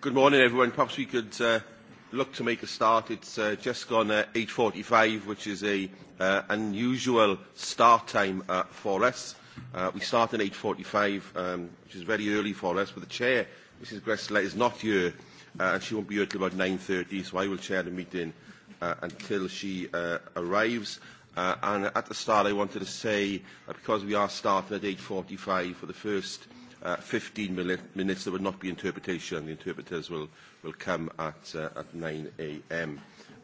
Good morning, everyone. Perhaps we could uh, look to make a start. It's uh, just gone uh, 8.45, which is an uh, unusual start time uh, for us. Uh, we start at 8.45, um, which is very early for us, but the chair, Mrs Gressler, is not here, uh, and she won't be here till about 9.30, so I will chair the meeting uh, until she uh, arrives. Uh, and at the start, I wanted to say, uh, because we are starting at 8.45 for the first uh, 15 minutes. There will not be interpretation. The interpreters will, will come at, uh, at 9 a.m.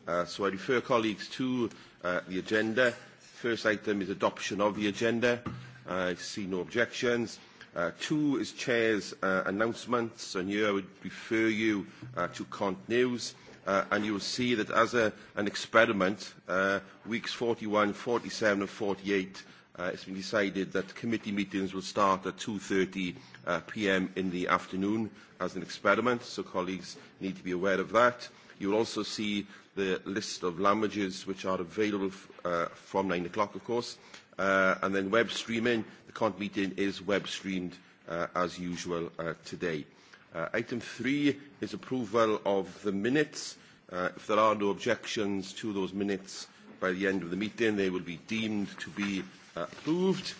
Uh, so I refer colleagues to uh, the agenda. First item is adoption of the agenda. Uh, I see no objections. Uh, two is chair's uh, announcements, and here I would refer you uh, to Cont News uh, and you will see that as a, an experiment, uh, weeks 41, 47 and 48 uh, it's been decided that committee meetings will start at 2.30 uh, p.m. in the afternoon as an experiment, so colleagues need to be aware of that. You will also see the list of languages which are available uh, from 9 o'clock, of course. Uh, and then web streaming, the CONT meeting is web streamed uh, as usual uh, today. Uh, item three is approval of the minutes. Uh, if there are no objections to those minutes by the end of the meeting, they will be deemed to be Approved.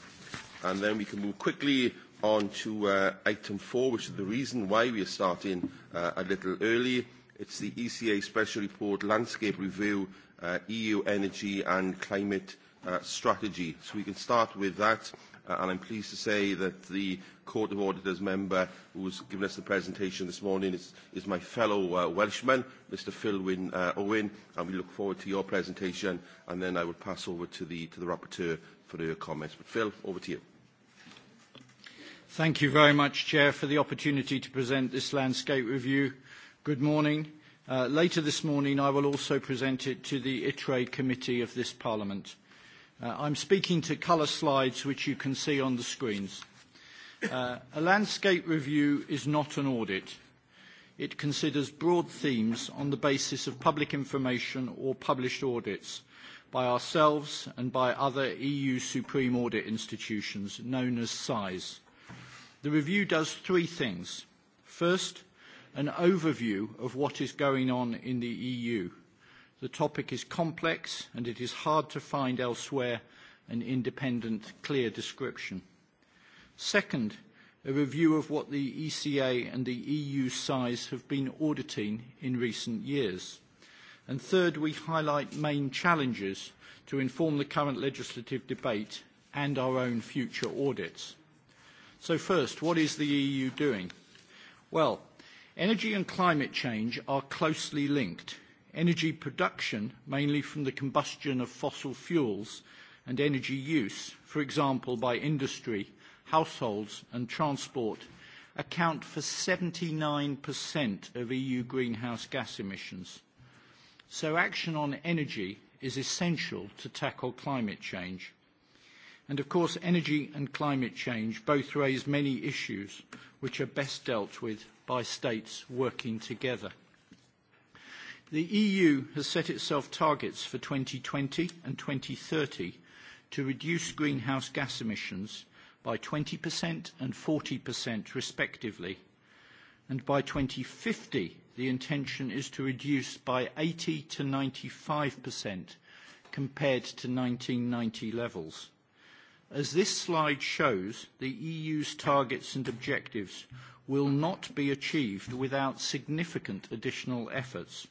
And then we can move quickly on to uh, item four, which is the reason why we are starting uh, a little early. It's the ECA Special Report Landscape Review, uh, EU Energy and Climate uh, Strategy. So we can start with that. Uh, and I'm pleased to say that the Court of Auditors member who has given us the presentation this morning is, is my fellow uh, Welshman, Mr Phil Wyn, uh, Owen, and we look forward to your presentation. And then I will pass over to the, to the rapporteur for your comments. But Phil, over to you. Thank you very much, Chair, for the opportunity to present this landscape review. Good morning. Uh, later this morning, I will also present it to the ITRE committee of this Parliament. Uh, I'm speaking to colour slides, which you can see on the screens. Uh, a landscape review is not an audit. It considers broad themes on the basis of public information or published audits – by ourselves and by other EU Supreme Audit institutions known as SISE. The review does three things. First, an overview of what is going on in the EU. The topic is complex and it is hard to find elsewhere an independent, clear description. Second, a review of what the ECA and the EU size have been auditing in recent years. And third, we highlight main challenges to inform the current legislative debate and our own future audits. So first, what is the EU doing? Well, energy and climate change are closely linked. Energy production, mainly from the combustion of fossil fuels, and energy use, for example by industry, households and transport, account for 79% of EU greenhouse gas emissions so action on energy is essential to tackle climate change. And of course, energy and climate change both raise many issues which are best dealt with by states working together. The EU has set itself targets for 2020 and 2030 to reduce greenhouse gas emissions by 20% and 40% respectively, and by 2050 the intention is to reduce by 80%-95% compared to 1990 levels. As this slide shows, the EU's targets and objectives will not be achieved without significant additional efforts.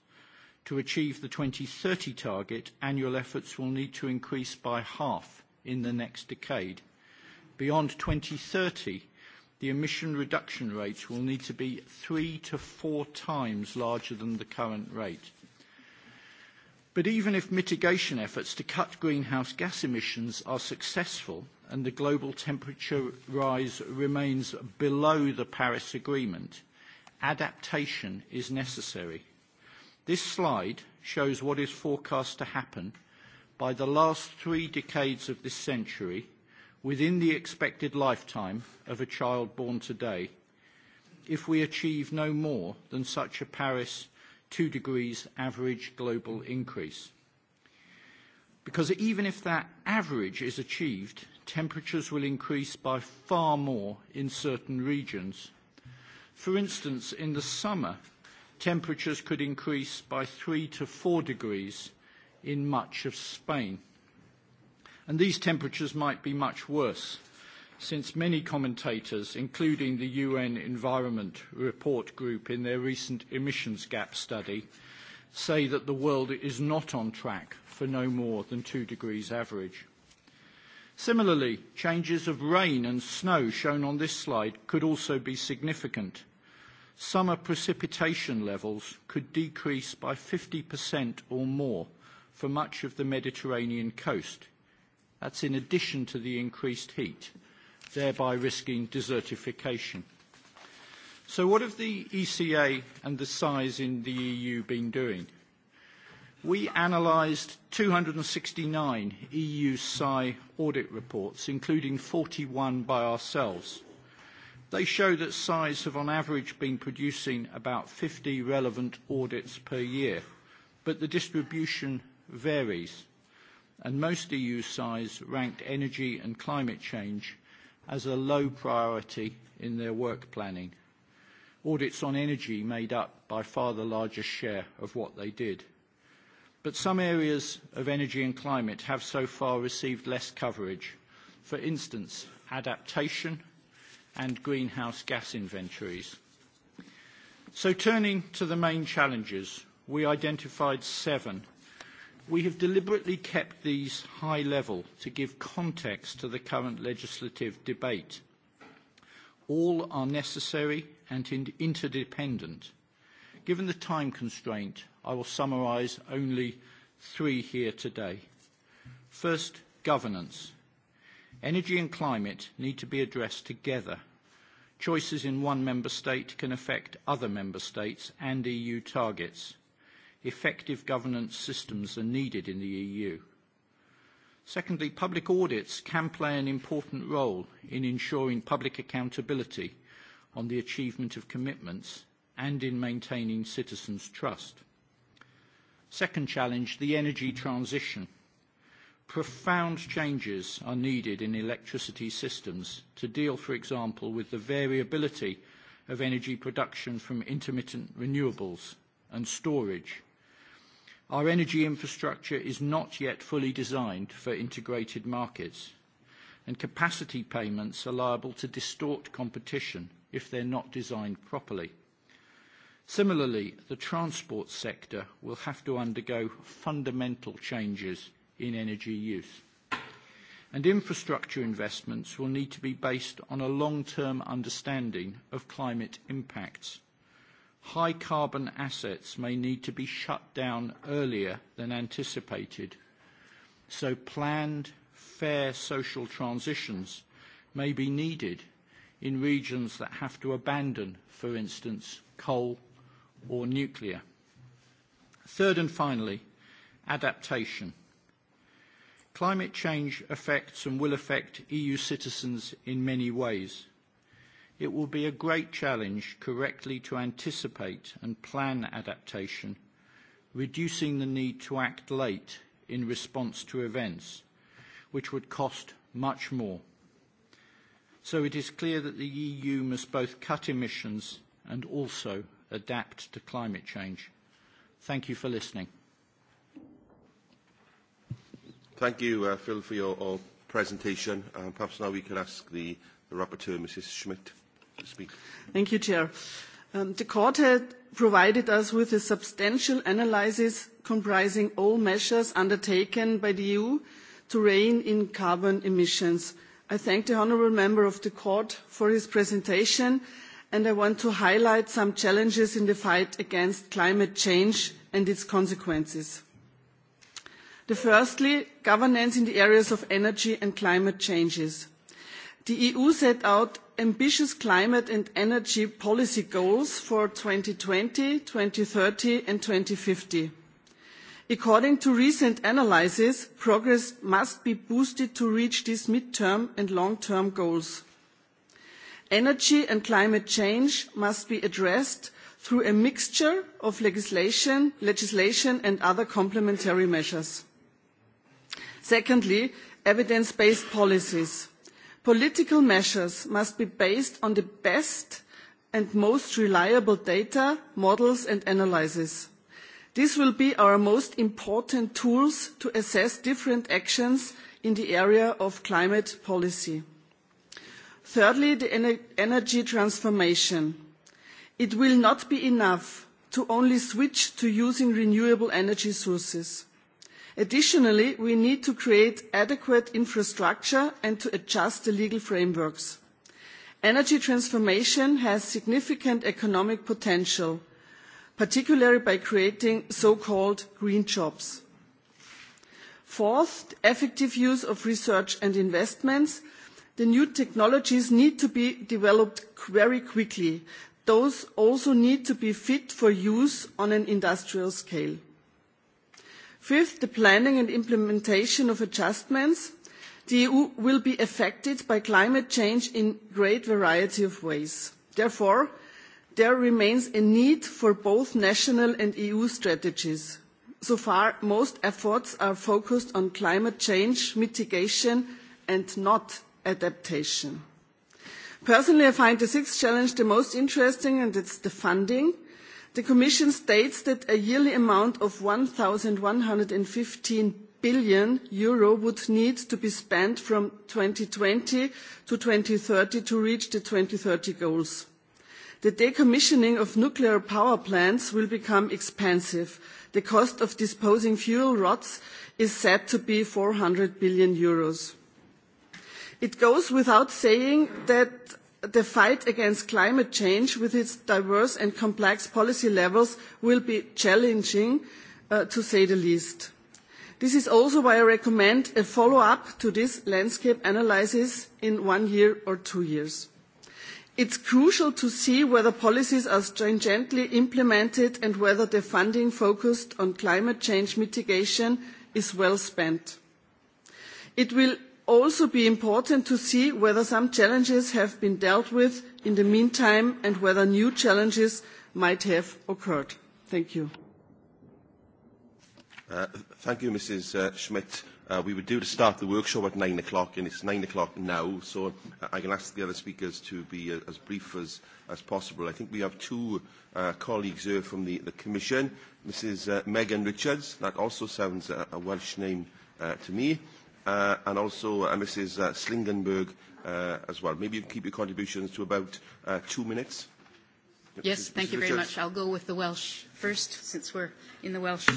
To achieve the 2030 target, annual efforts will need to increase by half in the next decade. Beyond 2030, the emission reduction rates will need to be three to four times larger than the current rate. But even if mitigation efforts to cut greenhouse gas emissions are successful and the global temperature rise remains below the Paris Agreement, adaptation is necessary. This slide shows what is forecast to happen by the last three decades of this century within the expected lifetime of a child born today if we achieve no more than such a Paris 2 degrees average global increase. Because even if that average is achieved, temperatures will increase by far more in certain regions. For instance, in the summer, temperatures could increase by 3 to 4 degrees in much of Spain and these temperatures might be much worse, since many commentators, including the UN Environment Report Group in their recent emissions gap study, say that the world is not on track for no more than two degrees average. Similarly, changes of rain and snow shown on this slide could also be significant. Summer precipitation levels could decrease by 50% or more for much of the Mediterranean coast That's in addition to the increased heat, thereby risking desertification. So what have the ECA and the size in the EU been doing? We analysed 269 EU SAI audit reports, including 41 by ourselves. They show that SAIs have on average been producing about 50 relevant audits per year, but the distribution varies and most EU sides ranked energy and climate change as a low priority in their work planning. Audits on energy made up by far the largest share of what they did. But some areas of energy and climate have so far received less coverage. For instance, adaptation and greenhouse gas inventories. So turning to the main challenges, we identified seven We have deliberately kept these high level to give context to the current legislative debate. All are necessary and interdependent. Given the time constraint, I will summarise only three here today. First, governance. Energy and climate need to be addressed together. Choices in one member state can affect other member states and EU targets effective governance systems are needed in the EU. Secondly, public audits can play an important role in ensuring public accountability on the achievement of commitments and in maintaining citizens' trust. Second challenge, the energy transition. Profound changes are needed in electricity systems to deal, for example, with the variability of energy production from intermittent renewables and storage, Our energy infrastructure is not yet fully designed for integrated markets, and capacity payments are liable to distort competition if they're not designed properly. Similarly, the transport sector will have to undergo fundamental changes in energy use, and infrastructure investments will need to be based on a long-term understanding of climate impacts high carbon assets may need to be shut down earlier than anticipated, so planned, fair social transitions may be needed in regions that have to abandon, for instance, coal or nuclear. Third and finally, adaptation. Climate change affects and will affect EU citizens in many ways It will be a great challenge correctly to anticipate and plan adaptation, reducing the need to act late in response to events, which would cost much more. So it is clear that the EU must both cut emissions and also adapt to climate change. Thank you for listening. Thank you, Phil, for your, presentation. perhaps now we can ask the, the rapporteur, Mrs. Schmidt speak. Thank you, Chair. the court had provided us with a substantial analysis comprising all measures undertaken by the EU to rein in carbon emissions. I thank the honourable member of the court for his presentation and I want to highlight some challenges in the fight against climate change and its consequences. firstly, governance in the areas of energy and climate changes the eu set out ambitious climate and energy policy goals for two thousand and twenty two thousand and thirty and two thousand and fifty according to recent analyses progress must be boosted to reach these mid term and long term goals. energy and climate change must be addressed through a mixture of legislation and other complementary measures. secondly evidence based policies Political measures must be based on the best and most reliable data, models and analyses. These will be our most important tools to assess different actions in the area of climate policy. Thirdly, the energy transformation. It will not be enough to only switch to using renewable energy sources. Additionally, we need to create adequate infrastructure and to adjust the legal frameworks. Energy transformation has significant economic potential, particularly by creating so-called green jobs. Fourth, effective use of research and investments. The new technologies need to be developed very quickly. Those also need to be fit for use on an industrial scale. Fifth, the planning and implementation of adjustments. The EU will be affected by climate change in a great variety of ways. Therefore, there remains a need for both national and EU strategies. So far, most efforts are focused on climate change mitigation and not adaptation. Personally, I find the sixth challenge the most interesting, and is the funding – The Commission states that a yearly amount of EUR one hundred and fifteen billion would need to be spent from twenty to thirty to reach the thirty goals. The decommissioning of nuclear power plants will become expensive. The cost of disposing fuel rods is said to be EUR four hundred billion It goes without saying that the fight against climate change with its diverse and complex policy levels will be challenging, to say the least. This is also why I recommend a follow-up to this landscape analysis in one year or two years. It's crucial to see whether policies are stringently implemented and whether the funding focused on climate change mitigation is well spent. It will also be important to see whether some challenges have been dealt with in the meantime and whether new challenges might have occurred. Thank you. thank you, Mrs. Schmidt. we were due to start the workshop at nine o'clock, and it's nine o'clock now, so I can ask the other speakers to be as brief as, as possible. I think we have two colleagues here from the, the Commission, Mrs. Megan Richards, that also sounds a, Welsh name to me, uh, and also uh, Mrs. Uh, Slingenberg uh, as well. Maybe you can keep your contributions to about uh, two minutes. Yes, thank you very much. I'll go with the Welsh first, since we're in the Welsh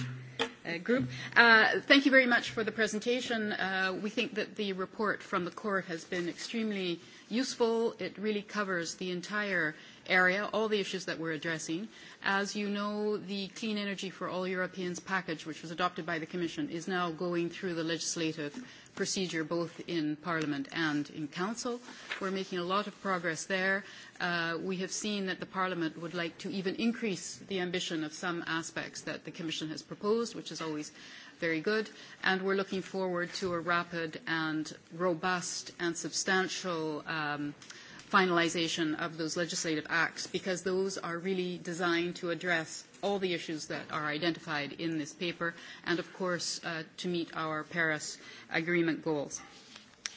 uh, group. Uh, thank you very much for the presentation. Uh, we think that the report from the court has been extremely useful. It really covers the entire area, all the issues that we're addressing. As you know, the Clean Energy for All Europeans package, which was adopted by the Commission, is now going through the legislative procedure both in Parliament and in Council. We're making a lot of progress there. Uh, we have seen that the Parliament would like to even increase the ambition of some aspects that the Commission has proposed, which is always very good, and we're looking forward to a rapid and robust and substantial um, uh, finalization of those legislative acts because those are really designed to address all the issues that are identified in this paper and, of course, uh, to meet our Paris Agreement goals.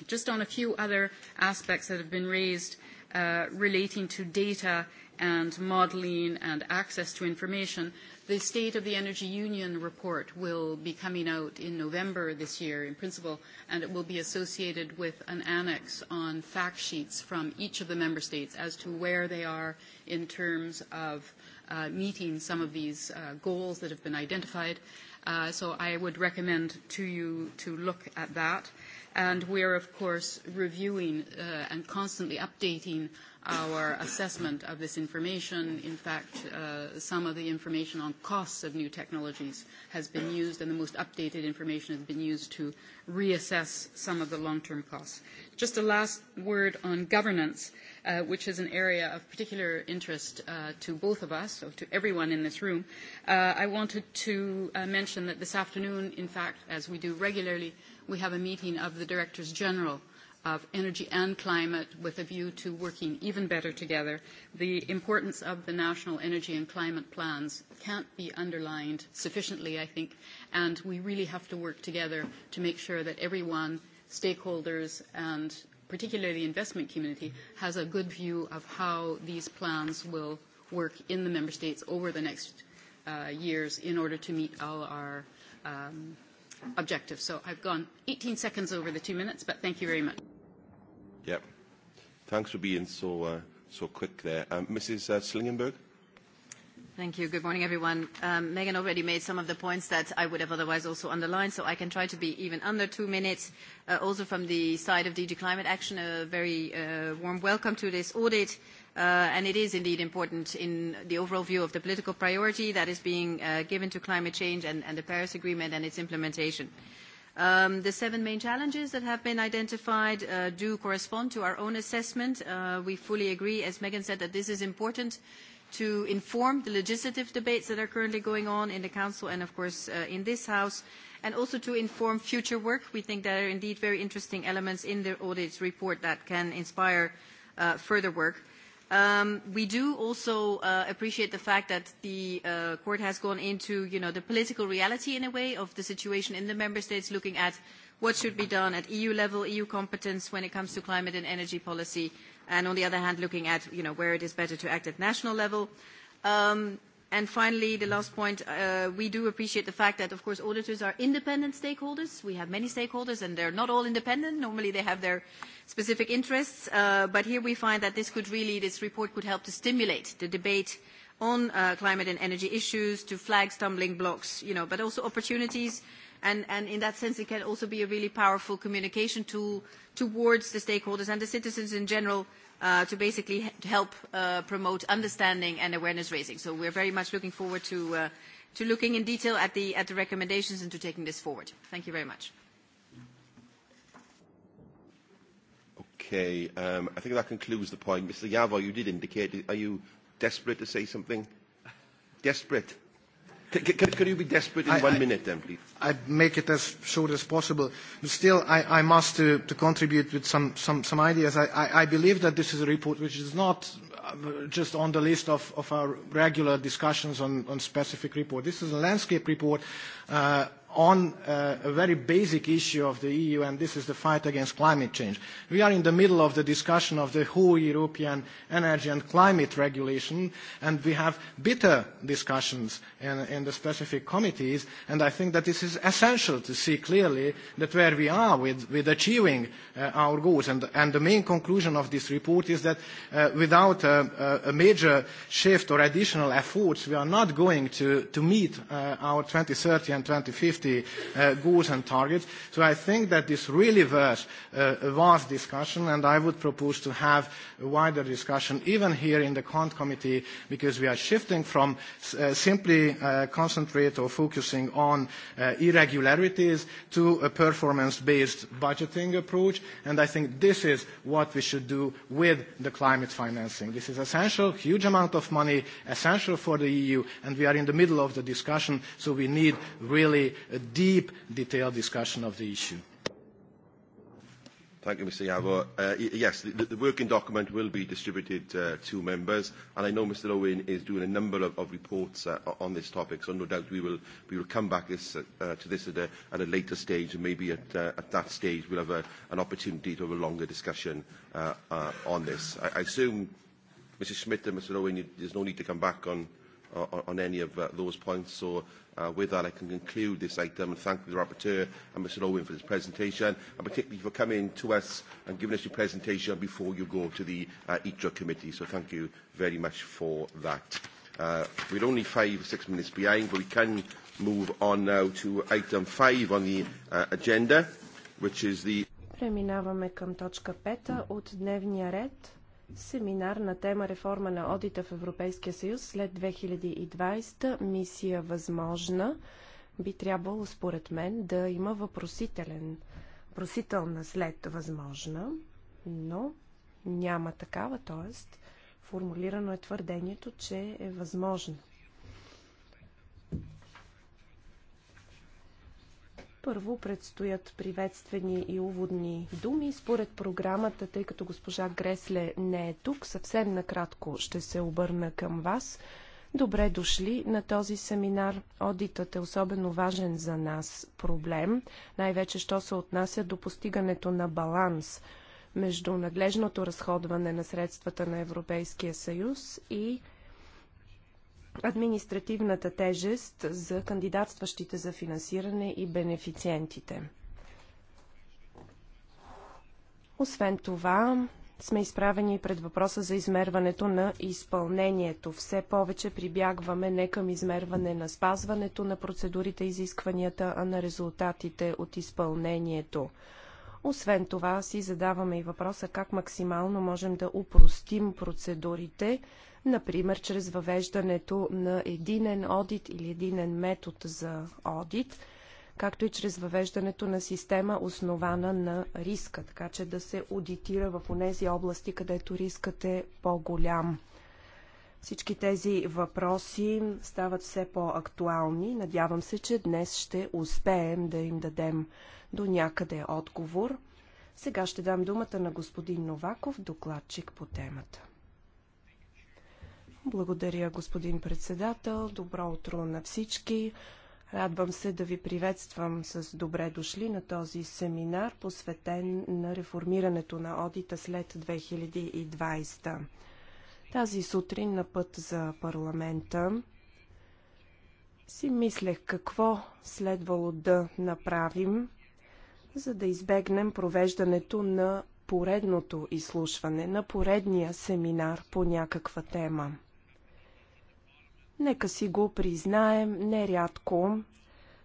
Just on a few other aspects that have been raised uh, relating to data and modeling and access to information, The State of the Energy Union report will be coming out in November this year, in principle, and it will be associated with an annex on fact sheets from each of the member states as to where they are in terms of uh, meeting some of these uh, goals that have been identified. Uh, so I would recommend to you to look at that. And are of course, reviewing uh, and constantly updating our assessment of this information. In fact, uh, some of the information on costs of new technologies has been used, and the most updated information has been used to reassess some of the long-term costs. Just a last word on governance, uh, which is an area of particular interest uh, to both of us, or to everyone in this room. Uh, I wanted to uh, mention that this afternoon, in fact, as we do regularly, we have a meeting of the Directors General of energy and climate with a view to working even better together. The importance of the national energy and climate plans can't be underlined sufficiently, I think, and we really have to work together to make sure that everyone, stakeholders and particularly the investment community, has a good view of how these plans will work in the member states over the next uh, years in order to meet all our um, objectives. So I've gone 18 seconds over the two minutes, but thank you very much. Yep. Thanks for being so, uh, so quick there. Um, Mrs. Uh, Slingenberg? Thank you. Good morning, everyone. Um, Megan already made some of the points that I would have otherwise also underlined, so I can try to be even under two minutes. Uh, also from the side of DG Climate Action, a very uh, warm welcome to this audit. Uh, and it is indeed important in the overall view of the political priority that is being uh, given to climate change and, and the Paris Agreement and its implementation. Uh, The seven main challenges that have been identified do correspond to our own assessment. We fully agree, as Megan said, that this is important to inform the legislative debates that are currently going on in the Council and, of course, in this House, and also to inform future work. We think there are indeed very interesting elements in the audit report that can inspire further work. Um, we do also uh, appreciate the fact that the uh, court has gone into, you know, the political reality in a way of the situation in the member states, looking at what should be done at EU level, EU competence when it comes to climate and energy policy, and on the other hand, looking at, you know, where it is better to act at national level. Um, Finally, the last point, we do appreciate the fact that, of course, auditors are independent stakeholders. We have many stakeholders, and they're not all independent. Normally, they have their specific interests. But Here we find that this could really, this report could help to stimulate the debate on climate and energy issues, to flag stumbling blocks, you know, but also opportunities. and In that sense, it can also be a really powerful communication tool towards the stakeholders and the citizens in general uh, to basically help uh, promote understanding and awareness raising. So we're very much looking forward to, uh, to looking in detail at the, at the recommendations and to taking this forward. Thank you very much. Okay, um, I think that concludes the point. Mr. Yavo, you did indicate, are you desperate to say something? Desperate? Could, you be desperate in I, one minute then, please? I make it as short as possible. But still, I, I must to, to contribute with some, some, some ideas. I, I, I believe that this is a report which is not just on the list of, of our regular discussions on, on specific report. This is a landscape report uh, on a very basic issue of the EU, and this is the fight against climate change. We are in the middle of the discussion of the whole European energy and climate regulation, and we have bitter discussions in, in the specific committees, and I think that this is essential to see clearly that where we are with, with achieving uh, our goals. And, and the main conclusion of this report is that uh, without a, a major shift or additional efforts, we are not going to, to meet uh, our 2030 and 2050 2050 uh, goals and targets. So I think that this really was uh, a vast discussion, and I would propose to have a wider discussion even here in the Kant Committee, because we are shifting from uh, simply uh, concentrate or focusing on uh, irregularities to a performance-based budgeting approach, and I think this is what we should do with the climate financing. This is essential, huge amount of money, essential for the EU, and we are in the middle of the discussion, so we need really a deep, detailed discussion of the issue. Thank you, Mr. Yavo. Uh, yes, the, the working document will be distributed uh, to members, and I know Mr. Owen is doing a number of, of reports uh, on this topic, so no doubt we will, we will come back this, uh, to this at a, at a later stage, and maybe at, uh, at that stage we'll have a, an opportunity to have a longer discussion uh, uh, on this. I, I assume, Mr Schmidt and Mr. Owen, you, there's no need to come back on on any of uh those points. So uh, with that, I can conclude this item and thank the Rapporteur and Mr Owen for his presentation, and particularly for coming to us and giving us your presentation before you go to the uh, ITRA committee. So thank you very much for that. Uh, we're only five or six minutes behind, but we can move on now to item five on the uh, agenda, which is the... Преминаваме към точка 5 от дневния ред Семинар на тема реформа на одита в Европейския съюз след 2020 мисия възможна би трябвало според мен да има въпросителен въпросителна след възможна, но няма такава, т.е. формулирано е твърдението, че е възможно. Първо предстоят приветствени и уводни думи. Според програмата, тъй като госпожа Гресле не е тук, съвсем накратко ще се обърна към вас. Добре дошли на този семинар. Одитът е особено важен за нас проблем, най-вече що се отнася до постигането на баланс между надлежното разходване на средствата на Европейския съюз и административната тежест за кандидатстващите за финансиране и бенефициентите. Освен това, сме изправени пред въпроса за измерването на изпълнението. Все повече прибягваме не към измерване на спазването на процедурите и изискванията, а на резултатите от изпълнението. Освен това си задаваме и въпроса как максимално можем да упростим процедурите, например чрез въвеждането на единен одит или единен метод за одит, както и чрез въвеждането на система основана на риска, така че да се аудитира в тези области, където рискът е по-голям. Всички тези въпроси стават все по-актуални. Надявам се, че днес ще успеем да им дадем до някъде отговор. Сега ще дам думата на господин Новаков, докладчик по темата. Благодаря, господин председател. Добро утро на всички. Радвам се да ви приветствам с добре дошли на този семинар, посветен на реформирането на одита след 2020. Тази сутрин на път за парламента си мислех какво следвало да направим, за да избегнем провеждането на поредното изслушване, на поредния семинар по някаква тема. Нека си го признаем, нерядко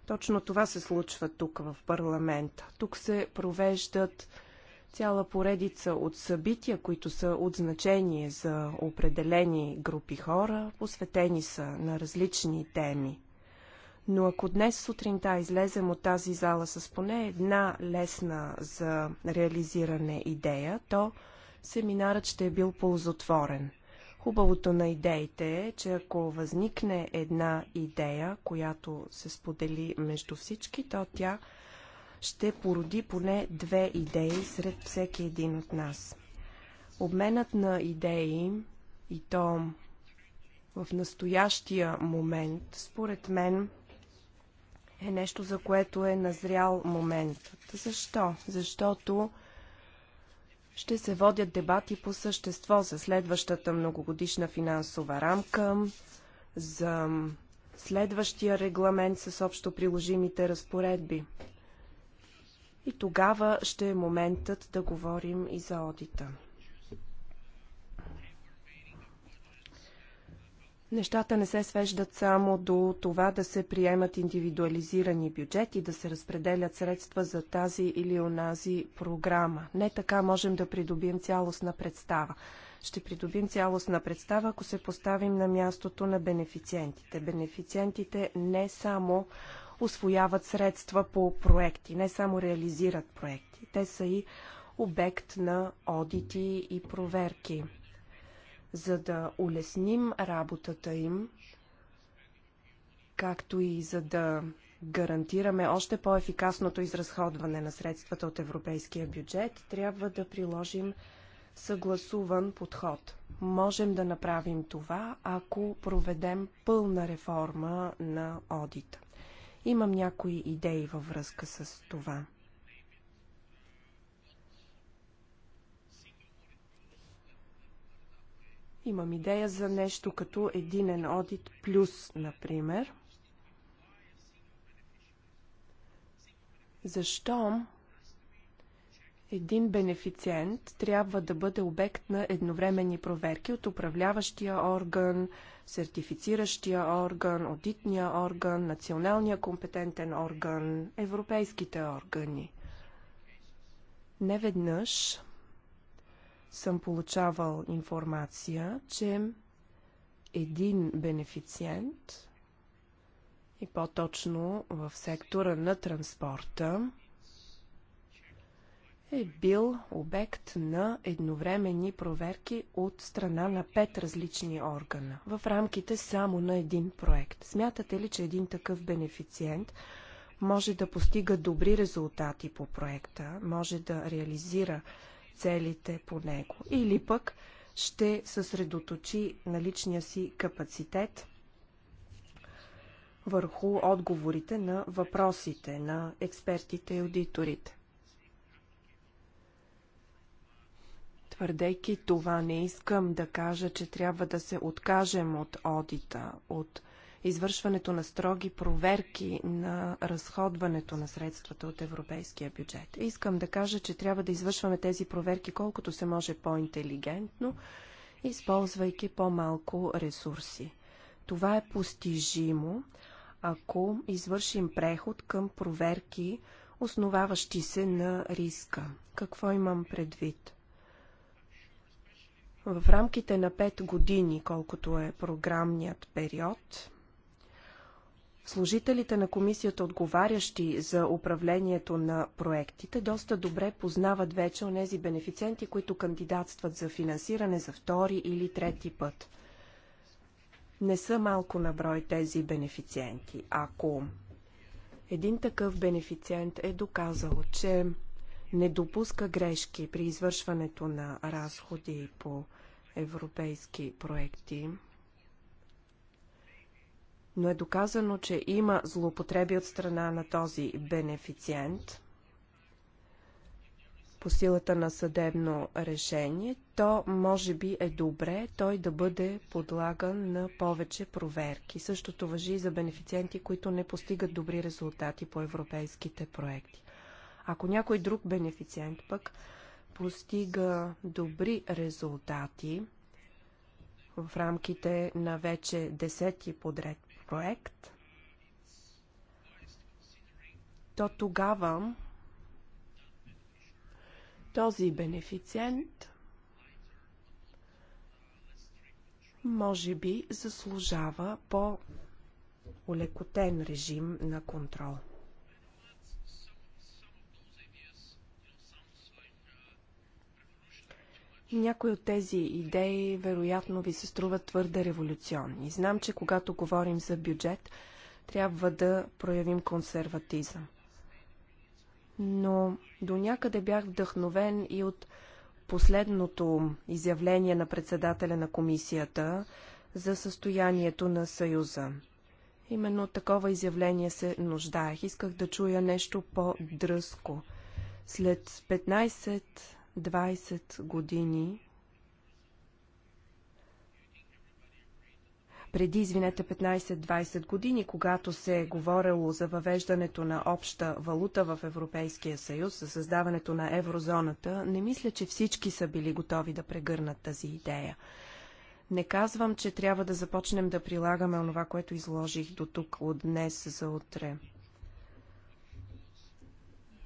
точно това се случва тук в парламента. Тук се провеждат цяла поредица от събития, които са от значение за определени групи хора, посветени са на различни теми. Но ако днес сутринта излезем от тази зала с поне една лесна за реализиране идея, то семинарът ще е бил ползотворен – Хубавото на идеите е, че ако възникне една идея, която се сподели между всички, то тя ще породи поне две идеи сред всеки един от нас. Обменът на идеи и то в настоящия момент, според мен, е нещо, за което е назрял моментът. Защо? Защото ще се водят дебати по същество за следващата многогодишна финансова рамка, за следващия регламент с общо приложимите разпоредби. И тогава ще е моментът да говорим и за одита. Нещата не се свеждат само до това да се приемат индивидуализирани бюджети, да се разпределят средства за тази или онази програма. Не така можем да придобием цялостна представа. Ще придобим цялостна представа, ако се поставим на мястото на бенефициентите. Бенефициентите не само освояват средства по проекти, не само реализират проекти. Те са и обект на одити и проверки за да улесним работата им, както и за да гарантираме още по-ефикасното изразходване на средствата от европейския бюджет, трябва да приложим съгласуван подход. Можем да направим това, ако проведем пълна реформа на одита. Имам някои идеи във връзка с това. Имам идея за нещо като единен одит плюс, например. Защо един бенефициент трябва да бъде обект на едновременни проверки от управляващия орган, сертифициращия орган, одитния орган, националния компетентен орган, европейските органи. Неведнъж съм получавал информация, че един бенефициент и по-точно в сектора на транспорта е бил обект на едновременни проверки от страна на пет различни органа в рамките само на един проект. Смятате ли, че един такъв бенефициент може да постига добри резултати по проекта, може да реализира целите по него. Или пък ще съсредоточи наличния си капацитет върху отговорите на въпросите на експертите и аудиторите. Твърдейки това, не искам да кажа, че трябва да се откажем от одита, от извършването на строги проверки на разходването на средствата от европейския бюджет. Искам да кажа, че трябва да извършваме тези проверки колкото се може по-интелигентно, използвайки по-малко ресурси. Това е постижимо, ако извършим преход към проверки, основаващи се на риска. Какво имам предвид? В рамките на 5 години, колкото е програмният период, Служителите на комисията, отговарящи за управлението на проектите, доста добре познават вече онези бенефициенти, които кандидатстват за финансиране за втори или трети път. Не са малко на брой тези бенефициенти. Ако един такъв бенефициент е доказал, че не допуска грешки при извършването на разходи по европейски проекти, но е доказано, че има злоупотреби от страна на този бенефициент по силата на съдебно решение, то може би е добре той да бъде подлаган на повече проверки. Същото въжи и за бенефициенти, които не постигат добри резултати по европейските проекти. Ако някой друг бенефициент пък постига добри резултати в рамките на вече десети подред проект, то тогава този бенефициент може би заслужава по-улекотен режим на контрол. Някои от тези идеи вероятно ви се струват твърде революционни. Знам, че когато говорим за бюджет, трябва да проявим консерватизъм. Но до някъде бях вдъхновен и от последното изявление на председателя на комисията за състоянието на Съюза. Именно такова изявление се нуждаех. Исках да чуя нещо по-дръзко. След 15 20 години преди, извинете, 15-20 години, когато се е говорило за въвеждането на обща валута в Европейския съюз, за създаването на еврозоната, не мисля, че всички са били готови да прегърнат тази идея. Не казвам, че трябва да започнем да прилагаме онова, което изложих до тук от днес за утре.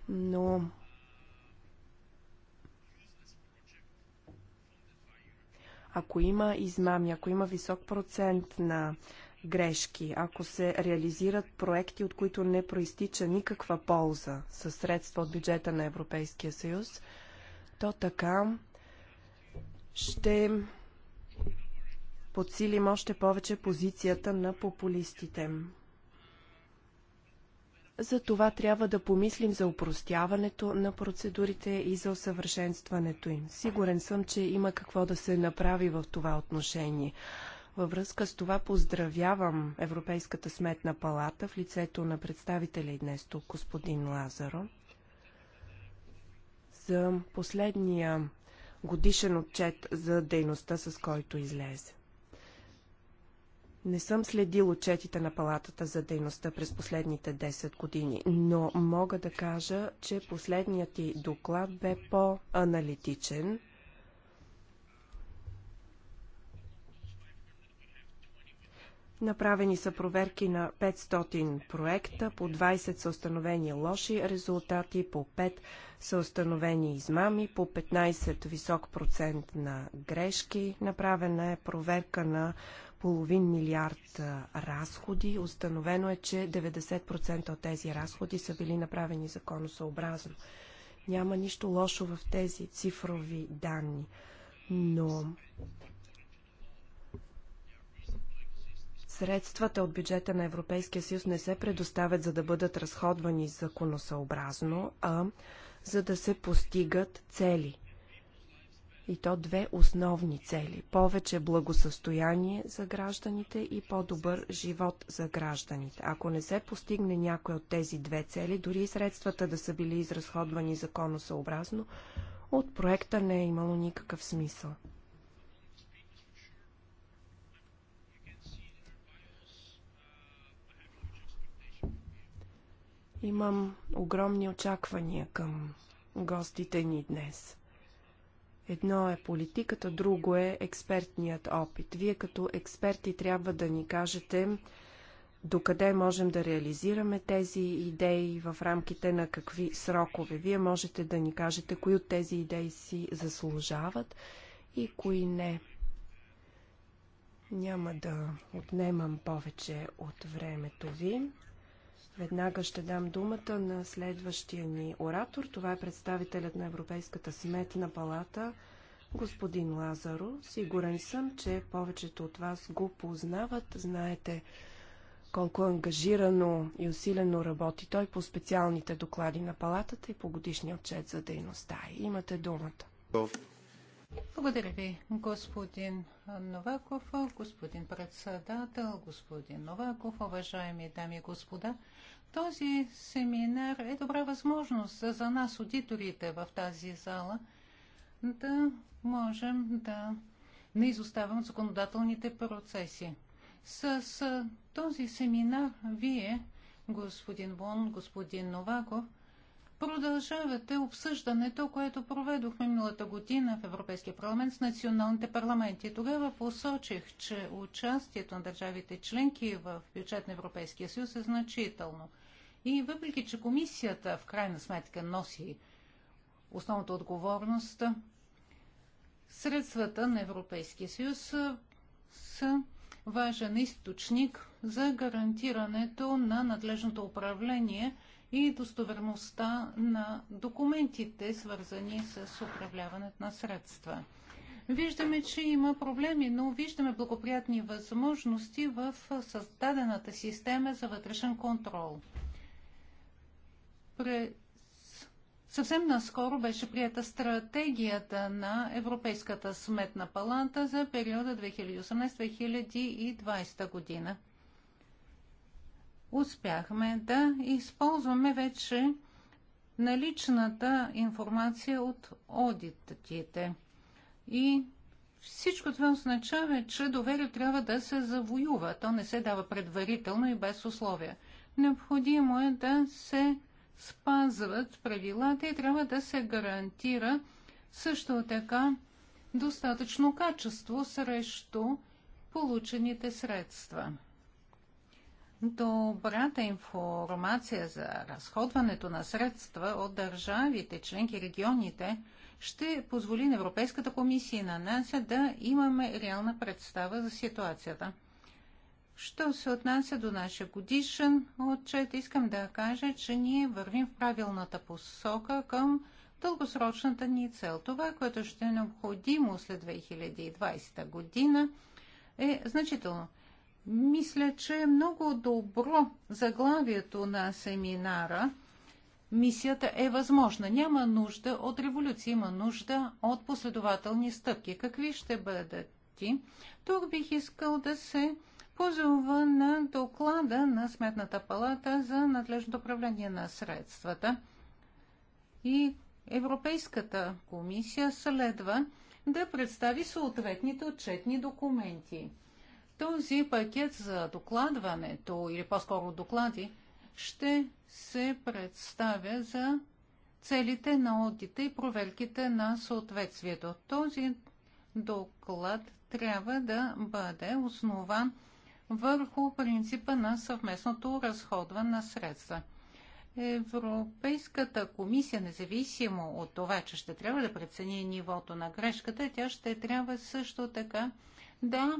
Но Ако има измами, ако има висок процент на грешки, ако се реализират проекти, от които не проистича никаква полза със средства от бюджета на Европейския съюз, то така ще подсилим още повече позицията на популистите. За това трябва да помислим за упростяването на процедурите и за усъвършенстването им. Сигурен съм, че има какво да се направи в това отношение. Във връзка с това поздравявам Европейската сметна палата в лицето на представителя и днес тук господин Лазаро за последния годишен отчет за дейността, с който излезе. Не съм следил отчетите на палатата за дейността през последните 10 години, но мога да кажа, че последният ти доклад бе по-аналитичен. Направени са проверки на 500 проекта, по 20 са установени лоши резултати, по 5 са установени измами, по 15 висок процент на грешки. Направена е проверка на половин милиард разходи. Установено е, че 90% от тези разходи са били направени законосъобразно. Няма нищо лошо в тези цифрови данни, но средствата от бюджета на Европейския съюз не се предоставят за да бъдат разходвани законосъобразно, а за да се постигат цели и то две основни цели – повече благосъстояние за гражданите и по-добър живот за гражданите. Ако не се постигне някой от тези две цели, дори средствата да са били изразходвани законосъобразно, от проекта не е имало никакъв смисъл. Имам огромни очаквания към гостите ни днес – Едно е политиката, друго е експертният опит. Вие като експерти трябва да ни кажете докъде можем да реализираме тези идеи, в рамките на какви срокове. Вие можете да ни кажете кои от тези идеи си заслужават и кои не. Няма да отнемам повече от времето ви. Веднага ще дам думата на следващия ни оратор. Това е представителят на Европейската сметна палата, господин Лазаро. Сигурен съм, че повечето от вас го познават. Знаете колко ангажирано и усилено работи той по специалните доклади на палатата и по годишния отчет за дейността. Имате думата. Благодаря ви, господин Новаков, господин председател, господин Новаков, уважаеми дами и господа. Този семинар е добра възможност за нас, аудиторите в тази зала, да можем да не изоставим законодателните процеси. С този семинар вие, господин Бон, господин Новаков, продължавате обсъждането, което проведохме миналата година в Европейския парламент с националните парламенти. Тогава посочих, че участието на държавите членки в бюджет на Европейския съюз е значително. И въпреки, че комисията в крайна сметка носи основната отговорност, средствата на Европейския съюз са важен източник за гарантирането на надлежното управление – и достоверността на документите, свързани с управляването на средства. Виждаме, че има проблеми, но виждаме благоприятни възможности в създадената система за вътрешен контрол. През Съвсем наскоро беше прията стратегията на Европейската сметна палата за периода 2018-2020 година успяхме да използваме вече наличната информация от одитите. И всичко това означава, че доверие трябва да се завоюва. То не се дава предварително и без условия. Необходимо е да се спазват правилата и трябва да се гарантира също така достатъчно качество срещу получените средства добрата информация за разходването на средства от държавите, членки, регионите, ще позволи на Европейската комисия и на нас да имаме реална представа за ситуацията. Що се отнася до нашия годишен отчет, искам да кажа, че ние вървим в правилната посока към дългосрочната ни цел. Това, което ще е необходимо след 2020 година, е значително. Мисля, че е много добро заглавието на семинара. Мисията е възможна. Няма нужда от революция, има нужда от последователни стъпки. Какви ще бъдат ти? Тук бих искал да се позова на доклада на Сметната палата за надлежното управление на средствата. И Европейската комисия следва да представи съответните отчетни документи. Този пакет за докладването или по-скоро доклади ще се представя за целите на одита и проверките на съответствието. Този доклад трябва да бъде основан върху принципа на съвместното разходване на средства. Европейската комисия, независимо от това, че ще трябва да прецени нивото на грешката, тя ще трябва също така да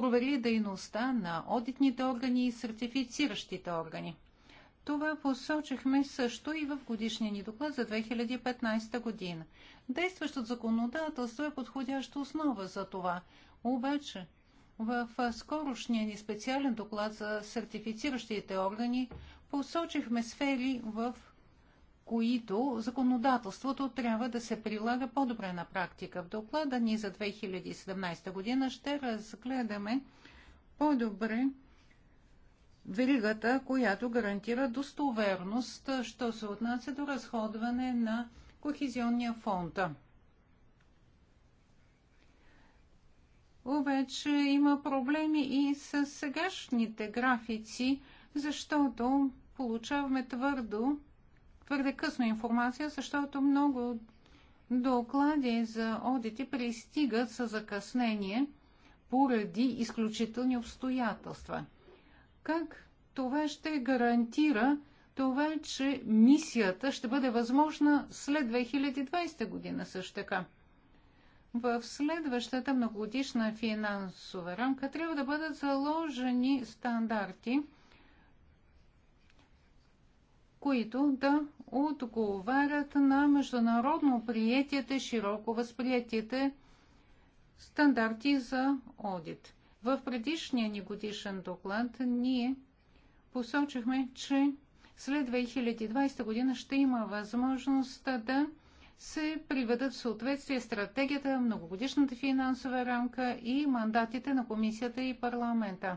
провери дейността на одитните органи и сертифициращите органи. Това посочихме също и в годишния ни доклад за 2015 година. Действащото законодателство е подходяща основа за това. Обаче, в скорошния ни специален доклад за сертифициращите органи посочихме сфери, в които законодателството трябва да се прилага по-добре на практика. В доклада ни за 2017 година ще разгледаме по-добре веригата, която гарантира достоверност, що се отнася до разходване на Кохезионния фонд. Обаче има проблеми и с сегашните графици, защото получаваме твърдо твърде късно информация, защото много доклади за одити пристигат с закъснение поради изключителни обстоятелства. Как това ще гарантира това, че мисията ще бъде възможна след 2020 година също така? в следващата многогодишна финансова рамка трябва да бъдат заложени стандарти, които да отговарят на международно приятите, широко възприятите стандарти за одит. В предишния ни годишен доклад ние посочихме, че след 2020 година ще има възможност да се приведат в съответствие стратегията, многогодишната финансова рамка и мандатите на комисията и парламента.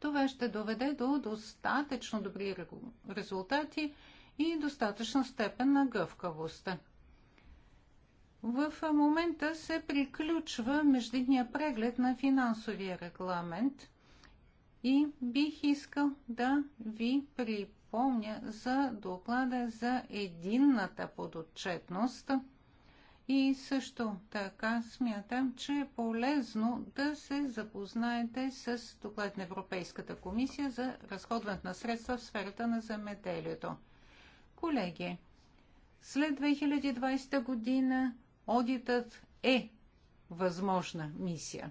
Това ще доведе до достатъчно добри резултати и достатъчна степен на гъвкавост. В момента се приключва междинния преглед на финансовия регламент и бих искал да ви припомня за доклада за единната подотчетност и също така смятам, че е полезно да се запознаете с доклад на Европейската комисия за разходването на средства в сферата на земеделието. Колеги, след 2020 година одитът е възможна мисия.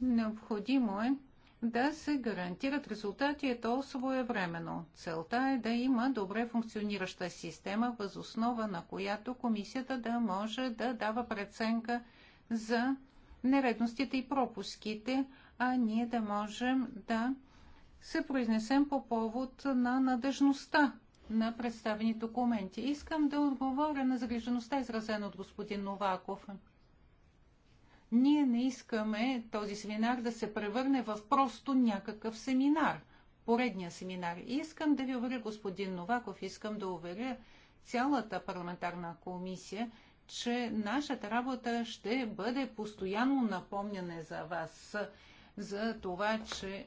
Необходимо е да се гарантират резултати е то своевременно. Целта е да има добре функционираща система, възоснова на която комисията да може да дава преценка за нередностите и пропуските, а ние да можем да се произнесем по повод на надежността на представени документи. Искам да отговоря на загрижеността, изразена от господин Новаков. Ние не искаме този семинар да се превърне в просто някакъв семинар, поредния семинар. И искам да ви уверя, господин Новаков, искам да уверя цялата парламентарна комисия, че нашата работа ще бъде постоянно напомняне за вас, за това, че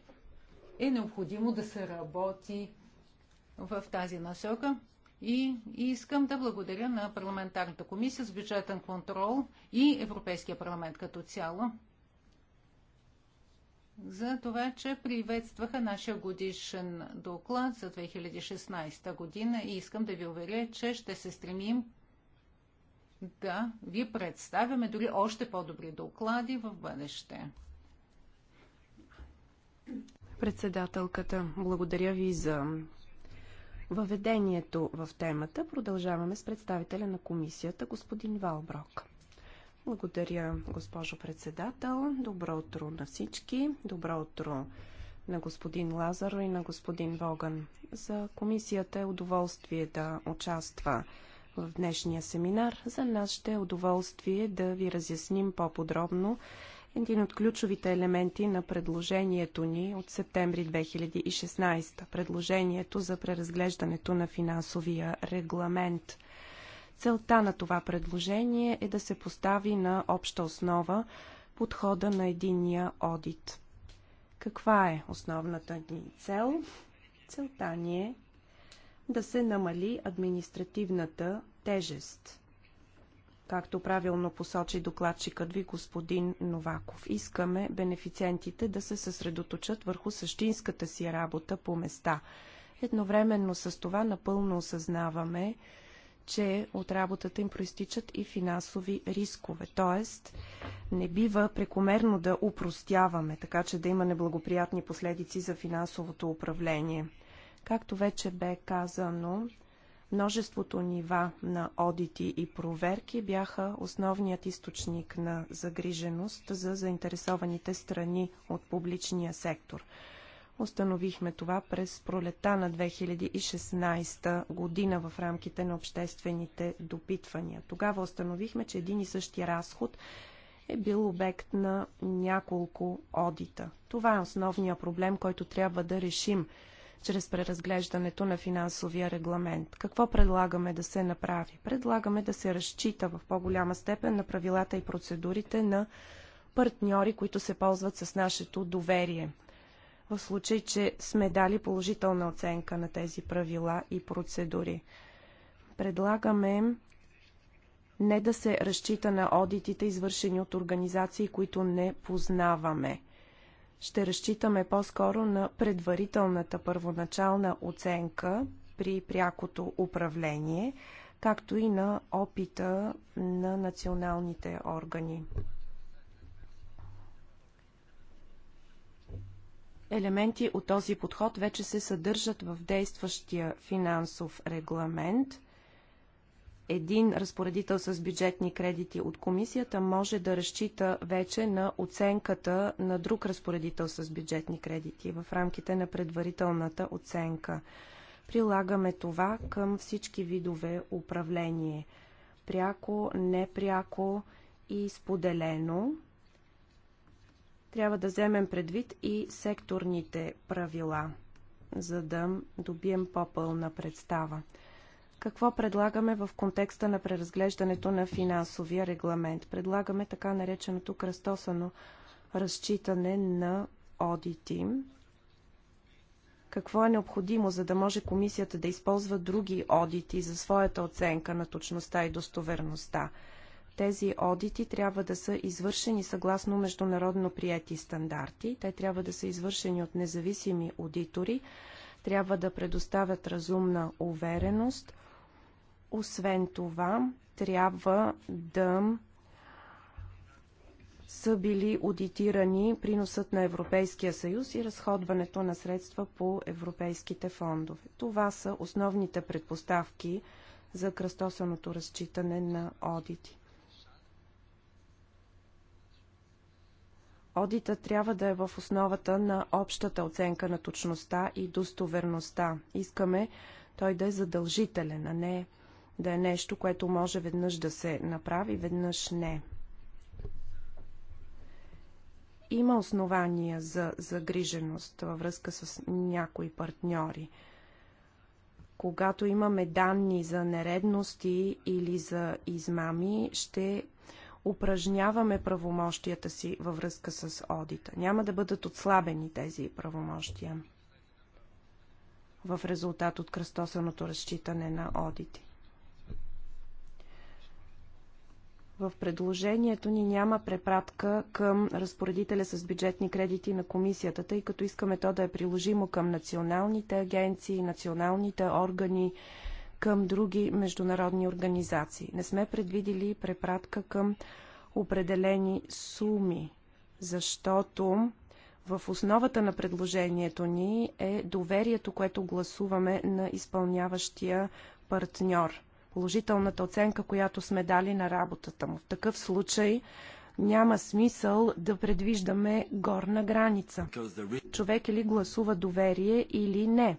е необходимо да се работи в тази насока. И искам да благодаря на парламентарната комисия с бюджетен контрол и Европейския парламент като цяло за това, че приветстваха нашия годишен доклад за 2016 година и искам да ви уверя, че ще се стремим да ви представяме дори още по-добри доклади в бъдеще. Председателката, благодаря ви за въведението в темата. Продължаваме с представителя на комисията, господин Валброк. Благодаря, госпожо председател. Добро утро на всички. Добро утро на господин Лазаро и на господин Воган. За комисията е удоволствие да участва в днешния семинар. За нас ще е удоволствие да ви разясним по-подробно един от ключовите елементи на предложението ни от септември 2016, предложението за преразглеждането на финансовия регламент. Целта на това предложение е да се постави на обща основа подхода на единния одит. Каква е основната ни цел? Целта ни е да се намали административната тежест както правилно посочи докладчикът ви господин Новаков. Искаме бенефициентите да се съсредоточат върху същинската си работа по места. Едновременно с това напълно осъзнаваме, че от работата им проистичат и финансови рискове. Тоест, не бива прекомерно да упростяваме, така че да има неблагоприятни последици за финансовото управление. Както вече бе казано, Множеството нива на одити и проверки бяха основният източник на загриженост за заинтересованите страни от публичния сектор. Установихме това през пролета на 2016 година в рамките на обществените допитвания. Тогава установихме, че един и същи разход е бил обект на няколко одита. Това е основният проблем, който трябва да решим – чрез преразглеждането на финансовия регламент. Какво предлагаме да се направи? Предлагаме да се разчита в по-голяма степен на правилата и процедурите на партньори, които се ползват с нашето доверие. В случай, че сме дали положителна оценка на тези правила и процедури. Предлагаме не да се разчита на одитите, извършени от организации, които не познаваме ще разчитаме по-скоро на предварителната първоначална оценка при прякото управление, както и на опита на националните органи. Елементи от този подход вече се съдържат в действащия финансов регламент – един разпоредител с бюджетни кредити от комисията може да разчита вече на оценката на друг разпоредител с бюджетни кредити в рамките на предварителната оценка. Прилагаме това към всички видове управление. Пряко, непряко и споделено. Трябва да вземем предвид и секторните правила, за да добием по-пълна представа. Какво предлагаме в контекста на преразглеждането на финансовия регламент? Предлагаме така нареченото кръстосано разчитане на одити. Какво е необходимо, за да може комисията да използва други одити за своята оценка на точността и достоверността? Тези одити трябва да са извършени съгласно международно прияти стандарти. Те трябва да са извършени от независими аудитори, трябва да предоставят разумна увереност – освен това, трябва да са били аудитирани приносът на Европейския съюз и разходването на средства по европейските фондове. Това са основните предпоставки за кръстосаното разчитане на одити. Одита трябва да е в основата на общата оценка на точността и достоверността. Искаме той да е задължителен, а не да е нещо, което може веднъж да се направи, веднъж не. Има основания за загриженост във връзка с някои партньори. Когато имаме данни за нередности или за измами, ще упражняваме правомощията си във връзка с одита. Няма да бъдат отслабени тези правомощия в резултат от кръстосаното разчитане на одити. В предложението ни няма препратка към разпоредителя с бюджетни кредити на комисията, тъй като искаме то да е приложимо към националните агенции, националните органи, към други международни организации. Не сме предвидили препратка към определени суми, защото в основата на предложението ни е доверието, което гласуваме на изпълняващия партньор – положителната оценка, която сме дали на работата му. В такъв случай няма смисъл да предвиждаме горна граница. Човек или гласува доверие или не.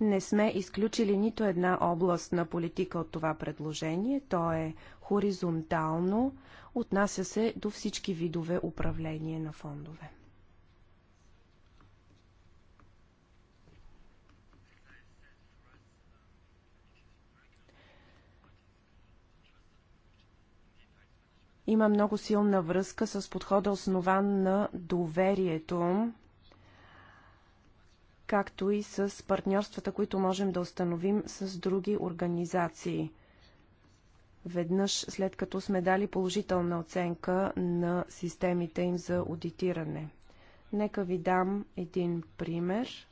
не сме изключили нито една област на политика от това предложение. То е хоризонтално, отнася се до всички видове управление на фондове. има много силна връзка с подхода основан на доверието, както и с партньорствата, които можем да установим с други организации. Веднъж след като сме дали положителна оценка на системите им за аудитиране. Нека ви дам един пример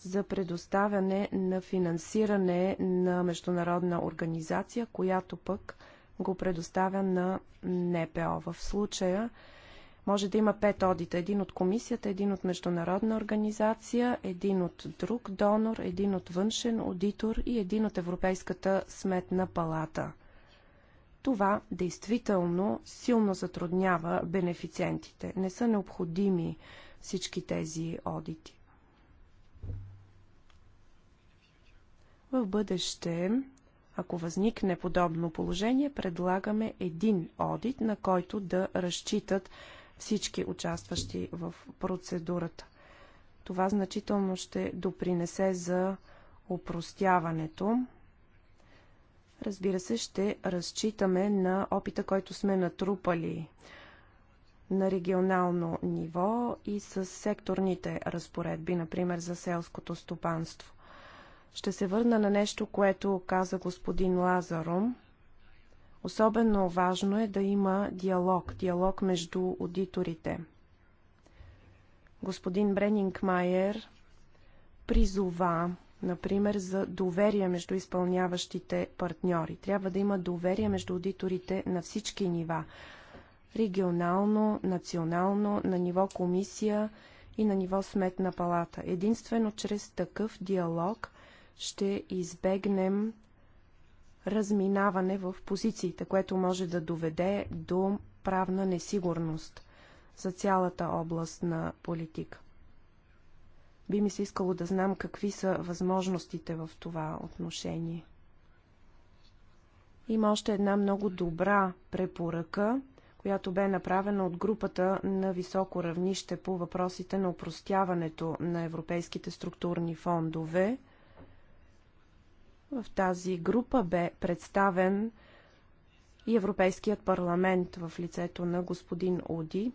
за предоставяне на финансиране на международна организация, която пък го предоставя на НПО. В случая може да има пет одита. Един от комисията, един от международна организация, един от друг донор, един от външен аудитор и един от Европейската сметна палата. Това действително силно затруднява бенефициентите. Не са необходими всички тези одити. В бъдеще ако възникне подобно положение, предлагаме един одит, на който да разчитат всички участващи в процедурата. Това значително ще допринесе за упростяването. Разбира се, ще разчитаме на опита, който сме натрупали на регионално ниво и с секторните разпоредби, например за селското стопанство. Ще се върна на нещо, което каза господин Лазаром. Особено важно е да има диалог, диалог между аудиторите. Господин Бренинг Майер призова, например, за доверие между изпълняващите партньори. Трябва да има доверие между аудиторите на всички нива. Регионално, национално, на ниво комисия и на ниво сметна палата. Единствено чрез такъв диалог ще избегнем разминаване в позициите, което може да доведе до правна несигурност за цялата област на политика. Би ми се искало да знам какви са възможностите в това отношение. Има още една много добра препоръка, която бе направена от групата на високо равнище по въпросите на упростяването на европейските структурни фондове – в тази група бе представен и Европейският парламент в лицето на господин Оди.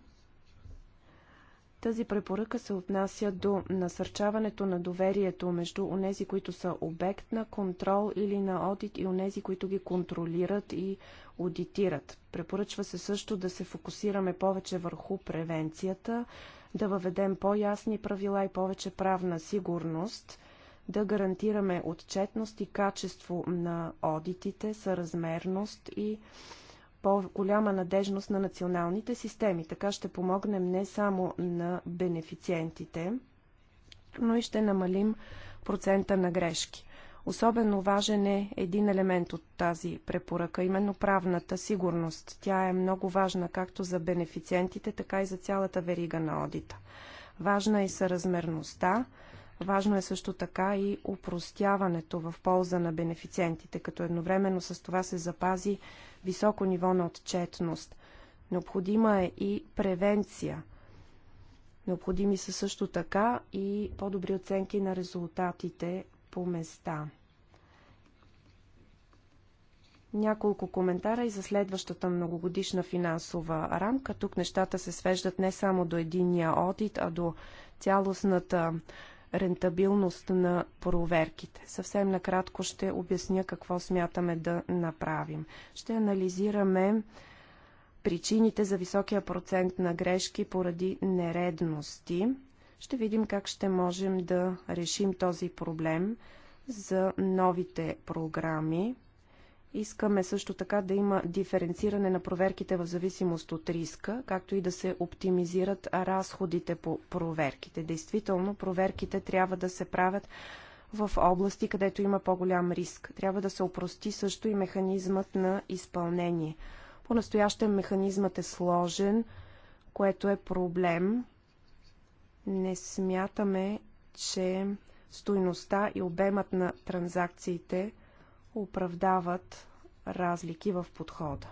Тази препоръка се отнася до насърчаването на доверието между онези, които са обект на контрол или на одит и онези, които ги контролират и аудитират. Препоръчва се също да се фокусираме повече върху превенцията, да въведем по-ясни правила и повече правна сигурност – да гарантираме отчетност и качество на одитите, съразмерност и по-голяма надежност на националните системи. Така ще помогнем не само на бенефициентите, но и ще намалим процента на грешки. Особено важен е един елемент от тази препоръка, именно правната сигурност. Тя е много важна както за бенефициентите, така и за цялата верига на одита. Важна е съразмерността, Важно е също така и упростяването в полза на бенефициентите, като едновременно с това се запази високо ниво на отчетност. Необходима е и превенция. Необходими са също така и по-добри оценки на резултатите по места. Няколко коментара и за следващата многогодишна финансова рамка. Тук нещата се свеждат не само до единия одит, а до цялостната рентабилност на проверките. Съвсем накратко ще обясня какво смятаме да направим. Ще анализираме причините за високия процент на грешки поради нередности. Ще видим как ще можем да решим този проблем за новите програми. Искаме също така да има диференциране на проверките в зависимост от риска, както и да се оптимизират разходите по проверките. Действително, проверките трябва да се правят в области, където има по-голям риск. Трябва да се опрости също и механизмът на изпълнение. по настоящем механизмът е сложен, което е проблем. Не смятаме, че стойността и обемът на транзакциите – оправдават разлики в подхода.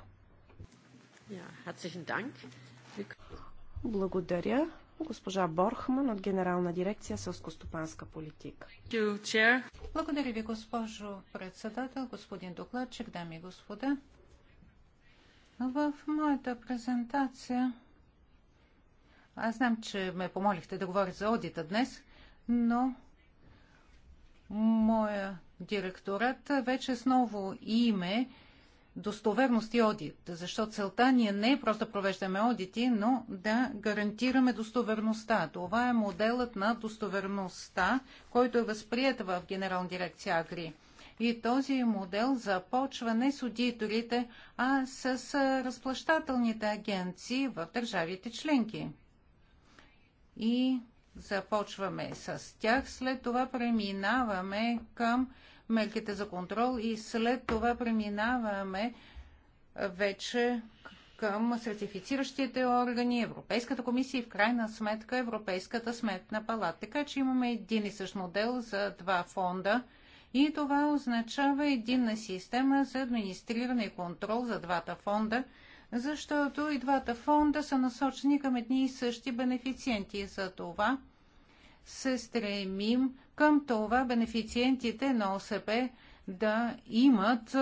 Благодаря. Госпожа Борхман от Генерална дирекция Сълскостопанска политика. Благодаря ви, госпожо председател, господин докладчик, дами и господа. В моята презентация аз знам, че ме помолихте да говоря за одита днес, но Моя директорат вече с ново име достоверност и одит, защото целта ни е не просто да провеждаме одити, но да гарантираме достоверността. Това е моделът на достоверността, който е възприят в Генерална дирекция Агри. И този модел започва не с аудиторите, а с разплащателните агенции в държавите членки. И Започваме с тях, след това преминаваме към мерките за контрол и след това преминаваме вече към сертифициращите органи, Европейската комисия и в крайна сметка Европейската сметна палата. Така че имаме един и същ модел за два фонда и това означава единна система за администриране и контрол за двата фонда – защото и двата фонда са насочени към едни и същи бенефициенти. За това се стремим към това бенефициентите на ОСП да имат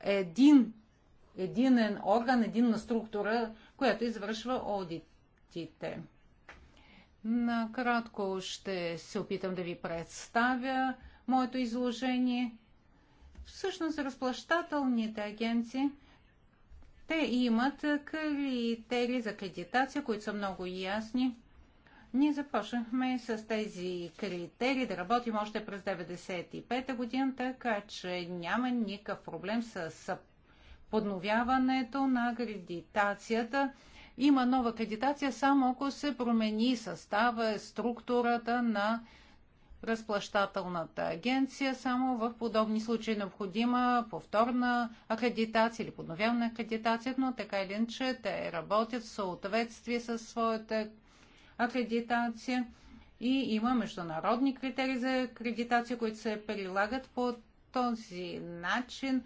един единен орган, единна структура, която извършва одитите. Накратко ще се опитам да ви представя моето изложение. Всъщност разплащателните агенции те имат критерии за кредитация, които са много ясни. Ние започнахме с тези критерии да работим още през 1995 година, така че няма никакъв проблем с подновяването на акредитацията. Има нова акредитация, само ако се промени състава, структурата на разплащателната агенция. Само в подобни случаи е необходима повторна акредитация или подновяване акредитация, но така или иначе те работят в съответствие с своята акредитация и има международни критерии за акредитация, които се прилагат по този начин.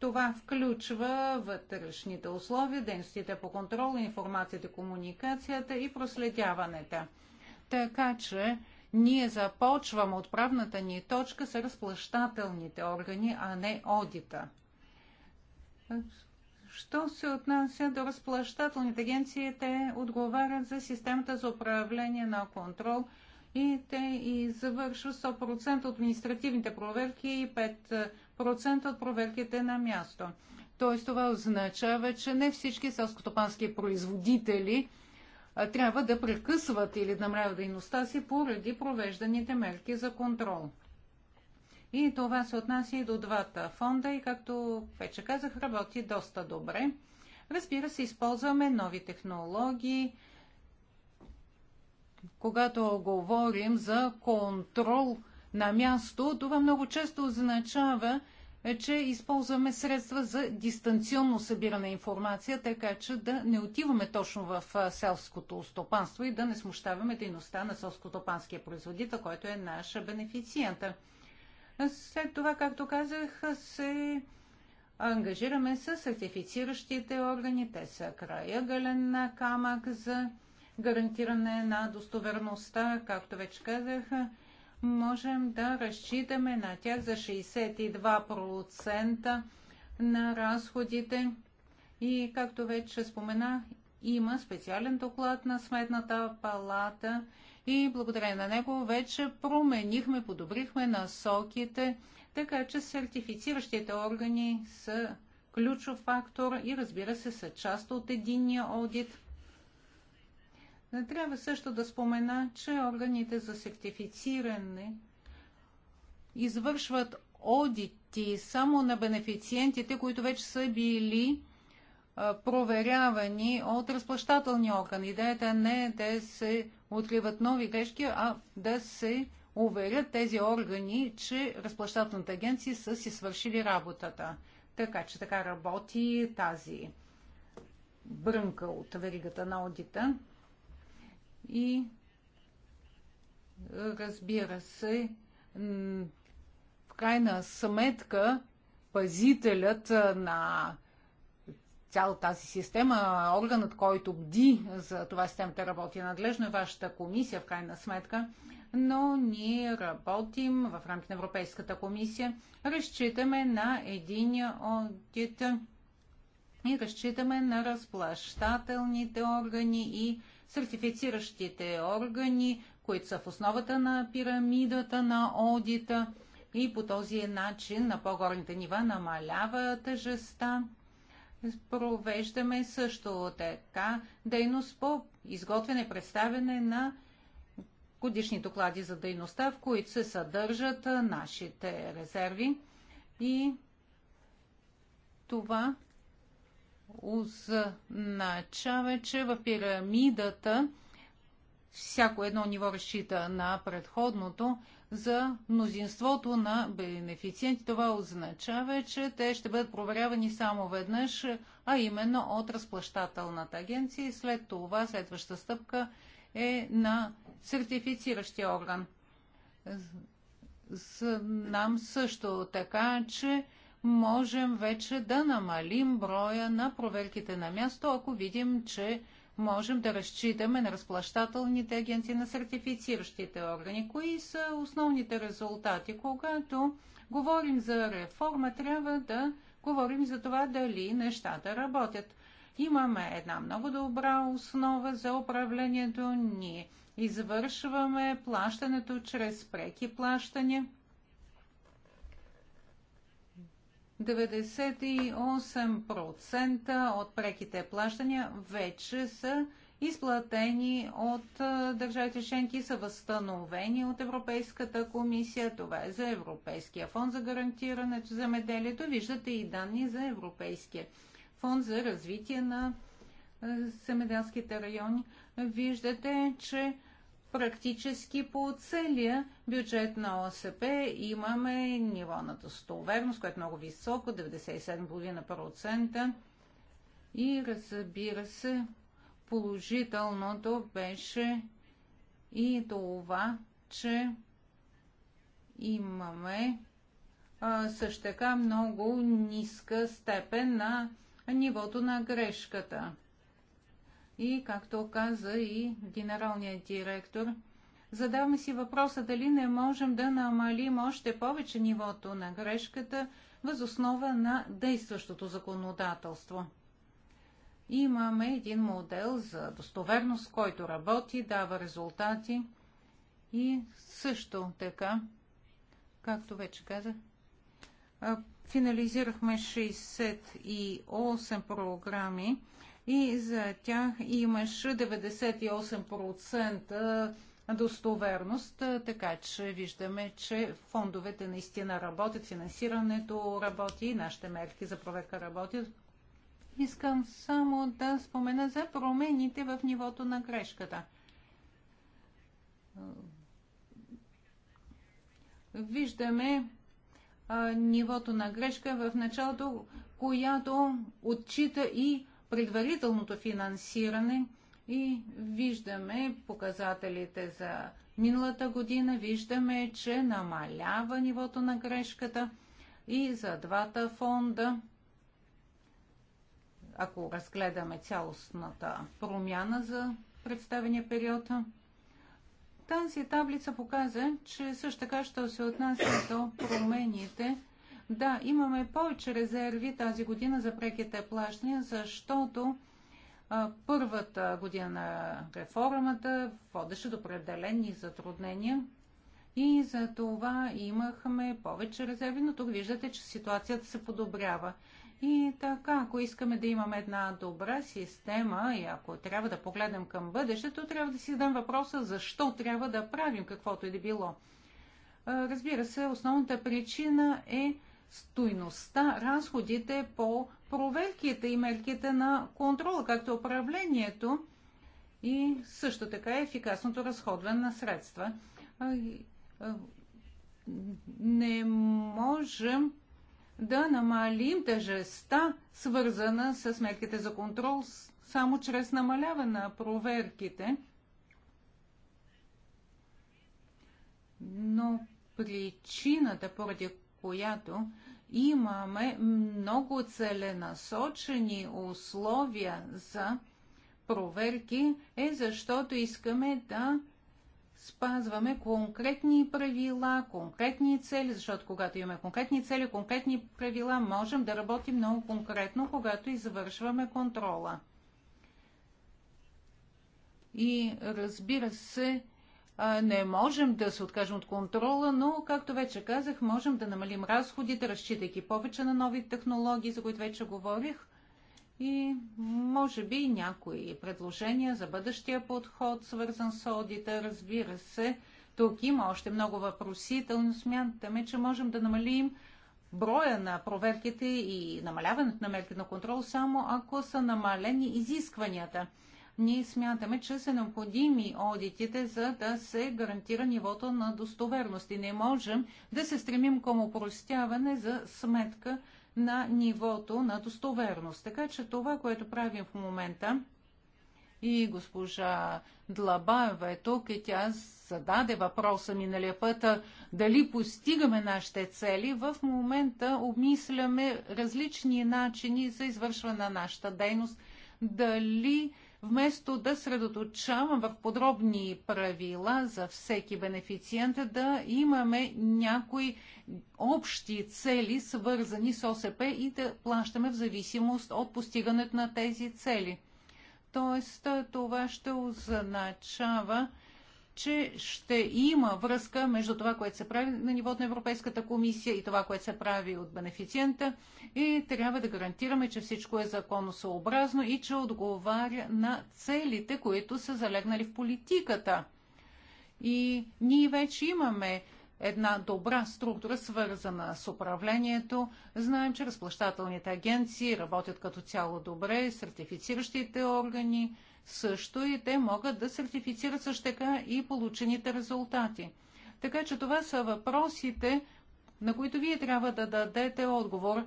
Това включва вътрешните условия, дейностите по контрол, информацията, комуникацията и проследяването. Така че ние започваме от правната ни точка с разплащателните органи, а не одита. Що се отнася до разплащателните агенции, те отговарят за системата за управление на контрол и те и завършват 100% от административните проверки и 5% от проверките на място. Тоест това означава, че не всички селскотопански производители трябва да прекъсват или да намаляват дейността си поради провежданите мерки за контрол. И това се отнася и до двата фонда и, както вече казах, работи доста добре. Разбира се, използваме нови технологии, когато говорим за контрол на място, това много често означава, е, че използваме средства за дистанционно събиране на информация, така че да не отиваме точно в селското стопанство и да не смущаваме дейността на селско селско-стопанския производител, който е наш бенефициент. След това, както казах, се ангажираме с сертифициращите органи. Те са края гален камък за гарантиране на достоверността, както вече казах, можем да разчитаме на тях за 62% на разходите. И както вече спомена, има специален доклад на Сметната палата и благодарение на него вече променихме, подобрихме насоките, така че сертифициращите органи са ключов фактор и разбира се са част от единния одит. Не Трябва също да спомена, че органите за сертифициране извършват одити само на бенефициентите, които вече са били проверявани от разплащателни орган. Идеята не е да се откриват нови грешки, а да се уверят тези органи, че разплащателните агенции са си свършили работата. Така че така работи тази брънка от веригата на аудита. И е, разбира се, в крайна сметка, пазителят е, на цялата тази система, органът, който бди за това системата работи надлежно е вашата комисия, в крайна сметка, но ние работим в рамките на Европейската комисия, разчитаме на един одит и разчитаме на разплащателните органи и сертифициращите органи, които са в основата на пирамидата на одита и по този начин на по-горните нива намалява тъжеста. Провеждаме също така дейност по изготвяне и представяне на годишни доклади за дейността, в които се съдържат нашите резерви и това означава, че в пирамидата всяко едно ниво разчита на предходното. За мнозинството на бенефициенти това означава, че те ще бъдат проверявани само веднъж, а именно от разплащателната агенция и след това следваща стъпка е на сертифициращия орган. Знам също така, че можем вече да намалим броя на проверките на място, ако видим, че можем да разчитаме на разплащателните агенции, на сертифициращите органи. Кои са основните резултати? Когато говорим за реформа, трябва да говорим за това дали нещата работят. Имаме една много добра основа за управлението. ни извършваме плащането чрез преки плащания – 98% от преките плащания вече са изплатени от държавите членки, са възстановени от Европейската комисия. Това е за Европейския фонд за гарантиране за земеделието. Виждате и данни за Европейския фонд за развитие на земеделските райони. Виждате, че практически по целия бюджет на ОСП имаме ниво на достоверност, което е много високо, 97,5%. И разбира се, положителното беше и това, че имаме също така много ниска степен на нивото на грешката. И, както каза и генералният директор, задаваме си въпроса дали не можем да намалим още повече нивото на грешката въз основа на действащото законодателство. Имаме един модел за достоверност, който работи, дава резултати и също така, както вече казах, финализирахме 68 програми и за тях имаше 98% достоверност, така че виждаме, че фондовете наистина работят, финансирането работи и нашите мерки за проверка работят. Искам само да спомена за промените в нивото на грешката. Виждаме а, нивото на грешка в началото, която отчита и предварителното финансиране и виждаме показателите за миналата година, виждаме, че намалява нивото на грешката и за двата фонда, ако разгледаме цялостната промяна за представения период, тази таблица показа, че също така, ще се отнася до промените да, имаме повече резерви тази година за преките плащания, защото а, първата година на реформата водеше до определени затруднения и за това имахме повече резерви, но тук виждате, че ситуацията се подобрява. И така, ако искаме да имаме една добра система и ако трябва да погледнем към бъдещето, трябва да си задам въпроса защо трябва да правим каквото и да било. Разбира се, основната причина е стойността, разходите по проверките и мерките на контрола, както управлението и също така ефикасното разходване на средства. Не можем да намалим тежеста, свързана с мерките за контрол, само чрез намаляване на проверките. Но причината, поради която имаме много целенасочени условия за проверки, е защото искаме да спазваме конкретни правила, конкретни цели, защото когато имаме конкретни цели, конкретни правила, можем да работим много конкретно, когато извършваме контрола. И разбира се, не можем да се откажем от контрола, но, както вече казах, можем да намалим разходите, разчитайки повече на нови технологии, за които вече говорих. И може би някои предложения за бъдещия подход, свързан с одита, разбира се. Тук има още много въпросителни. Смятаме, че можем да намалим броя на проверките и намаляването на мерки на контрол, само ако са намалени изискванията ние смятаме, че са необходими одитите, за да се гарантира нивото на достоверност. И не можем да се стремим към упростяване за сметка на нивото на достоверност. Така че това, което правим в момента, и госпожа Длабаева е тук и тя зададе въпроса миналия път дали постигаме нашите цели. В момента обмисляме различни начини за извършване на нашата дейност. Дали вместо да средоточавам в подробни правила за всеки бенефициент, да имаме някои общи цели, свързани с ОСП и да плащаме в зависимост от постигането на тези цели. Тоест, това ще означава, че ще има връзка между това, което се прави на нивото на Европейската комисия и това, което се прави от бенефициента и трябва да гарантираме, че всичко е законосъобразно и че отговаря на целите, които са залегнали в политиката. И ние вече имаме една добра структура, свързана с управлението. Знаем, че разплащателните агенции работят като цяло добре, сертифициращите органи, също и те могат да сертифицират също така и получените резултати. Така че това са въпросите, на които вие трябва да дадете отговор.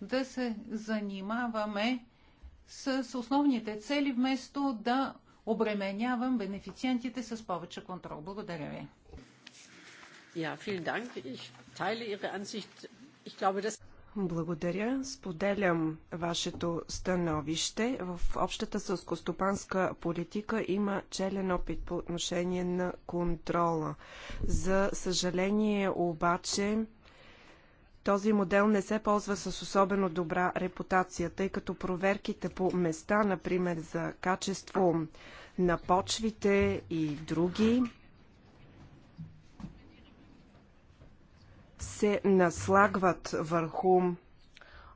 Да се занимаваме с основните цели, вместо да обременявам бенефициентите с повече контрол. Благодаря ви. Ja, vielen Dank. Ich teile Ihre Ansicht. Ich glaube, dass... Благодаря. Споделям вашето становище. В общата сълскостопанска политика има челен опит по отношение на контрола. За съжаление обаче този модел не се ползва с особено добра репутация, тъй като проверките по места, например за качество на почвите и други, се наслагват върху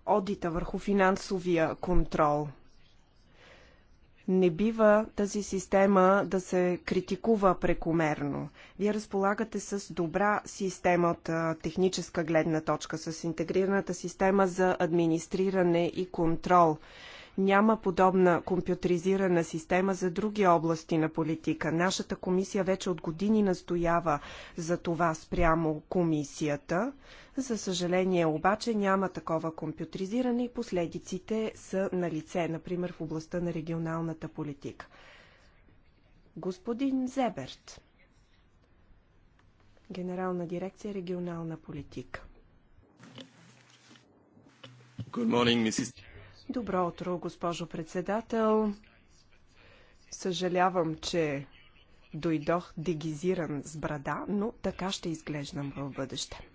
одита, върху финансовия контрол. Не бива тази система да се критикува прекомерно. Вие разполагате с добра система от техническа гледна точка, с интегрираната система за администриране и контрол – няма подобна компютризирана система за други области на политика. Нашата комисия вече от години настоява за това спрямо комисията. За съжаление обаче няма такова компютризиране и последиците са на лице, например в областта на регионалната политика. Господин Зеберт, Генерална дирекция регионална политика. Good morning, Mrs. Добро утро, госпожо председател. Съжалявам, че дойдох дегизиран с брада, но така ще изглеждам в бъдеще.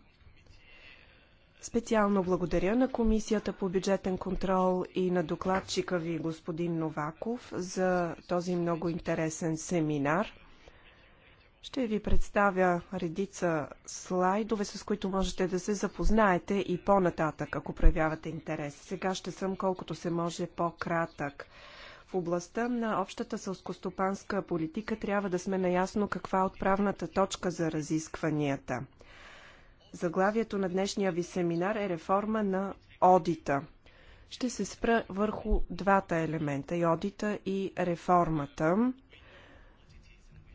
Специално благодаря на Комисията по бюджетен контрол и на докладчика ви господин Новаков за този много интересен семинар – ще ви представя редица слайдове, с които можете да се запознаете и по-нататък, ако проявявате интерес. Сега ще съм колкото се може по-кратък. В областта на общата сълскостопанска политика трябва да сме наясно каква е отправната точка за разискванията. Заглавието на днешния ви семинар е реформа на одита. Ще се спра върху двата елемента и одита и реформата.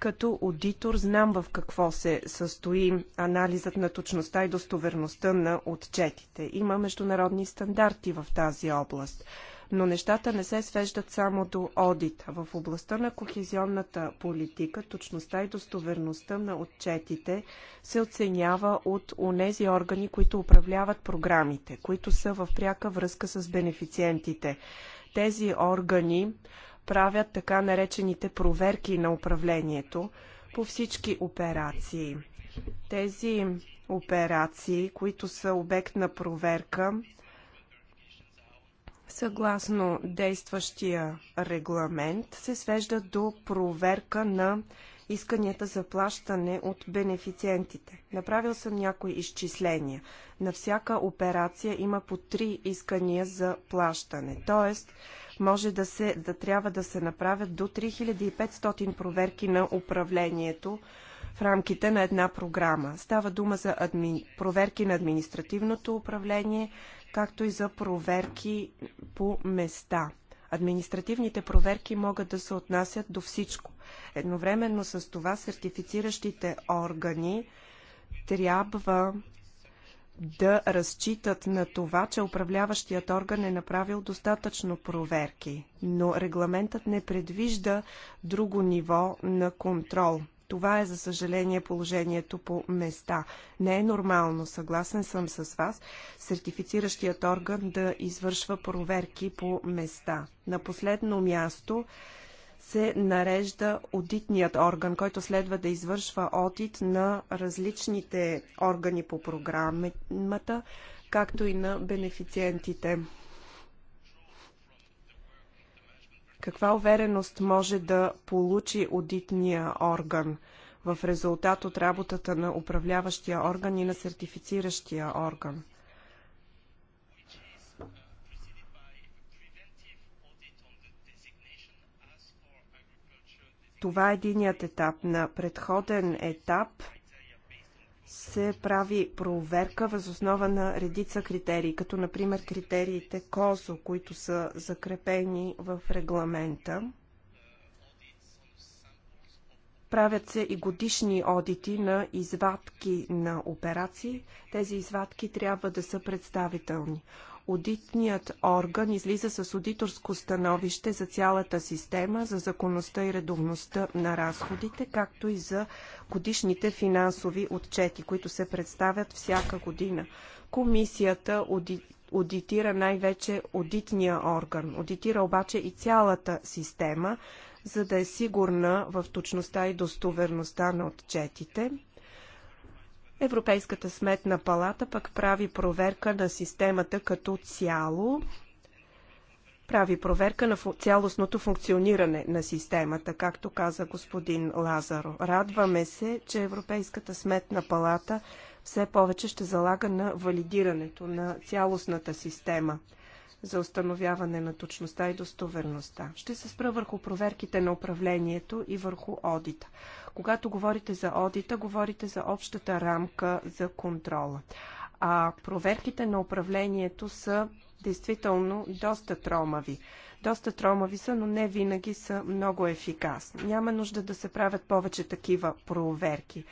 Като аудитор знам в какво се състои анализът на точността и достоверността на отчетите. Има международни стандарти в тази област. Но нещата не се свеждат само до одит. В областта на кохезионната политика, точността и достоверността на отчетите се оценява от онези органи, които управляват програмите, които са в пряка връзка с бенефициентите. Тези органи правят така наречените проверки на управлението по всички операции. Тези операции, които са обект на проверка, съгласно действащия регламент, се свеждат до проверка на исканията за плащане от бенефициентите. Направил съм някои изчисления. На всяка операция има по три искания за плащане. Тоест, може да, се, да трябва да се направят до 3500 проверки на управлението в рамките на една програма. Става дума за адми... проверки на административното управление, както и за проверки по места. Административните проверки могат да се отнасят до всичко. Едновременно с това сертифициращите органи трябва да разчитат на това, че управляващият орган е направил достатъчно проверки, но регламентът не предвижда друго ниво на контрол. Това е, за съжаление, положението по места. Не е нормално, съгласен съм с вас, сертифициращият орган да извършва проверки по места. На последно място се нарежда одитният орган, който следва да извършва одит на различните органи по програмата, както и на бенефициентите. Каква увереност може да получи одитния орган в резултат от работата на управляващия орган и на сертифициращия орган? Това е единият етап. На предходен етап се прави проверка възоснова на редица критерии, като например критериите КОЗО, които са закрепени в регламента. Правят се и годишни одити на извадки на операции. Тези извадки трябва да са представителни. Одитният орган излиза с аудиторско становище за цялата система, за законността и редовността на разходите, както и за годишните финансови отчети, които се представят всяка година. Комисията оди... одитира най-вече одитния орган. Одитира обаче и цялата система, за да е сигурна в точността и достоверността на отчетите. Европейската сметна палата пък прави проверка на системата като цяло, прави проверка на цялостното функциониране на системата, както каза господин Лазаро. Радваме се, че Европейската сметна палата все повече ще залага на валидирането на цялостната система – за установяване на точността и достоверността. Ще се спра върху проверките на управлението и върху одита. Когато говорите за одита, говорите за общата рамка за контрола. А проверките на управлението са действително доста тромави. Доста тромави са, но не винаги са много ефикасни. Няма нужда да се правят повече такива проверки.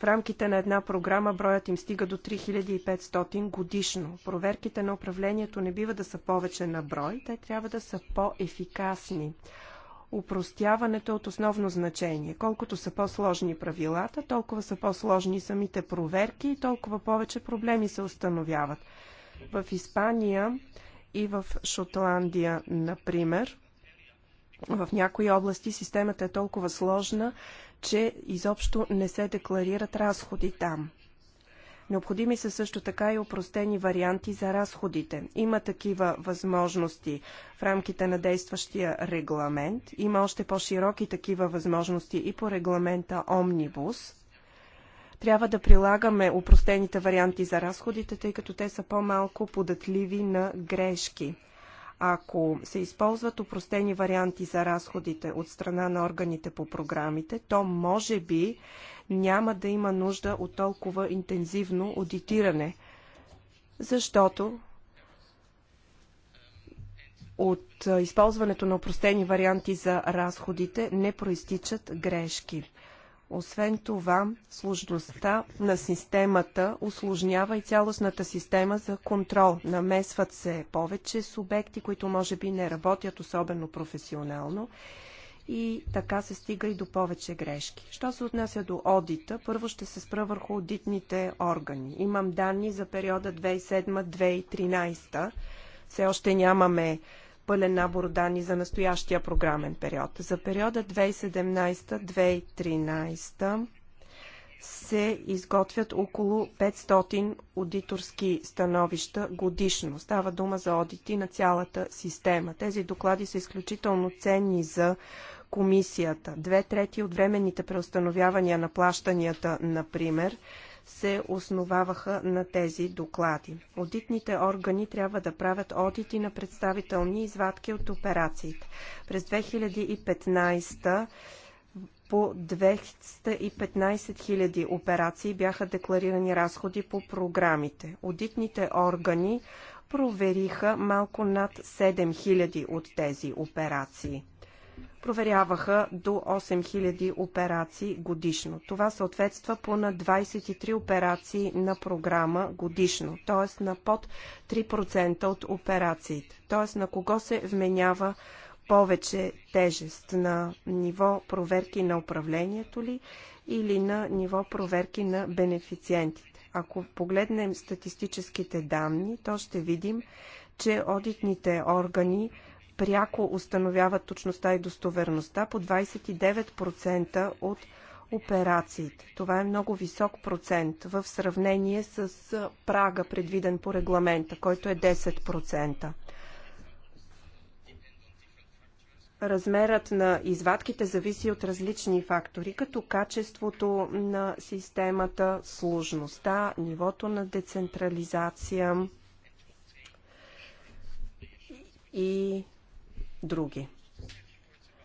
В рамките на една програма броят им стига до 3500 годишно. Проверките на управлението не бива да са повече на брой, те трябва да са по-ефикасни. Упростяването е от основно значение. Колкото са по-сложни правилата, толкова са по-сложни самите проверки и толкова повече проблеми се установяват. В Испания и в Шотландия, например, в някои области системата е толкова сложна, че изобщо не се декларират разходи там. Необходими са също така и упростени варианти за разходите. Има такива възможности в рамките на действащия регламент. Има още по-широки такива възможности и по регламента Омнибус. Трябва да прилагаме упростените варианти за разходите, тъй като те са по-малко податливи на грешки. Ако се използват упростени варианти за разходите от страна на органите по програмите, то може би няма да има нужда от толкова интензивно аудитиране, защото от използването на упростени варианти за разходите не проистичат грешки. Освен това, сложността на системата осложнява и цялостната система за контрол. Намесват се повече субекти, които може би не работят особено професионално и така се стига и до повече грешки. Що се отнася до одита, първо ще се спра върху одитните органи. Имам данни за периода 2007-2013. Все още нямаме пълен набор данни за настоящия програмен период. За периода 2017-2013 се изготвят около 500 аудиторски становища годишно. Става дума за одити на цялата система. Тези доклади са изключително ценни за комисията. Две трети от временните преустановявания на плащанията, например, се основаваха на тези доклади. Одитните органи трябва да правят одити на представителни извадки от операциите. През 2015 по 215 000 операции бяха декларирани разходи по програмите. Одитните органи провериха малко над 7 000 от тези операции проверяваха до 8000 операции годишно. Това съответства по на 23 операции на програма годишно, т.е. на под 3% от операциите. Т.е. на кого се вменява повече тежест на ниво проверки на управлението ли или на ниво проверки на бенефициентите. Ако погледнем статистическите данни, то ще видим, че одитните органи пряко установяват точността и достоверността по 29% от операциите. Това е много висок процент в сравнение с прага, предвиден по регламента, който е 10%. Размерът на извадките зависи от различни фактори, като качеството на системата, сложността, нивото на децентрализация и други.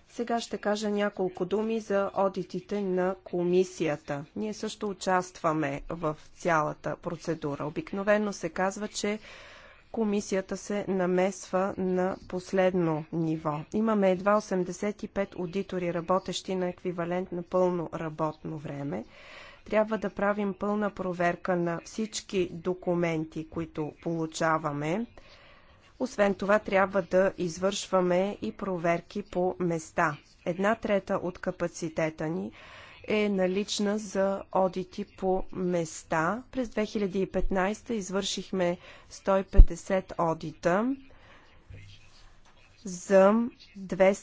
Сега ще кажа няколко думи за одитите на комисията. Ние също участваме в цялата процедура. Обикновено се казва, че комисията се намесва на последно ниво. Имаме едва 85 аудитори, работещи на еквивалент на пълно работно време. Трябва да правим пълна проверка на всички документи, които получаваме. Освен това, трябва да извършваме и проверки по места. Една трета от капацитета ни е налична за одити по места. През 2015 извършихме 150 одита за 230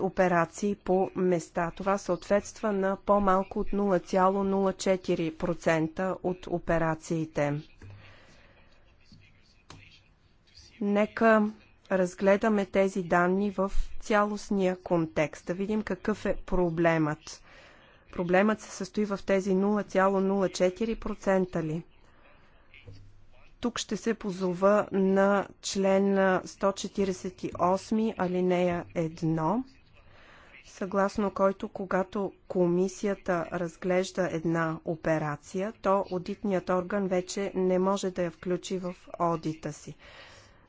операции по места. Това съответства на по-малко от 0,04% от операциите. Нека разгледаме тези данни в цялостния контекст, да видим какъв е проблемът. Проблемът се състои в тези 0,04% ли? Тук ще се позова на член 148 алинея 1, съгласно който когато комисията разглежда една операция, то аудитният орган вече не може да я включи в одита си.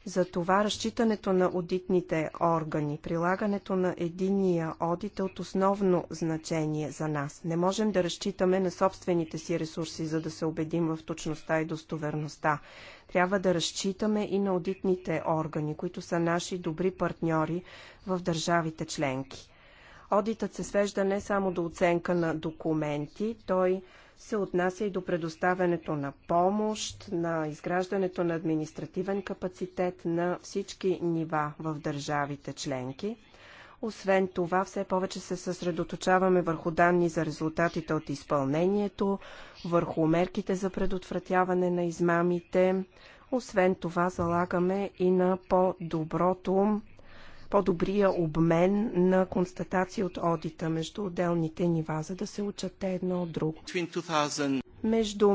Затова разчитането на одитните органи, прилагането на единия одит е от основно значение за нас. Не можем да разчитаме на собствените си ресурси, за да се убедим в точността и достоверността. Трябва да разчитаме и на одитните органи, които са наши добри партньори в държавите членки. Одитът се свежда не само до оценка на документи, той се отнася и до предоставянето на помощ, на изграждането на административен капацитет на всички нива в държавите членки. Освен това, все повече се съсредоточаваме върху данни за резултатите от изпълнението, върху мерките за предотвратяване на измамите. Освен това, залагаме и на по-доброто по-добрия обмен на констатации от одита между отделните нива, за да се те едно от друго. Между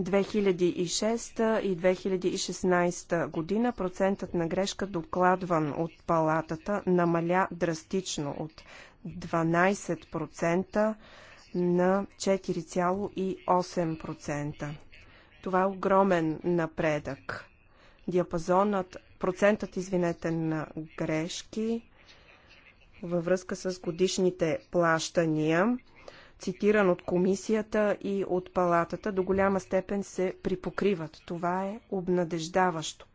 2006 и 2016 година процентът на грешка, докладван от палатата, намаля драстично от 12% на 4,8%. Това е огромен напредък. Диапазонът процентът, извинете, на грешки във връзка с годишните плащания, цитиран от комисията и от палатата, до голяма степен се припокриват. Това е обнадеждаващо.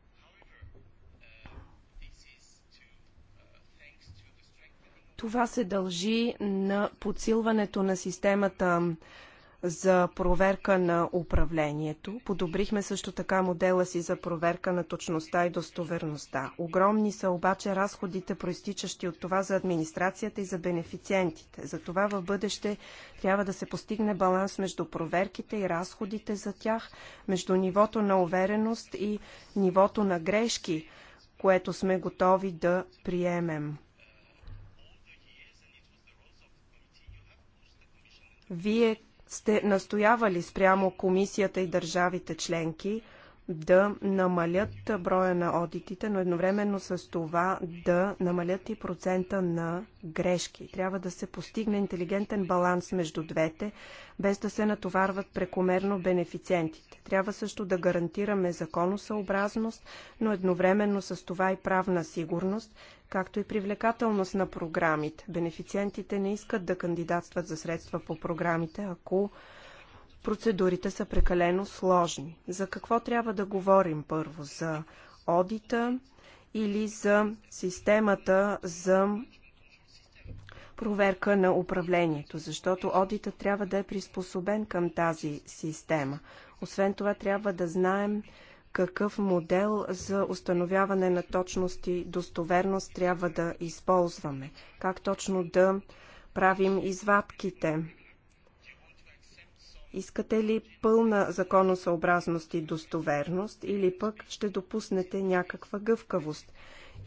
Това се дължи на подсилването на системата за проверка на управлението. Подобрихме също така модела си за проверка на точността и достоверността. Огромни са обаче разходите, проистичащи от това за администрацията и за бенефициентите. Затова в бъдеще трябва да се постигне баланс между проверките и разходите за тях, между нивото на увереност и нивото на грешки, което сме готови да приемем. Вие сте настоявали спрямо комисията и държавите членки да намалят броя на одитите, но едновременно с това да намалят и процента на грешки. Трябва да се постигне интелигентен баланс между двете, без да се натоварват прекомерно бенефициентите. Трябва също да гарантираме законосъобразност, но едновременно с това и правна сигурност, както и привлекателност на програмите. Бенефициентите не искат да кандидатстват за средства по програмите, ако процедурите са прекалено сложни. За какво трябва да говорим първо? За одита или за системата за проверка на управлението, защото одита трябва да е приспособен към тази система. Освен това трябва да знаем какъв модел за установяване на точност и достоверност трябва да използваме, как точно да правим извадките. Искате ли пълна законосъобразност и достоверност или пък ще допуснете някаква гъвкавост?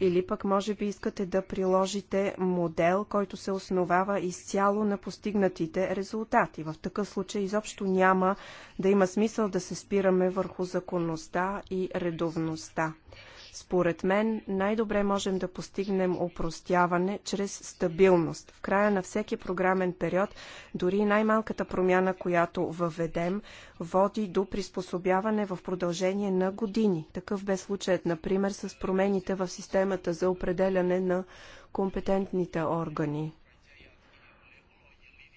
Или пък може би искате да приложите модел, който се основава изцяло на постигнатите резултати. В такъв случай изобщо няма да има смисъл да се спираме върху законността и редовността. Според мен най-добре можем да постигнем упростяване чрез стабилност. В края на всеки програмен период, дори най-малката промяна, която въведем, води до приспособяване в продължение на години. Такъв бе случаят, например, с промените в системата за определяне на компетентните органи.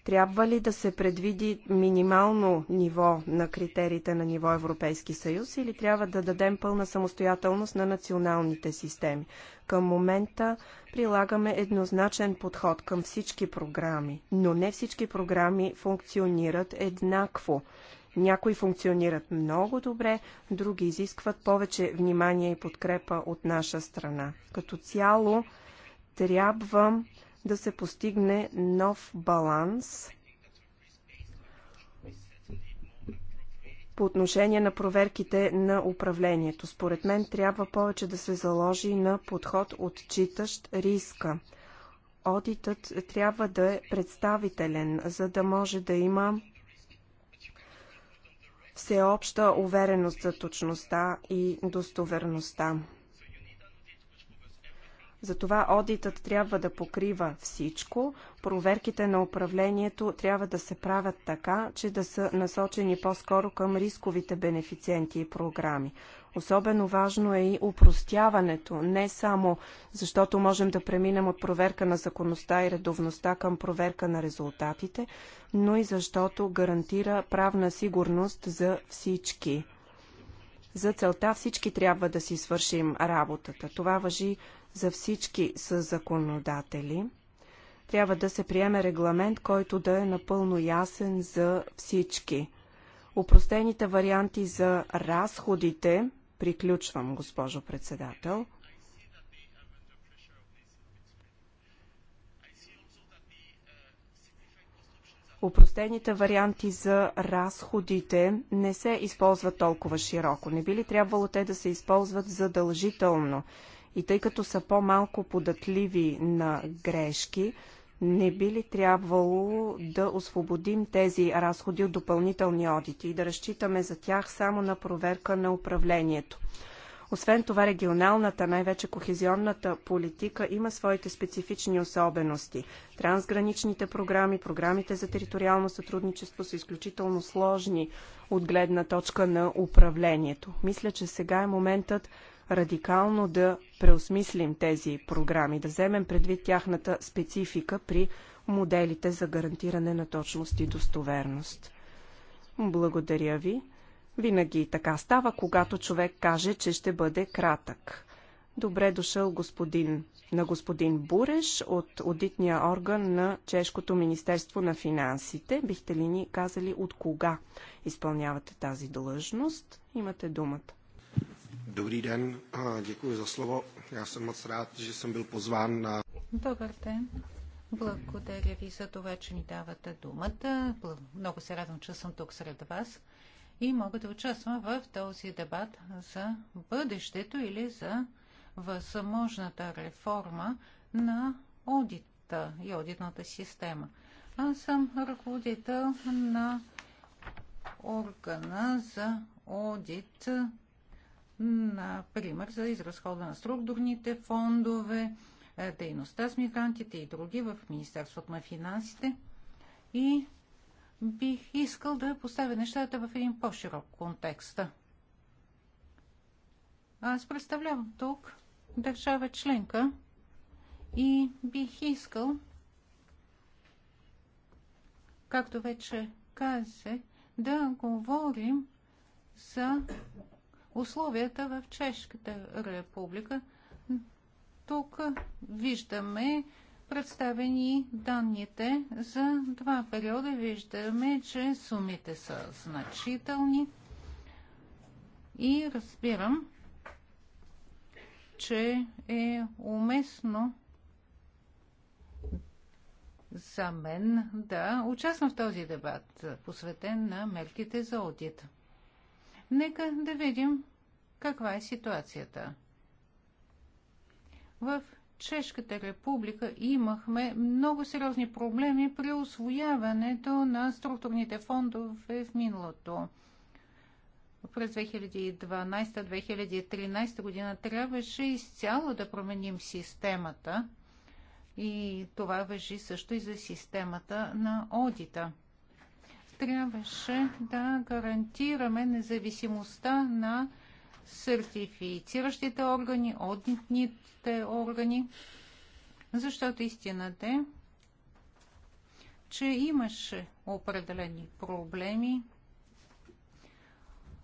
Трябва ли да се предвиди минимално ниво на критериите на ниво Европейски съюз или трябва да дадем пълна самостоятелност на националните системи? Към момента прилагаме еднозначен подход към всички програми, но не всички програми функционират еднакво. Някои функционират много добре, други изискват повече внимание и подкрепа от наша страна. Като цяло трябва да се постигне нов баланс по отношение на проверките на управлението. Според мен трябва повече да се заложи на подход отчитащ риска. Одитът трябва да е представителен, за да може да има всеобща увереност за точността и достоверността. Затова одитът трябва да покрива всичко. Проверките на управлението трябва да се правят така, че да са насочени по-скоро към рисковите бенефициенти и програми. Особено важно е и упростяването, не само защото можем да преминем от проверка на законността и редовността към проверка на резултатите, но и защото гарантира правна сигурност за всички. За целта всички трябва да си свършим работата. Това въжи за всички са законодатели. Трябва да се приеме регламент, който да е напълно ясен за всички. Упростените варианти за разходите, приключвам, госпожо председател, Опростените варианти за разходите не се използват толкова широко. Не би ли трябвало те да се използват задължително? И тъй като са по-малко податливи на грешки, не би ли трябвало да освободим тези разходи от допълнителни одити и да разчитаме за тях само на проверка на управлението? Освен това, регионалната, най-вече кохезионната политика има своите специфични особености. Трансграничните програми, програмите за териториално сътрудничество са изключително сложни от гледна точка на управлението. Мисля, че сега е моментът радикално да преосмислим тези програми, да вземем предвид тяхната специфика при моделите за гарантиране на точност и достоверност. Благодаря ви. Винаги така става, когато човек каже, че ще бъде кратък. Добре дошъл господин, на господин Буреш от аудитния орган на Чешкото Министерство на финансите. Бихте ли ни казали от кога изпълнявате тази длъжност? Имате думата. Dobrý den, děkuji za slovo. Já jsem moc rád, že jsem byl pozván на... Добър ден. Благодаря ви за това, че ми давате думата. Много се радвам, че съм тук сред вас и мога да участвам в този дебат за бъдещето или за възможната реформа на одита и одитната система. Аз съм ръководител на органа за одит например, за изразхода на структурните фондове, е, дейността с мигрантите и други в Министерството на финансите. И бих искал да поставя нещата в един по-широк контекст. Аз представлявам тук държава членка и бих искал, както вече казах, да говорим за условията в Чешката република. Тук виждаме представени данните за два периода. Виждаме, че сумите са значителни и разбирам, че е уместно за мен да участвам в този дебат, посветен на мерките за одита. Нека да видим каква е ситуацията. В Чешката република имахме много сериозни проблеми при освояването на структурните фондове в миналото. През 2012-2013 година трябваше изцяло да променим системата и това въжи също и за системата на одита – трябваше да гарантираме независимостта на сертифициращите органи, одитните органи, защото истината е, че имаше определени проблеми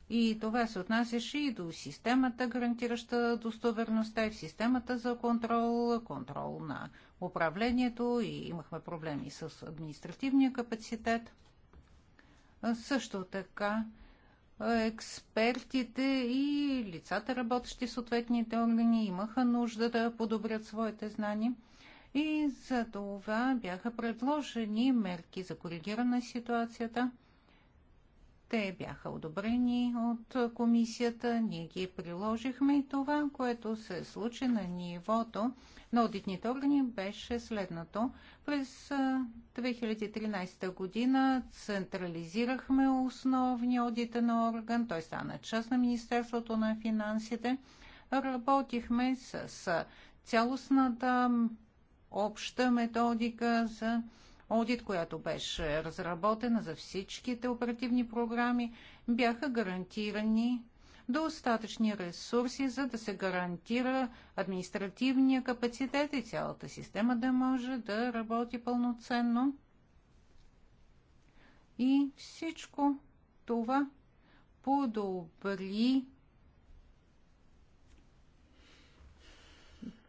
и това се отнасяше и до системата, гарантираща достоверността и в системата за контрол, контрол на управлението и имахме проблеми с административния капацитет – също така експертите и лицата, работещи в съответните органи, имаха нужда да подобрят своите знания. И за това бяха предложени мерки за коригиране на ситуацията – те бяха одобрени от комисията, ние ги приложихме и това, което се случи на нивото на одитните органи беше следното. През 2013 година централизирахме основния одитен орган, той стана част на Министерството на финансите. Работихме с цялостната обща методика за одит, която беше разработена за всичките оперативни програми, бяха гарантирани достатъчни ресурси, за да се гарантира административния капацитет и цялата система да може да работи пълноценно. И всичко това подобри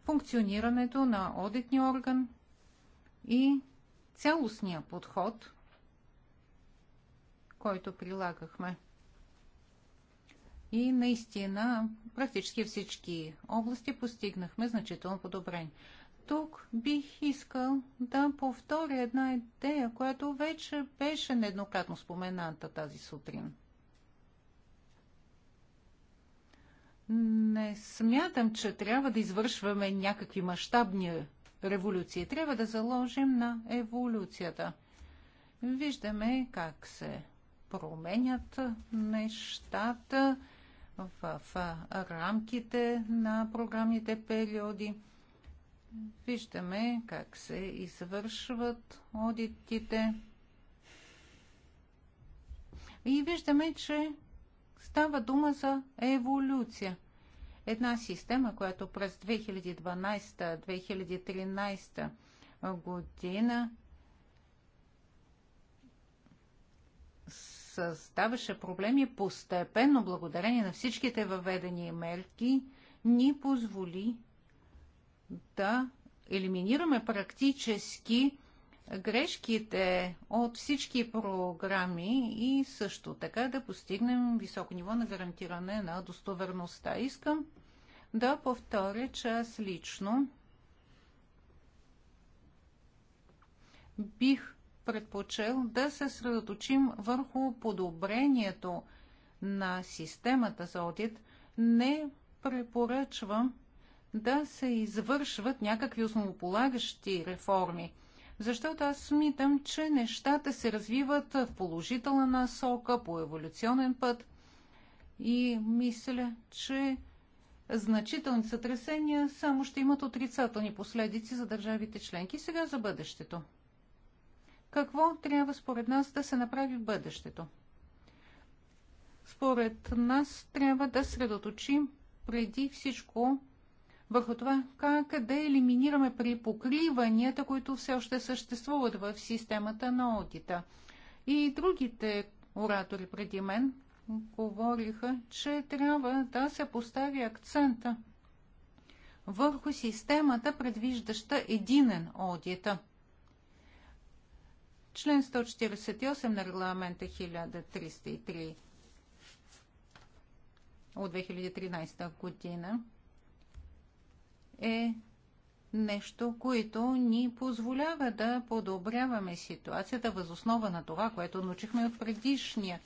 функционирането на одитния орган и цялостния подход, който прилагахме. И наистина, практически всички области постигнахме значително подобрение. Тук бих искал да повторя една идея, която вече беше нееднократно спомената тази сутрин. Не смятам, че трябва да извършваме някакви мащабни революции. Трябва да заложим на еволюцията. Виждаме как се променят нещата в, рамките на програмните периоди. Виждаме как се извършват одитите. И виждаме, че става дума за еволюция. Една система, която през 2012-2013 година създаваше проблеми постепенно, благодарение на всичките въведени мерки, ни позволи да елиминираме практически грешките от всички програми и също така да постигнем високо ниво на гарантиране на достоверността. Искам да повторя, че аз лично бих предпочел да се средоточим върху подобрението на системата за одит. Не препоръчвам да се извършват някакви основополагащи реформи, защото аз смитам, че нещата се развиват в положителна насока, по еволюционен път и мисля, че значителни сътресения само ще имат отрицателни последици за държавите членки. Сега за бъдещето. Какво трябва според нас да се направи в бъдещето? Според нас трябва да средоточим преди всичко върху това как да елиминираме при покриванията, които все още съществуват в системата на аудита. И другите оратори преди мен говориха, че трябва да се постави акцента върху системата, предвиждаща единен одит. Член 148 на регламента е 1303 от 2013 година е нещо, което ни позволява да подобряваме ситуацията възоснова на това, което научихме от предишния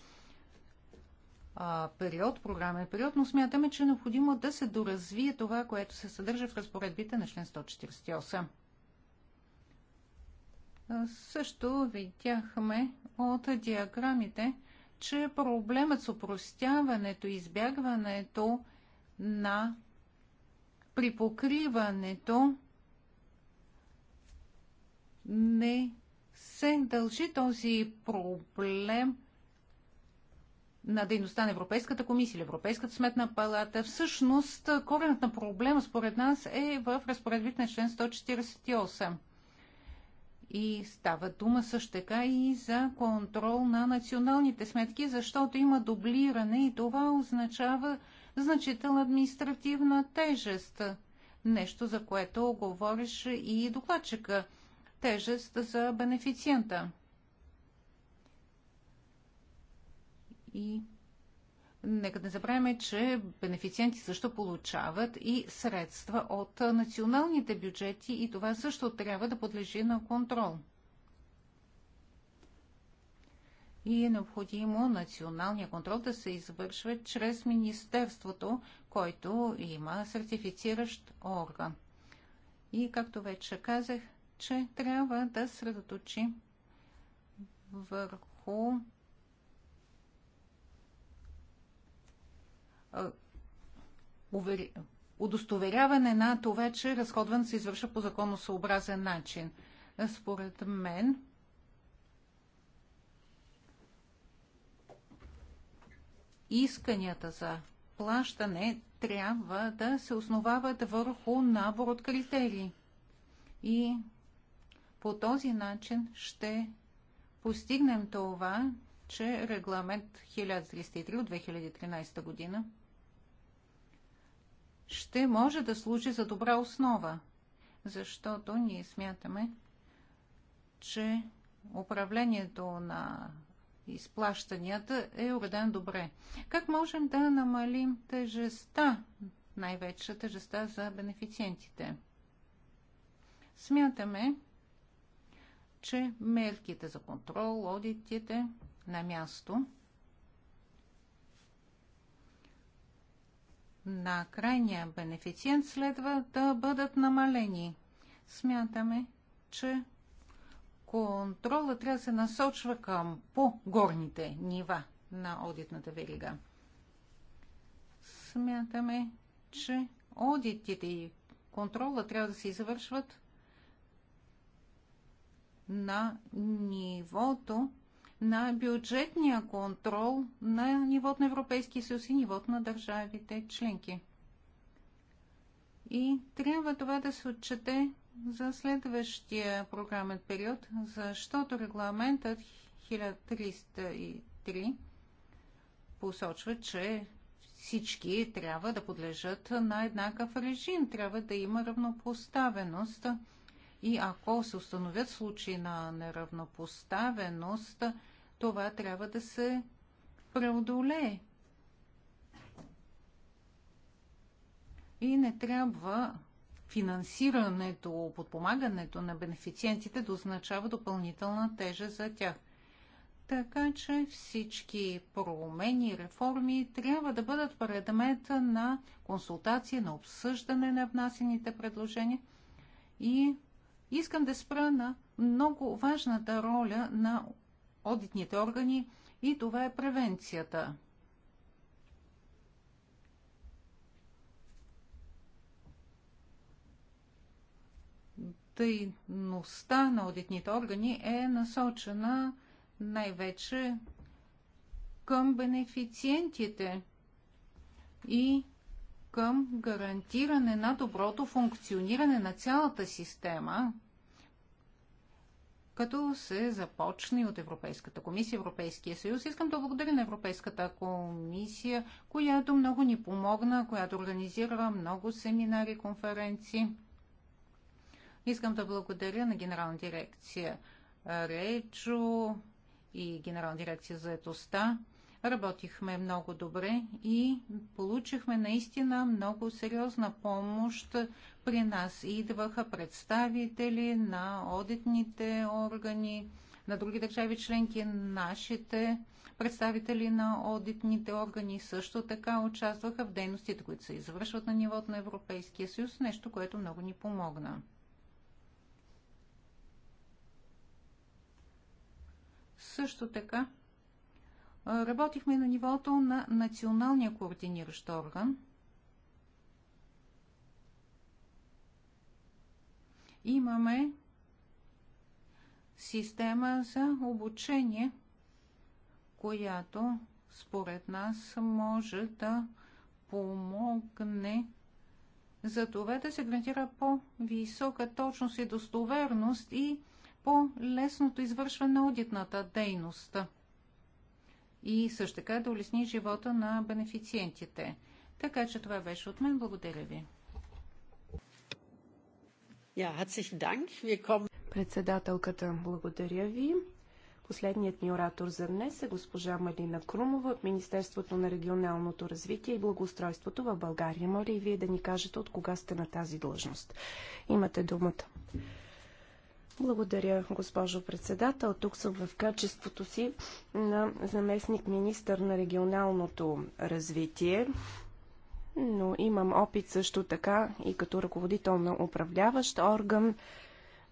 период, програмен период, но смятаме, че е необходимо да се доразвие това, което се съдържа в разпоредбите на член 148. Също видяхме от диаграмите, че проблемът с упростяването и избягването на припокриването не се дължи този проблем – на дейността на Европейската комисия или Европейската сметна палата, всъщност коренът на проблема според нас е в разпоредбите на член 148. И става дума също така и за контрол на националните сметки, защото има дублиране и това означава значителна административна тежест. Нещо, за което говориш и докладчика. Тежест за бенефициента. И нека да не забравяме, че бенефициенти също получават и средства от националните бюджети и това също трябва да подлежи на контрол. и е необходимо националния контрол да се извършва чрез Министерството, който има сертифициращ орган. И както вече казах, че трябва да средоточи върху удостоверяване на това, че разходването се извършва по законосъобразен начин. Според мен, исканията за плащане трябва да се основават върху набор от критерии. И по този начин ще постигнем това, че регламент 1303 от 2013 година ще може да служи за добра основа, защото ние смятаме, че управлението на изплащанията е уреден добре. Как можем да намалим тежеста, най-вече тежестта за бенефициентите? Смятаме, че мерките за контрол, одитите на място – на крайния бенефициент следва да бъдат намалени. Смятаме, че контрола трябва да се насочва към по-горните нива на одитната верига. Смятаме, че одитите и контрола трябва да се извършват на нивото на бюджетния контрол на нивото на Европейския съюз и нивото на държавите членки. И трябва това да се отчете за следващия програмен период, защото регламентът 1303 посочва, че всички трябва да подлежат на еднакъв режим, трябва да има равнопоставеност. И ако се установят случаи на неравнопоставеност, това трябва да се преодолее. И не трябва финансирането, подпомагането на бенефициентите да означава допълнителна тежа за тях. Така че всички промени и реформи трябва да бъдат предмета на консултация, на обсъждане на внасените предложения. И искам да спра на много важната роля на одитните органи и това е превенцията. Дейността на одитните органи е насочена най-вече към бенефициентите и към гарантиране на доброто функциониране на цялата система – като се започне от Европейската комисия, Европейския съюз. Искам да благодаря на Европейската комисия, която много ни помогна, която организира много семинари, конференции. Искам да благодаря на Генерална дирекция Речо и Генерална дирекция за етоста. Работихме много добре и получихме наистина много сериозна помощ. При нас идваха представители на одитните органи, на други държави членки, нашите представители на одитните органи също така участваха в дейностите, които се извършват на нивото на Европейския съюз, нещо, което много ни помогна. Също така работихме на нивото на националния координиращ орган. Имаме система за обучение, която според нас може да помогне за това да се гарантира по-висока точност и достоверност и по-лесното извършване на одитната дейност – и също така да улесни живота на бенефициентите. Така че това беше от мен. Благодаря ви. Председателката, благодаря ви. Последният ни оратор за днес е госпожа Малина Крумова от Министерството на регионалното развитие и благоустройството в България. Моля и вие да ни кажете от кога сте на тази длъжност. Имате думата. Благодаря, госпожо председател. Тук съм в качеството си на заместник министър на регионалното развитие, но имам опит също така и като ръководител на управляващ орган.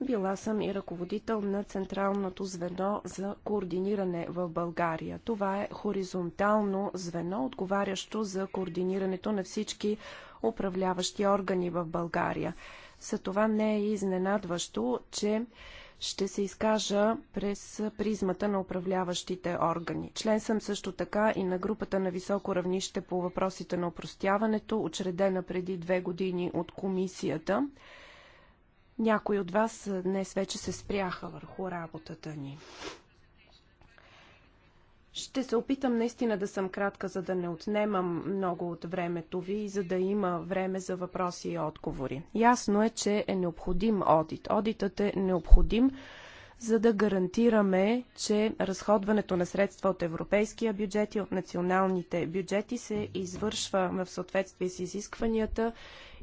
Била съм и ръководител на Централното звено за координиране в България. Това е хоризонтално звено, отговарящо за координирането на всички управляващи органи в България. За това не е изненадващо, че ще се изкажа през призмата на управляващите органи. Член съм също така и на групата на високо равнище по въпросите на опростяването, учредена преди две години от комисията. Някои от вас днес вече се спряха върху работата ни. Ще се опитам наистина да съм кратка, за да не отнемам много от времето ви и за да има време за въпроси и отговори. Ясно е, че е необходим одит. Одитът е необходим, за да гарантираме, че разходването на средства от европейския бюджет и от националните бюджети се извършва в съответствие с изискванията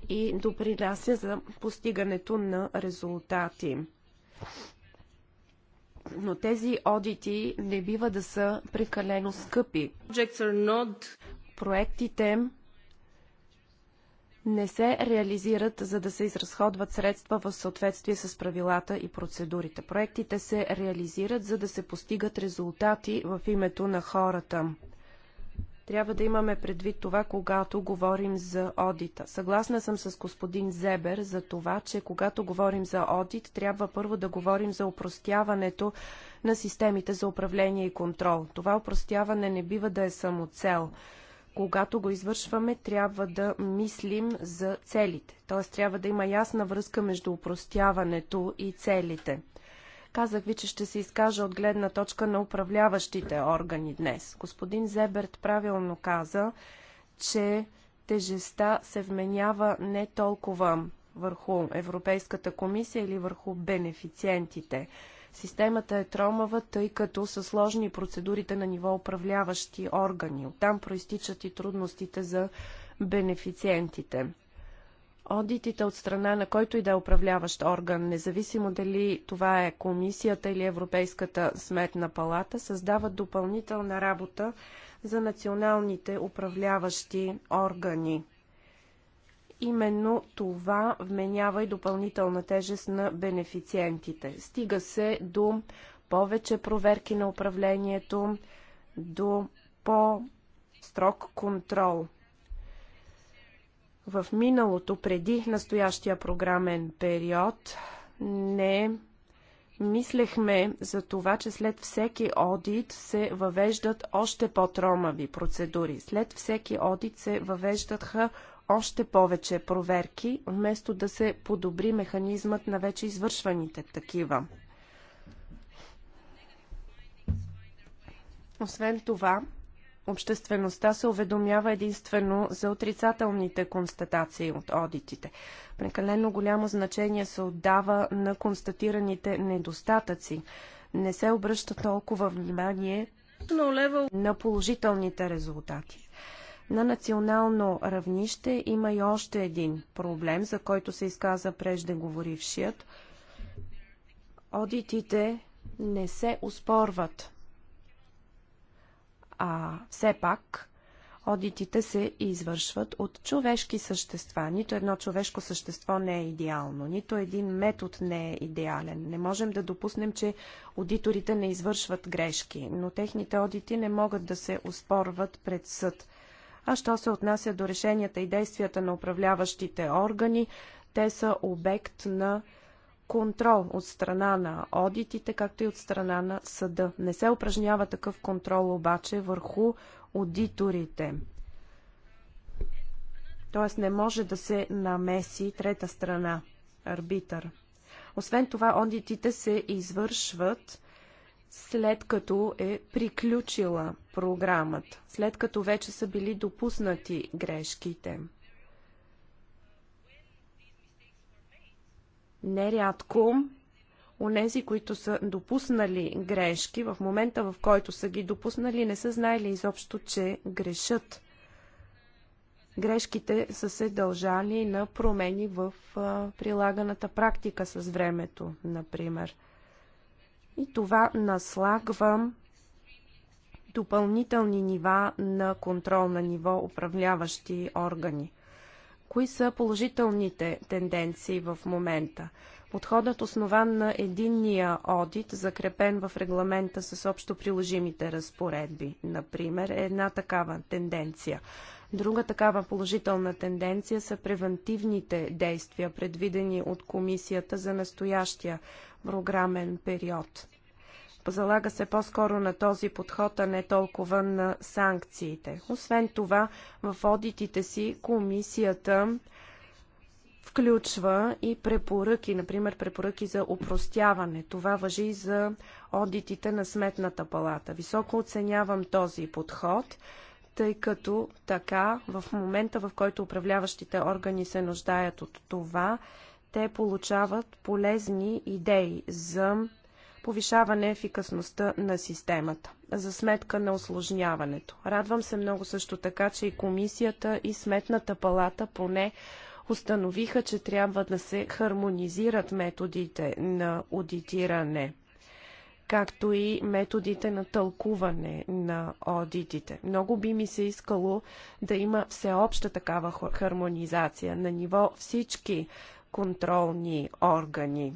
и допринася за постигането на резултати но тези одити не бива да са прекалено скъпи. Проектите не се реализират, за да се изразходват средства в съответствие с правилата и процедурите. Проектите се реализират, за да се постигат резултати в името на хората. Трябва да имаме предвид това, когато говорим за одита. Съгласна съм с господин Зебер за това, че когато говорим за одит, трябва първо да говорим за упростяването на системите за управление и контрол. Това упростяване не бива да е само цел когато го извършваме, трябва да мислим за целите. Т.е. трябва да има ясна връзка между упростяването и целите. Казах ви, че ще се изкажа от гледна точка на управляващите органи днес. Господин Зеберт правилно каза, че тежестта се вменява не толкова върху Европейската комисия или върху бенефициентите. Системата е тромава, тъй като са сложни процедурите на ниво управляващи органи. Оттам проистичат и трудностите за бенефициентите. Одитите от страна на който и да е управляващ орган, независимо дали това е комисията или Европейската сметна палата, създават допълнителна работа за националните управляващи органи. Именно това вменява и допълнителна тежест на бенефициентите. Стига се до повече проверки на управлението, до по-строг контрол – в миналото, преди настоящия програмен период, не мислехме за това, че след всеки одит се въвеждат още по-тромави процедури. След всеки одит се въвеждаха още повече проверки, вместо да се подобри механизмът на вече извършваните такива. Освен това, обществеността се уведомява единствено за отрицателните констатации от одитите. Прекалено голямо значение се отдава на констатираните недостатъци. Не се обръща толкова внимание на положителните резултати. На национално равнище има и още един проблем, за който се изказа преждеговорившият. Одитите не се успорват а все пак одитите се извършват от човешки същества. Нито едно човешко същество не е идеално, нито един метод не е идеален. Не можем да допуснем, че аудиторите не извършват грешки, но техните одити не могат да се оспорват пред съд. А що се отнася до решенията и действията на управляващите органи, те са обект на контрол от страна на одитите, както и от страна на съда. Не се упражнява такъв контрол обаче върху аудиторите. Тоест не може да се намеси трета страна, арбитър. Освен това, одитите се извършват след като е приключила програмата, след като вече са били допуснати грешките. Нерядко Онези, които са допуснали грешки, в момента в който са ги допуснали, не са знаели изобщо, че грешат. Грешките са се дължали на промени в прилаганата практика с времето, например. И това наслагва допълнителни нива на контрол на ниво управляващи органи. Кои са положителните тенденции в момента? Подходът основан на единния одит, закрепен в регламента с общо приложимите разпоредби, например, е една такава тенденция. Друга такава положителна тенденция са превентивните действия, предвидени от комисията за настоящия програмен период. Залага се по-скоро на този подход, а не толкова на санкциите. Освен това, в одитите си комисията включва и препоръки, например препоръки за упростяване. Това въжи и за одитите на Сметната палата. Високо оценявам този подход, тъй като така в момента, в който управляващите органи се нуждаят от това, те получават полезни идеи за повишаване ефикасността на системата за сметка на осложняването. Радвам се много също така, че и комисията и сметната палата поне установиха, че трябва да се хармонизират методите на аудитиране както и методите на тълкуване на одитите. Много би ми се искало да има всеобща такава хармонизация на ниво всички контролни органи.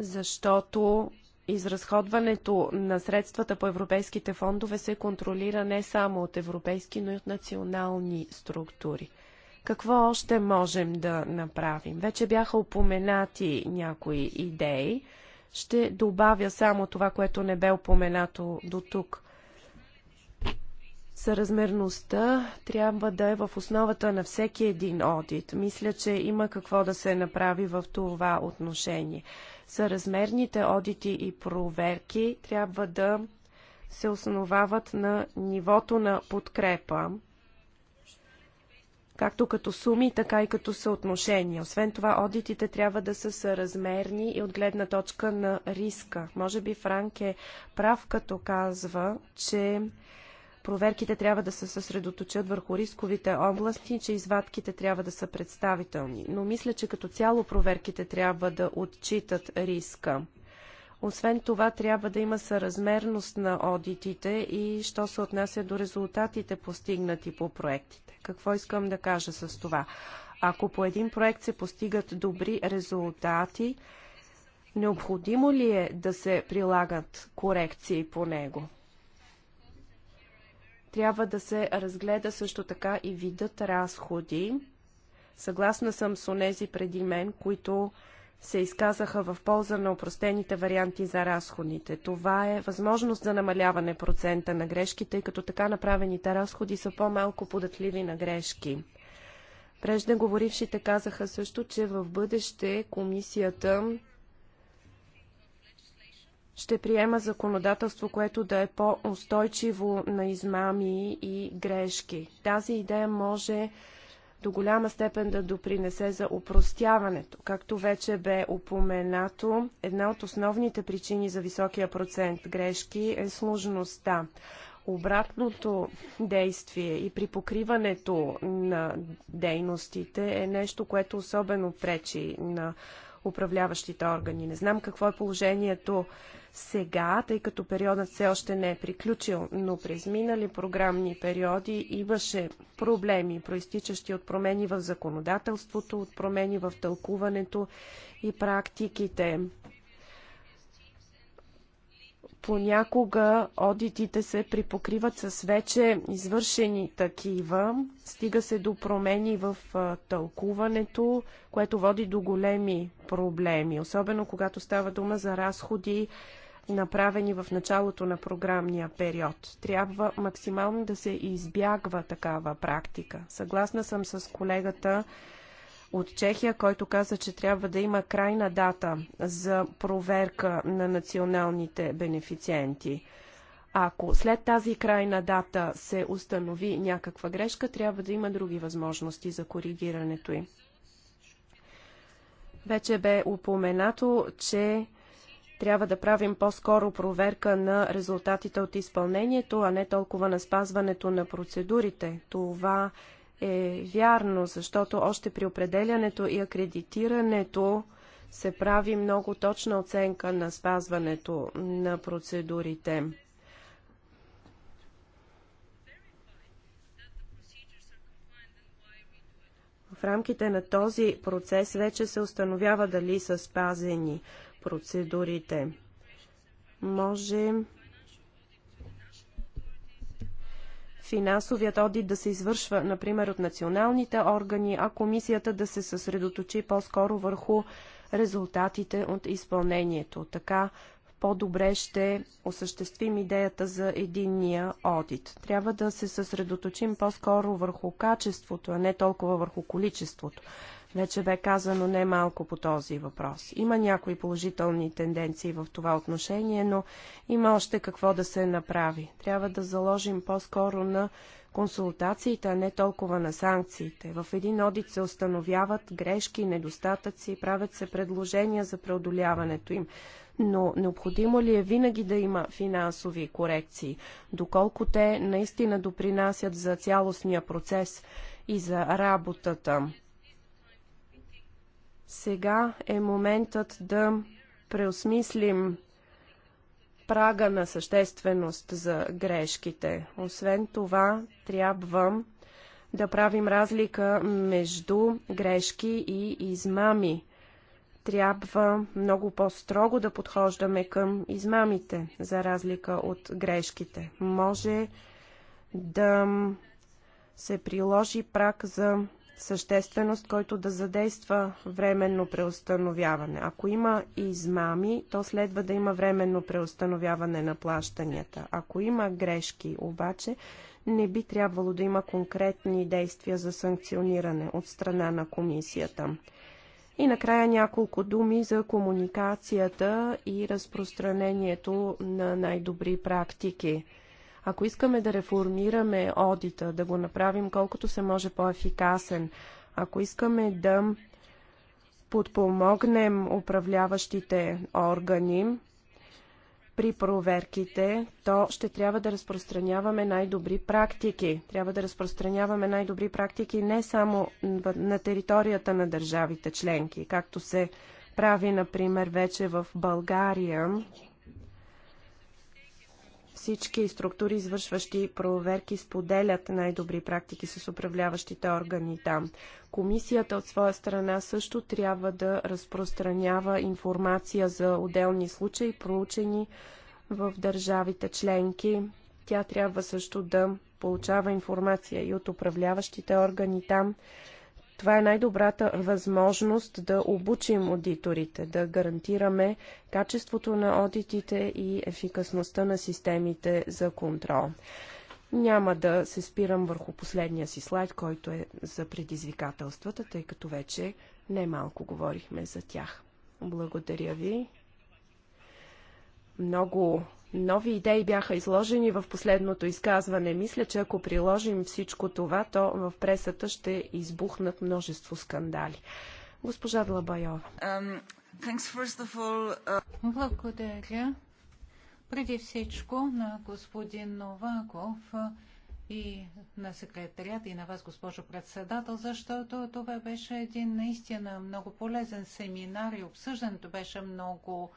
защото изразходването на средствата по европейските фондове се контролира не само от европейски, но и от национални структури. Какво още можем да направим? Вече бяха упоменати някои идеи. Ще добавя само това, което не бе упоменато до тук. Съразмерността трябва да е в основата на всеки един одит. Мисля, че има какво да се направи в това отношение съразмерните одити и проверки трябва да се основават на нивото на подкрепа, както като суми, така и като съотношения. Освен това, одитите трябва да са съразмерни и от гледна точка на риска. Може би Франк е прав, като казва, че проверките трябва да се съсредоточат върху рисковите области и че извадките трябва да са представителни. Но мисля, че като цяло проверките трябва да отчитат риска. Освен това, трябва да има съразмерност на одитите и що се отнася до резултатите постигнати по проектите. Какво искам да кажа с това? Ако по един проект се постигат добри резултати, необходимо ли е да се прилагат корекции по него? Трябва да се разгледа също така и видът разходи. Съгласна съм с онези преди мен, които се изказаха в полза на упростените варианти за разходите. Това е възможност за намаляване процента на грешките, тъй като така направените разходи са по-малко податливи на грешки. Преждеговорившите казаха също, че в бъдеще комисията ще приема законодателство, което да е по-устойчиво на измами и грешки. Тази идея може до голяма степен да допринесе за упростяването. Както вече бе упоменато, една от основните причини за високия процент грешки е сложността. Обратното действие и при покриването на дейностите е нещо, което особено пречи на управляващите органи. Не знам какво е положението сега, тъй като периодът все още не е приключил, но през минали програмни периоди имаше проблеми, проистичащи от промени в законодателството, от промени в тълкуването и практиките. Понякога одитите се припокриват с вече извършени такива. Стига се до промени в тълкуването, което води до големи проблеми, особено когато става дума за разходи, направени в началото на програмния период. Трябва максимално да се избягва такава практика. Съгласна съм с колегата, от Чехия, който каза, че трябва да има крайна дата за проверка на националните бенефициенти. Ако след тази крайна дата се установи някаква грешка, трябва да има други възможности за коригирането й. Вече бе упоменато, че трябва да правим по-скоро проверка на резултатите от изпълнението, а не толкова на спазването на процедурите. Това е вярно, защото още при определянето и акредитирането се прави много точна оценка на спазването на процедурите. В рамките на този процес вече се установява дали са спазени процедурите. Може финансовият одит да се извършва, например, от националните органи, а комисията да се съсредоточи по-скоро върху резултатите от изпълнението. Така по-добре ще осъществим идеята за единния одит. Трябва да се съсредоточим по-скоро върху качеството, а не толкова върху количеството. Вече бе казано не малко по този въпрос. Има някои положителни тенденции в това отношение, но има още какво да се направи. Трябва да заложим по-скоро на консултациите, а не толкова на санкциите. В един одит се установяват грешки, недостатъци, правят се предложения за преодоляването им. Но необходимо ли е винаги да има финансови корекции, доколко те наистина допринасят за цялостния процес и за работата? Сега е моментът да преосмислим прага на същественост за грешките. Освен това, трябва да правим разлика между грешки и измами. Трябва много по-строго да подхождаме към измамите, за разлика от грешките. Може да се приложи прак за същественост, който да задейства временно преустановяване. Ако има измами, то следва да има временно преустановяване на плащанията. Ако има грешки, обаче, не би трябвало да има конкретни действия за санкциониране от страна на комисията. И накрая няколко думи за комуникацията и разпространението на най-добри практики. Ако искаме да реформираме одита, да го направим колкото се може по-ефикасен, ако искаме да подпомогнем управляващите органи при проверките, то ще трябва да разпространяваме най-добри практики. Трябва да разпространяваме най-добри практики не само на територията на държавите членки, както се прави, например, вече в България всички структури, извършващи проверки, споделят най-добри практики с управляващите органи там. Комисията от своя страна също трябва да разпространява информация за отделни случаи, проучени в държавите членки. Тя трябва също да получава информация и от управляващите органи там, това е най-добрата възможност да обучим аудиторите, да гарантираме качеството на одитите и ефикасността на системите за контрол. Няма да се спирам върху последния си слайд, който е за предизвикателствата, тъй като вече немалко малко говорихме за тях. Благодаря ви. Много Нови идеи бяха изложени в последното изказване. Мисля, че ако приложим всичко това, то в пресата ще избухнат множество скандали. Госпожа Длабайова. Um, uh, Благодаря. Преди всичко на господин Новаков и на секретарят и на вас, госпожо председател, защото това беше един наистина много полезен семинар и обсъждането беше много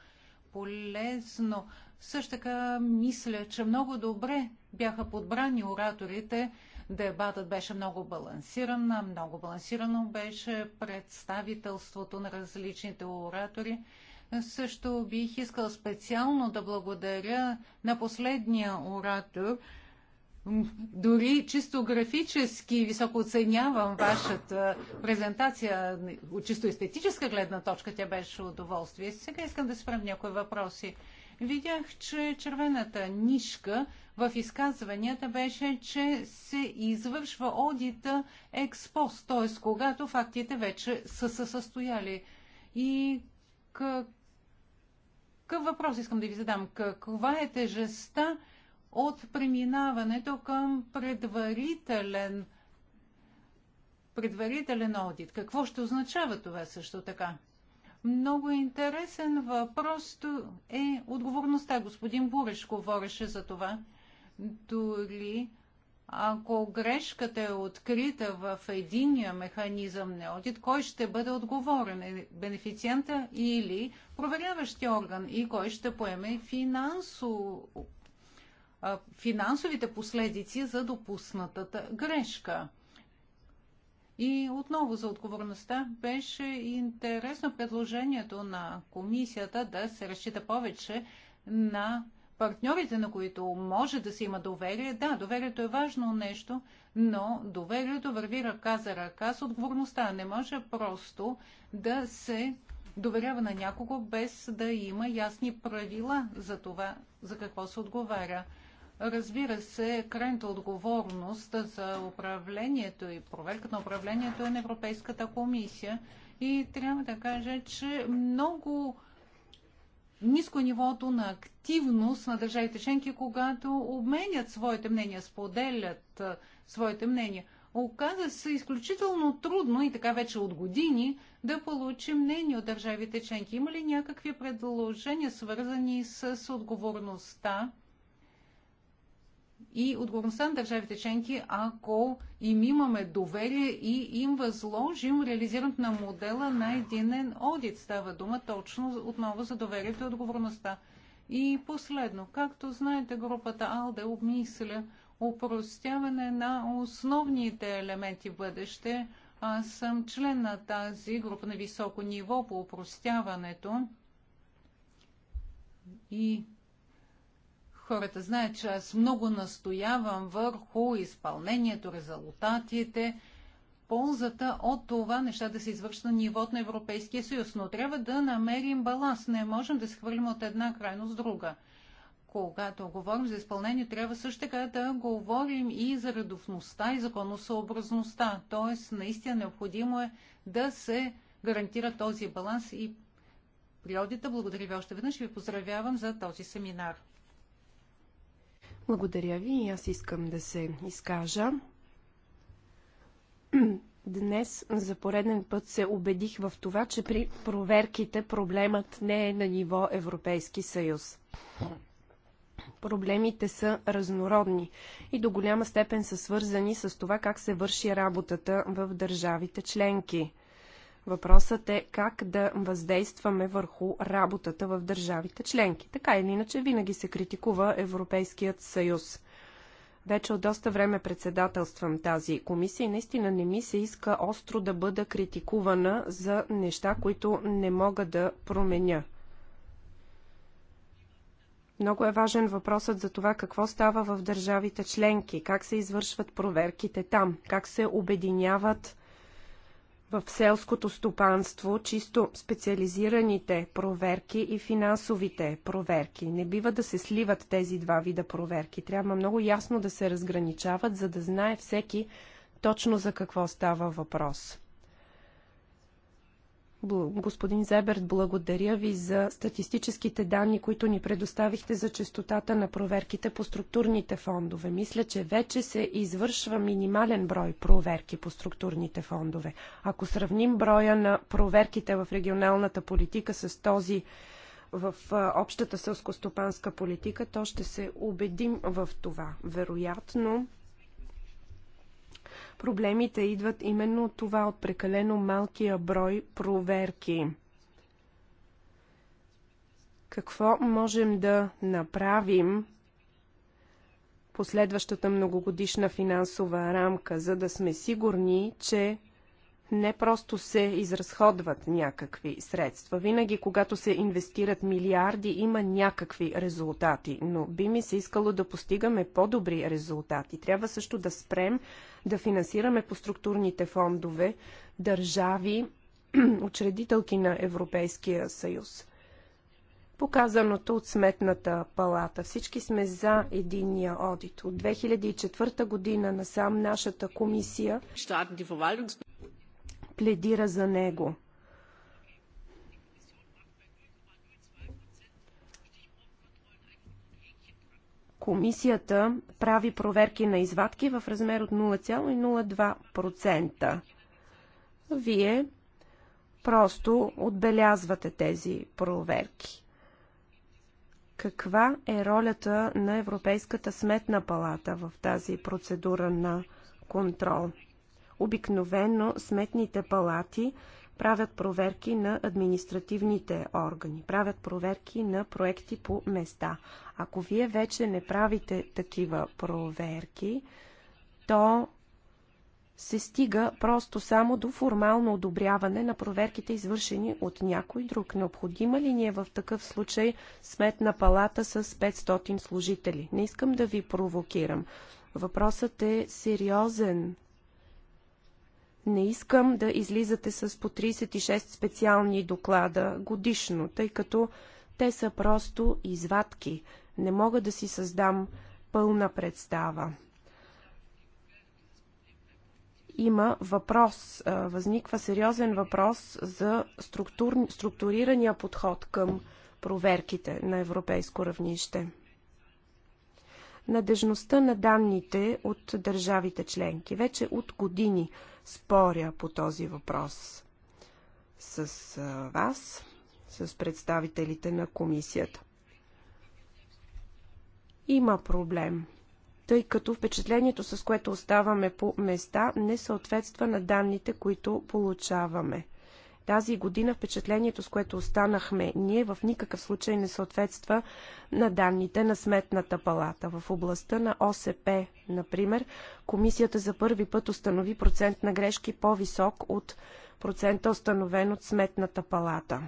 полезно. Също така мисля, че много добре бяха подбрани ораторите. Дебатът беше много балансиран, много балансирано беше представителството на различните оратори. Също бих искал специално да благодаря на последния оратор. Дори чисто графически високо оценявам вашата презентация от чисто естетическа гледна точка. Тя беше удоволствие. Сега искам да спрем някои въпроси видях, че червената нишка в изказванията беше, че се извършва одита експост, т.е. когато фактите вече са се състояли. И какъв въпрос искам да ви задам? Каква е тежеста от преминаването към предварителен предварителен одит? Какво ще означава това също така? Много интересен въпрос е отговорността. Господин Буреш говореше за това. Дори ако грешката е открита в единия механизъм на одит, кой ще бъде отговорен? Е бенефициента или проверяващия орган? И кой ще поеме финансово финансовите последици за допуснатата грешка. И отново за отговорността беше интересно предложението на комисията да се разчита повече на партньорите, на които може да се има доверие. Да, доверието е важно нещо, но доверието върви ръка за ръка с отговорността. Не може просто да се доверява на някого без да има ясни правила за това, за какво се отговаря. Разбира се, крайната отговорност за управлението и проверката на управлението е на Европейската комисия. И трябва да кажа, че много ниско е нивото на активност на държавите членки, когато обменят своите мнения, споделят своите мнения. Оказа се изключително трудно и така вече от години да получим мнение от държавите членки. Има ли някакви предложения, свързани с отговорността и отговорността на държавите членки, ако им имаме доверие и им възложим реализирането на модела на единен одит. Става дума точно отново за доверието и отговорността. И последно, както знаете, групата АЛДЕ обмисля упростяване на основните елементи в бъдеще. Аз съм член на тази група на високо ниво по упростяването и Хората знаят, че аз много настоявам върху изпълнението, резултатите, ползата от това неща да се извършат на нивото на Европейския съюз, но трябва да намерим баланс. Не можем да се хвърлим от една крайност с друга. Когато говорим за изпълнение, трябва също така да говорим и за редовността и законосъобразността. Тоест, наистина необходимо е да се гарантира този баланс и приодите. Благодаря ви още веднъж и ви поздравявам за този семинар. Благодаря ви и аз искам да се изкажа. Днес за пореден път се убедих в това, че при проверките проблемът не е на ниво Европейски съюз. Проблемите са разнородни и до голяма степен са свързани с това как се върши работата в държавите членки. Въпросът е как да въздействаме върху работата в държавите членки. Така или иначе, винаги се критикува Европейският съюз. Вече от доста време председателствам тази комисия и наистина не ми се иска остро да бъда критикувана за неща, които не мога да променя. Много е важен въпросът за това какво става в държавите членки, как се извършват проверките там, как се обединяват в селското стопанство, чисто специализираните проверки и финансовите проверки. Не бива да се сливат тези два вида проверки. Трябва много ясно да се разграничават, за да знае всеки точно за какво става въпрос. Господин Зеберт, благодаря ви за статистическите данни, които ни предоставихте за частотата на проверките по структурните фондове. Мисля, че вече се извършва минимален брой проверки по структурните фондове. Ако сравним броя на проверките в регионалната политика с този в общата сълскостопанска политика, то ще се убедим в това. Вероятно, Проблемите идват именно от това, от прекалено малкия брой проверки. Какво можем да направим последващата многогодишна финансова рамка, за да сме сигурни, че не просто се изразходват някакви средства. Винаги, когато се инвестират милиарди, има някакви резултати, но би ми се искало да постигаме по-добри резултати. Трябва също да спрем да финансираме по структурните фондове държави, учредителки на Европейския съюз. Показаното от сметната палата. Всички сме за единия одит. От 2004 година насам нашата комисия пледира за него. Комисията прави проверки на извадки в размер от 0,02%. Вие просто отбелязвате тези проверки. Каква е ролята на Европейската сметна палата в тази процедура на контрол? Обикновено сметните палати правят проверки на административните органи, правят проверки на проекти по места. Ако вие вече не правите такива проверки, то се стига просто само до формално одобряване на проверките, извършени от някой друг. Необходима ли ни е в такъв случай сметна палата с 500 служители? Не искам да ви провокирам. Въпросът е сериозен не искам да излизате с по 36 специални доклада годишно, тъй като те са просто извадки. Не мога да си създам пълна представа. Има въпрос, възниква сериозен въпрос за структур, структурирания подход към проверките на европейско равнище надежността на данните от държавите членки. Вече от години споря по този въпрос с вас, с представителите на комисията. Има проблем, тъй като впечатлението, с което оставаме по места, не съответства на данните, които получаваме тази година впечатлението, с което останахме ние, в никакъв случай не съответства на данните на Сметната палата. В областта на ОСП, например, комисията за първи път установи процент на грешки по-висок от процента установен от Сметната палата.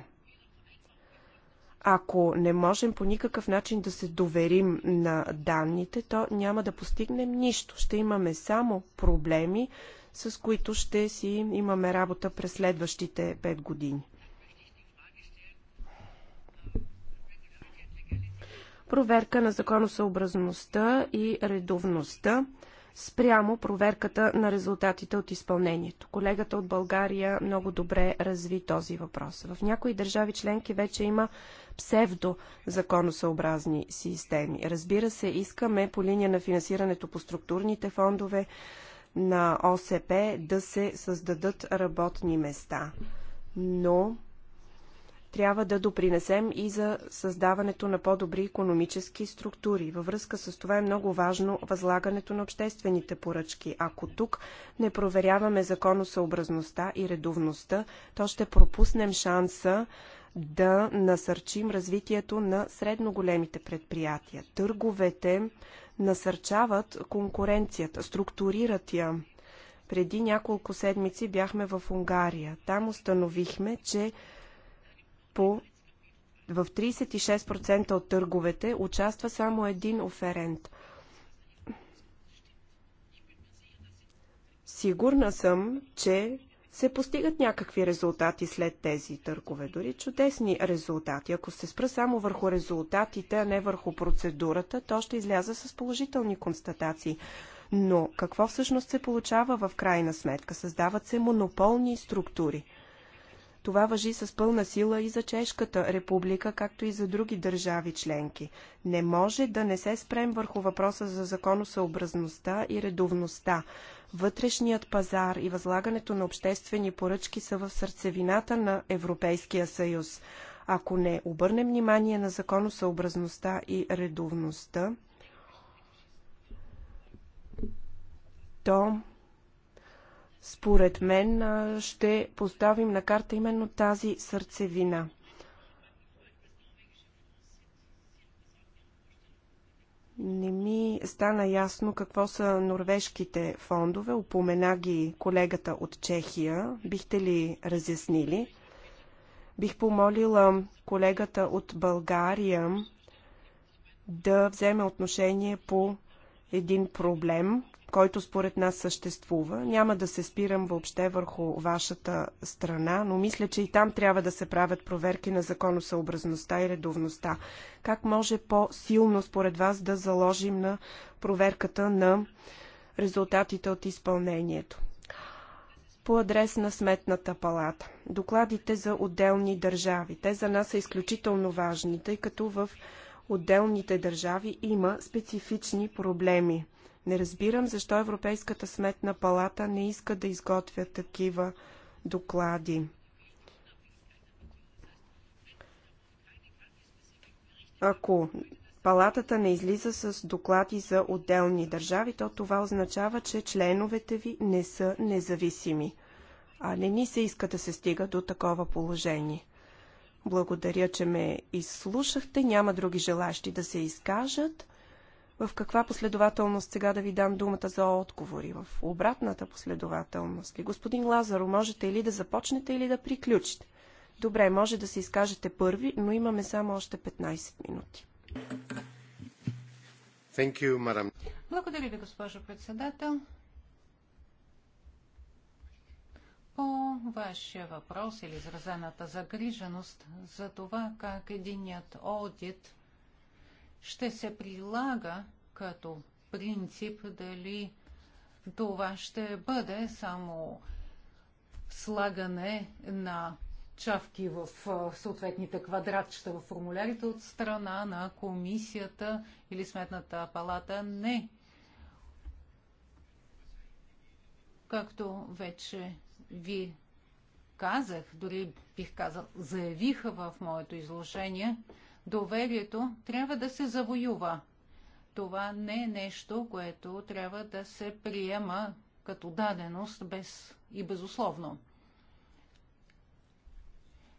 Ако не можем по никакъв начин да се доверим на данните, то няма да постигнем нищо. Ще имаме само проблеми, с които ще си имаме работа през следващите 5 години. Проверка на законосъобразността и редовността спрямо проверката на резултатите от изпълнението. Колегата от България много добре разви този въпрос. В някои държави членки вече има псевдо законосъобразни системи. Разбира се, искаме по линия на финансирането по структурните фондове на ОСП да се създадат работни места. Но трябва да допринесем и за създаването на по-добри економически структури. Във връзка с това е много важно възлагането на обществените поръчки. Ако тук не проверяваме законосъобразността и редовността, то ще пропуснем шанса да насърчим развитието на средно големите предприятия. Търговете насърчават конкуренцията, структурират я. Преди няколко седмици бяхме в Унгария. Там установихме, че по в 36% от търговете участва само един оферент. Сигурна съм, че се постигат някакви резултати след тези търкове. дори чудесни резултати. Ако се спра само върху резултатите, а не върху процедурата, то ще изляза с положителни констатации. Но какво всъщност се получава в крайна сметка? Създават се монополни структури. Това въжи с пълна сила и за Чешката република, както и за други държави членки. Не може да не се спрем върху въпроса за законосъобразността и редовността. Вътрешният пазар и възлагането на обществени поръчки са в сърцевината на Европейския съюз. Ако не обърнем внимание на законосъобразността и редовността, то според мен ще поставим на карта именно тази сърцевина – Не ми стана ясно какво са норвежките фондове. Упомена ги колегата от Чехия. Бихте ли разяснили? Бих помолила колегата от България да вземе отношение по един проблем, който според нас съществува. Няма да се спирам въобще върху вашата страна, но мисля, че и там трябва да се правят проверки на законосъобразността и редовността. Как може по-силно според вас да заложим на проверката на резултатите от изпълнението? по адрес на Сметната палата. Докладите за отделни държави. Те за нас са изключително важни, тъй като в отделните държави има специфични проблеми. Не разбирам защо Европейската сметна палата не иска да изготвя такива доклади. Ако палатата не излиза с доклади за отделни държави, то това означава, че членовете ви не са независими. А не ни се иска да се стига до такова положение. Благодаря, че ме изслушахте. Няма други желащи да се изкажат в каква последователност сега да ви дам думата за отговори? В обратната последователност ли? Господин Лазаро, можете или да започнете, или да приключите. Добре, може да се изкажете първи, но имаме само още 15 минути. Thank you, madam. Благодаря ви, госпожо председател. По вашия въпрос или изразената загриженост за това как единият одит ще се прилага като принцип дали това ще бъде само слагане на чавки в съответните квадратчета в формулярите от страна на комисията или сметната палата. Не. Както вече ви казах, дори бих казал, заявиха в моето изложение, доверието трябва да се завоюва. Това не е нещо, което трябва да се приема като даденост без и безусловно.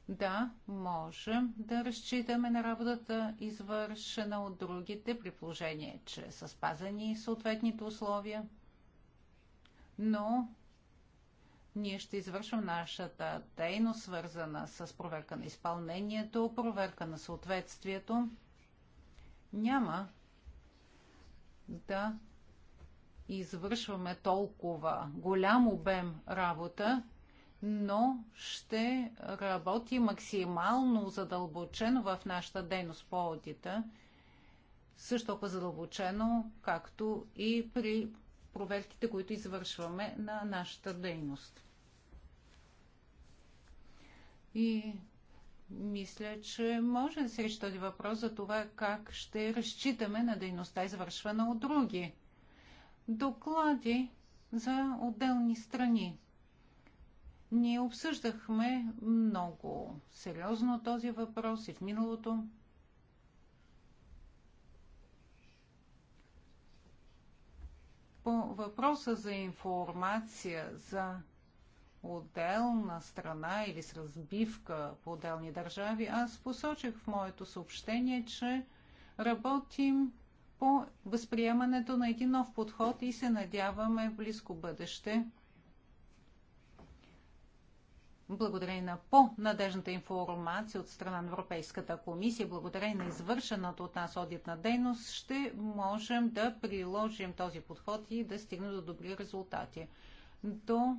Да, можем да разчитаме на работата, извършена от другите, при положение, че са спазени съответните условия. Но ние ще извършим нашата дейност, свързана с проверка на изпълнението, проверка на съответствието. Няма да извършваме толкова голям обем работа, но ще работи максимално задълбочено в нашата дейност по аудита, също толкова задълбочено, както и при проверките, които извършваме на нашата дейност. И мисля, че може да се реши този въпрос за това как ще разчитаме на дейността, извършвана от други. Доклади за отделни страни. Ние обсъждахме много сериозно този въпрос и в миналото. По въпроса за информация за отделна страна или с разбивка по отделни държави, аз посочих в моето съобщение, че работим по възприемането на един нов подход и се надяваме в близко бъдеще благодарение на по-надежната информация от страна на Европейската комисия, благодарение на извършената от нас одитна дейност, ще можем да приложим този подход и да стигнем до добри резултати. До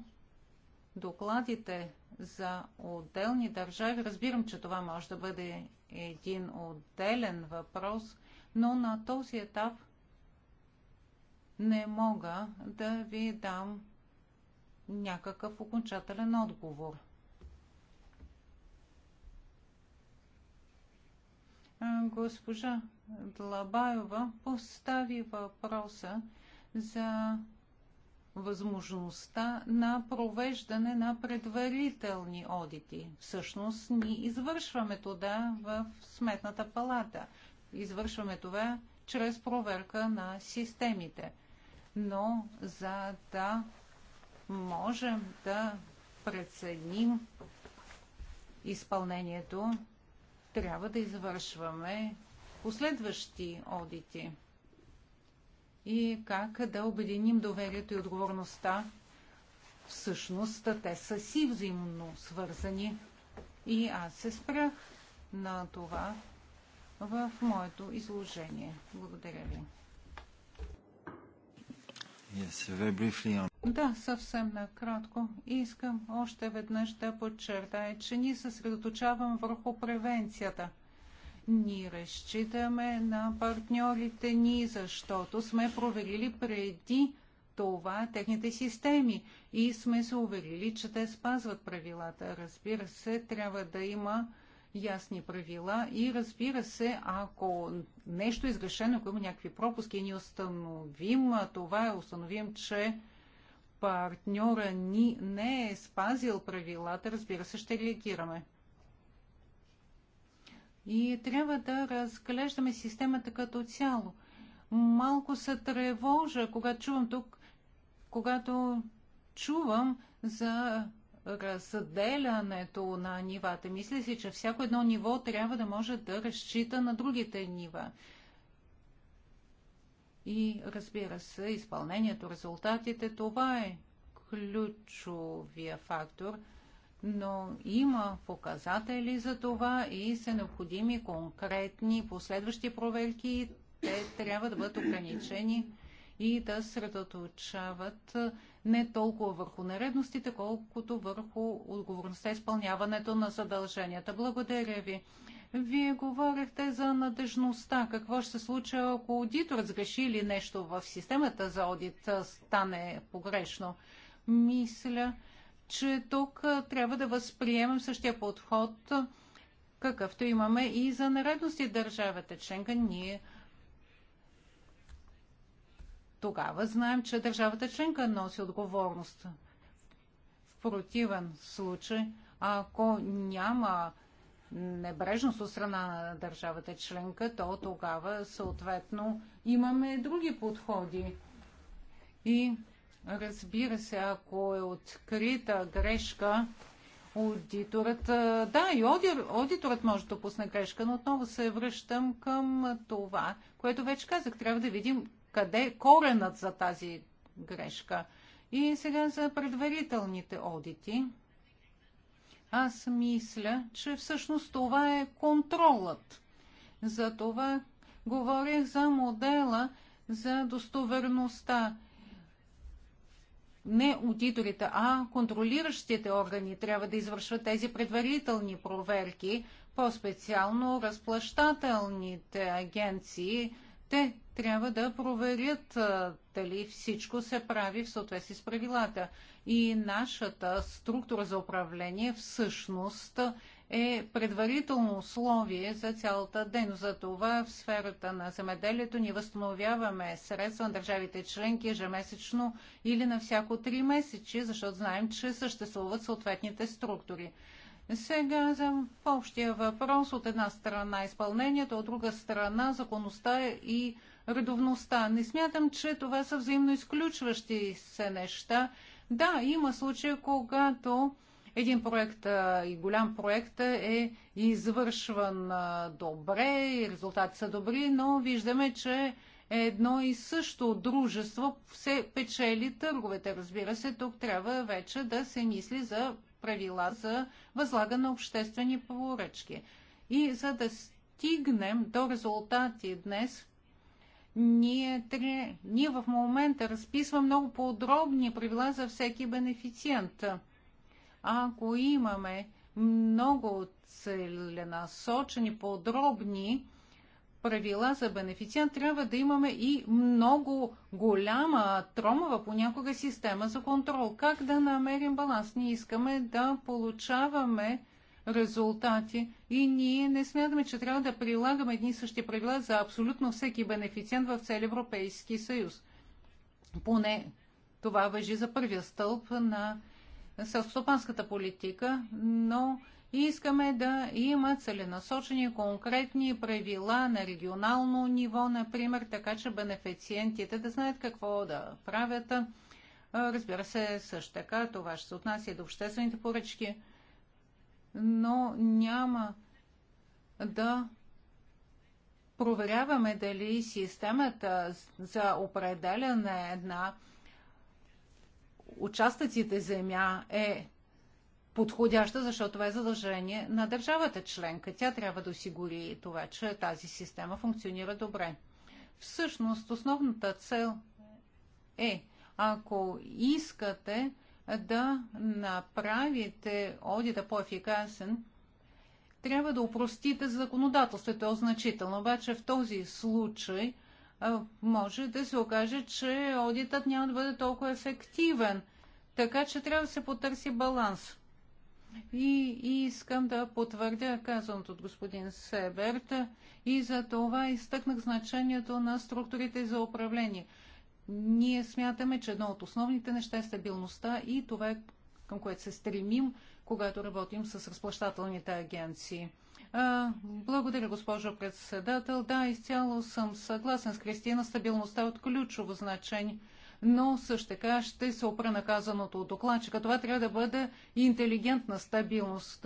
докладите за отделни държави, разбирам, че това може да бъде един отделен въпрос, но на този етап не мога да ви дам някакъв окончателен отговор. Госпожа Длабаева постави въпроса за възможността на провеждане на предварителни одити. Всъщност, ние извършваме това в Сметната палата. Извършваме това чрез проверка на системите. Но за да можем да преценим изпълнението трябва да извършваме последващи одити и как да обединим доверието и отговорността. Всъщност те са си взаимно свързани и аз се спрях на това в моето изложение. Благодаря ви. Yes, да, съвсем накратко. Искам още веднъж да подчертая, че ние съсредоточавам върху превенцията. Ние разчитаме на партньорите ни, защото сме проверили преди това техните системи и сме се уверили, че те спазват правилата. Разбира се, трябва да има ясни правила и разбира се, ако нещо е изгрешено, ако има някакви пропуски и ни установим това, е, установим, че партньора ни не е спазил правилата, разбира се, ще реагираме. И трябва да разглеждаме системата като цяло. Малко се тревожа, когато чувам тук, когато чувам за разделянето на нивата. Мисля си, че всяко едно ниво трябва да може да разчита на другите нива. И разбира се, изпълнението, резултатите, това е ключовия фактор, но има показатели за това и са необходими конкретни последващи проверки. Те трябва да бъдат ограничени и да средоточават не толкова върху нередностите, колкото върху отговорността и изпълняването на задълженията. Благодаря ви. Вие говорихте за надежността. Какво ще се случи, ако аудиторът сгреши или нещо в системата за аудит стане погрешно? Мисля, че тук трябва да възприемем същия подход, какъвто имаме и за нередности държавата членка. Ние тогава знаем, че държавата членка носи отговорност. В противен случай, ако няма небрежност от страна на държавата членка, то тогава съответно имаме други подходи. И разбира се, ако е открита грешка, аудиторът, да, и аудиторът може да допусне грешка, но отново се връщам към това, което вече казах. Трябва да видим къде е коренът за тази грешка. И сега за предварителните одити. Аз мисля, че всъщност това е контролът. За това говорих за модела за достоверността. Не аудиторите, а контролиращите органи трябва да извършват тези предварителни проверки, по-специално разплащателните агенции те трябва да проверят дали всичко се прави в съответствие с правилата. И нашата структура за управление всъщност е предварително условие за цялата дейност. За това в сферата на земеделието ни възстановяваме средства на държавите членки ежемесечно или на всяко три месечи, защото знаем, че съществуват съответните структури. Сега за общия въпрос от една страна изпълнението, от друга страна законността и редовността. Не смятам, че това са взаимно изключващи се неща. Да, има случаи, когато един проект и голям проект е извършван добре и резултати са добри, но виждаме, че едно и също дружество се печели търговете. Разбира се, тук трябва вече да се мисли за правила за възлагане на обществени поръчки. И за да стигнем до резултати днес, ние, тре, ние в момента разписваме много подробни правила за всеки бенефициент. Ако имаме много целенасочени, подробни правила за бенефициент, трябва да имаме и много голяма, тромава понякога система за контрол. Как да намерим баланс? Ние искаме да получаваме резултати и ние не смятаме, че трябва да прилагаме едни и същи правила за абсолютно всеки бенефициент в цел Европейски съюз. Поне това въжи за първия стълб на селскостопанската политика, но и искаме да има целенасочени конкретни правила на регионално ниво, например, така че бенефициентите да знаят какво да правят. Разбира се, също така това ще се отнася и до обществените поръчки, но няма да проверяваме дали системата за определяне на участъците земя е подходяща, защото това е задължение на държавата членка. Тя трябва да осигури това, че тази система функционира добре. Всъщност, основната цел е, ако искате да направите одита по-ефикасен, трябва да упростите законодателството. Е значително. Обаче в този случай може да се окаже, че одитът няма да бъде толкова ефективен. Така че трябва да се потърси баланс и искам да потвърдя казаното от господин Себерт и за това изтъкнах значението на структурите за управление. Ние смятаме, че едно от основните неща е стабилността и това е към което се стремим, когато работим с разплащателните агенции. Благодаря, госпожо председател. Да, изцяло съм съгласен с Кристина. Стабилността е от ключово значение – но също така ще се опра наказаното от докладчика. Това трябва да бъде интелигентна стабилност.